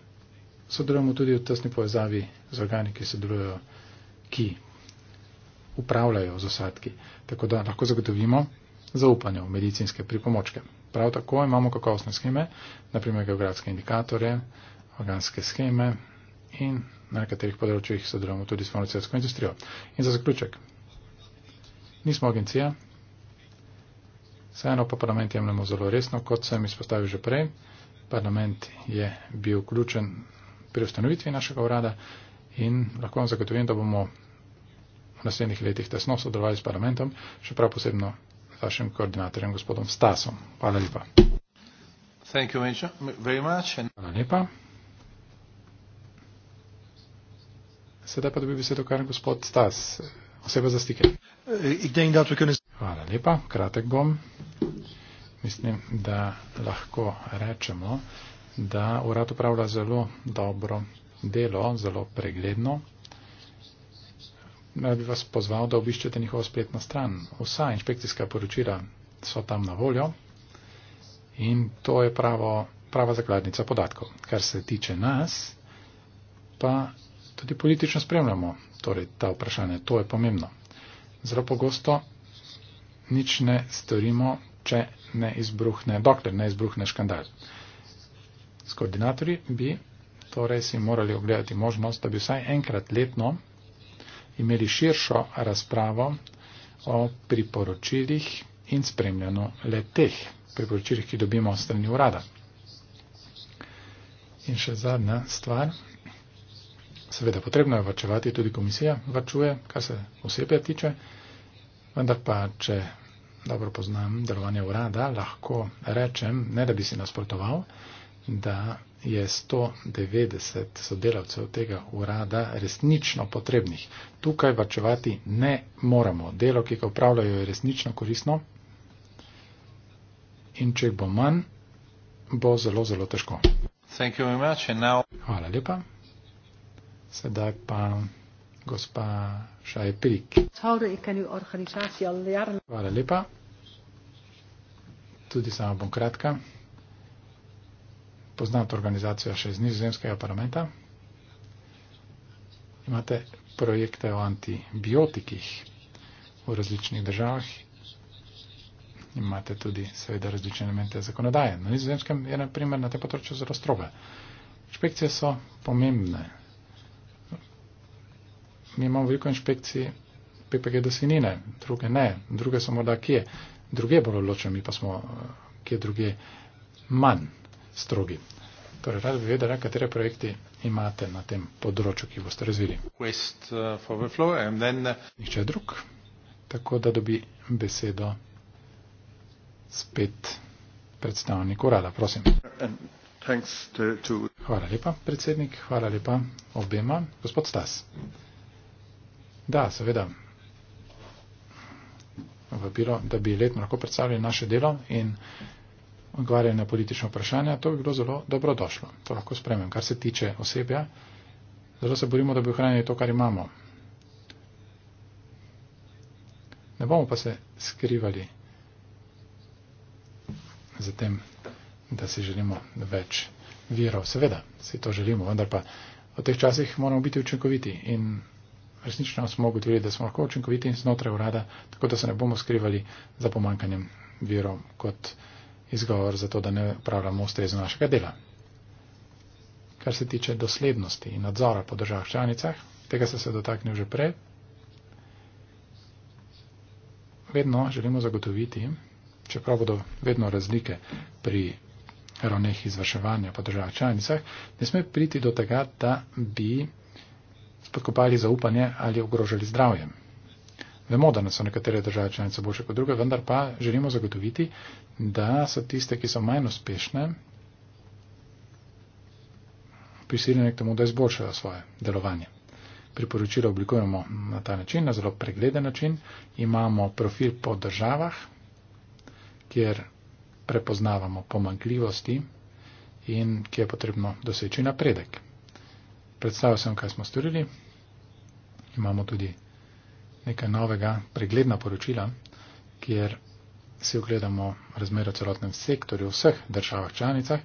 sodelujemo tudi v tesni povezavi z organi, ki sodelujejo, ki upravljajo z osadki, tako da lahko zagotovimo zaupanje v medicinske pripomočke. Prav tako imamo kakovostne scheme, naprimer geografske indikatorje, organske scheme in na nekaterih področjih sodelujemo tudi s farmacijsko industrijo. In za zaključek. Nismo agencija, vseeno pa parlament jemljemo zelo resno, kot sem izpostavil že prej. Parlament je bil vključen pri ustanovitvi našega urada in lahko vam zagotovim, da bomo v naslednjih letih tesno sodelovali s parlamentom, še prav posebno z vašim koordinatorjem, gospodom Stasom. Hvala lepa. Thank you very much. Hvala lepa. Sedaj pa dobi besedo kar gospod Stas, oseba za stike. Hvala lepa, kratek bom. Mislim, da lahko rečemo, da urad upravlja zelo dobro delo, zelo pregledno. Naj bi vas pozval, da obiščete njihovo spletno stran. Vsa inšpekcijska poročila so tam na voljo in to je pravo, prava zakladnica podatkov. Kar se tiče nas, pa tudi politično spremljamo torej, ta vprašanja. To je pomembno. Zelo pogosto nič ne storimo, če ne izbruhne, dokler ne izbruhne škandal. S koordinatorji bi torej si morali ogledati možnost, da bi vsaj enkrat letno imeli širšo razpravo o priporočilih in spremljanju le teh priporočilih, ki dobimo strani urada. In še zadnja stvar, seveda potrebno je vrčevati, tudi komisija vrčuje, kar se osebja tiče, vendar pa, če dobro poznam delovanje urada, lahko rečem, ne da bi si nasprotoval, da je 190 sodelavcev tega urada resnično potrebnih. Tukaj vrčevati ne moramo. Delo, ki ga upravljajo, je resnično korisno in če jih bo manj, bo zelo, zelo težko. Hvala lepa. Sedaj pa gospa Šajpirik. Hvala lepa. Tudi sama bom kratka. Poznam to organizacijo še iz nizozemskega parlamenta. Imate projekte o antibiotikih v različnih državah. Imate tudi seveda različne elemente zakonodaje. Na nizozemskem je na primer na tem področju zelo stroge. Inšpekcije so pomembne mi imamo veliko inšpekcij PPG desinine, druge ne, druge so morda kje, druge bolj odločene, mi pa smo eh, kje druge manj strogi. Torej, rad bi vedela, katere projekti imate na tem področju, ki boste razvili. West, uh, flow, then... Eh, Nihče drug, tako da dobi besedo spet predstavnik urada, prosim. To, to... Hvala lepa, predsednik, hvala lepa obema. Gospod Stas. Mm. Da, seveda. Vabilo, da bi letno lahko predstavili naše delo in odgovarjali na politično vprašanje, to bi bilo zelo dobrodošlo. To lahko spremem. Kar se tiče osebja, zelo se borimo, da bi ohranili to, kar imamo. Ne bomo pa se skrivali za tem, da si želimo več virov. Seveda, si to želimo, vendar pa v teh časih moramo biti učinkoviti in resnično smo ugotovili, da smo lahko učinkoviti in znotraj urada, tako da se ne bomo skrivali za pomankanjem virov kot izgovor za to, da ne upravljamo ustrezno našega dela. Kar se tiče doslednosti in nadzora po državah članicah, tega sem se dotaknil že prej, vedno želimo zagotoviti, čeprav bodo vedno razlike pri ravneh izvrševanja po državah članicah, ne sme priti do tega, da bi spodkopali zaupanje ali ogrožali zdravje. Vemo, da so nekatere države članice boljše kot druge, vendar pa želimo zagotoviti, da so tiste, ki so manj uspešne, prisiljene k temu, da izboljšajo svoje delovanje. Priporočila oblikujemo na ta način, na zelo pregleden način. Imamo profil po državah, kjer prepoznavamo pomankljivosti in kjer je potrebno doseči napredek predstavil sem, kaj smo storili. Imamo tudi nekaj novega, pregledna poročila, kjer si ogledamo razmero v celotnem sektorju v vseh državah članicah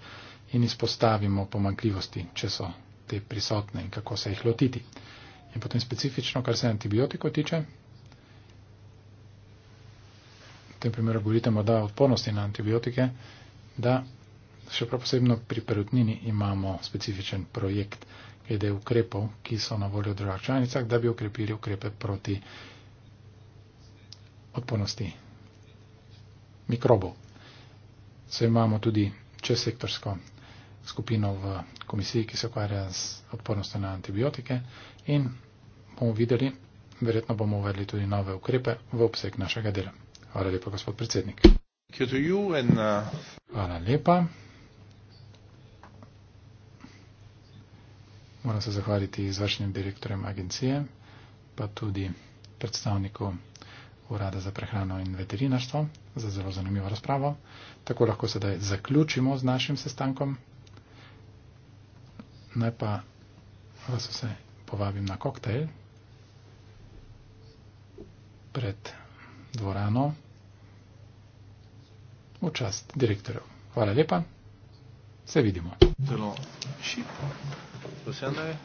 in izpostavimo pomankljivosti, če so te prisotne in kako se jih lotiti. In potem specifično, kar se antibiotiko tiče, v tem primeru govorite morda o odpornosti na antibiotike, da še prav posebno pri perutnini imamo specifičen projekt, glede ukrepov, ki so na voljo držav članicah, da bi ukrepili ukrepe proti odpornosti mikrobov. Se imamo tudi česektorsko skupino v komisiji, ki se ukvarja z odpornostjo na antibiotike in bomo videli, verjetno bomo uvedli tudi nove ukrepe v obseg našega dela. Hvala lepa, gospod predsednik. Uh, Hvala lepa. Moram se zahvaliti izvršnim direktorjem agencije, pa tudi predstavniku Urada za prehrano in veterinarstvo za zelo zanimivo razpravo. Tako lahko sedaj zaključimo z našim sestankom. Naj pa vas vse povabim na koktejl pred dvorano v čast direktorjev. Hvala lepa. Se vidimo. Zelo šipko. Do sedaj.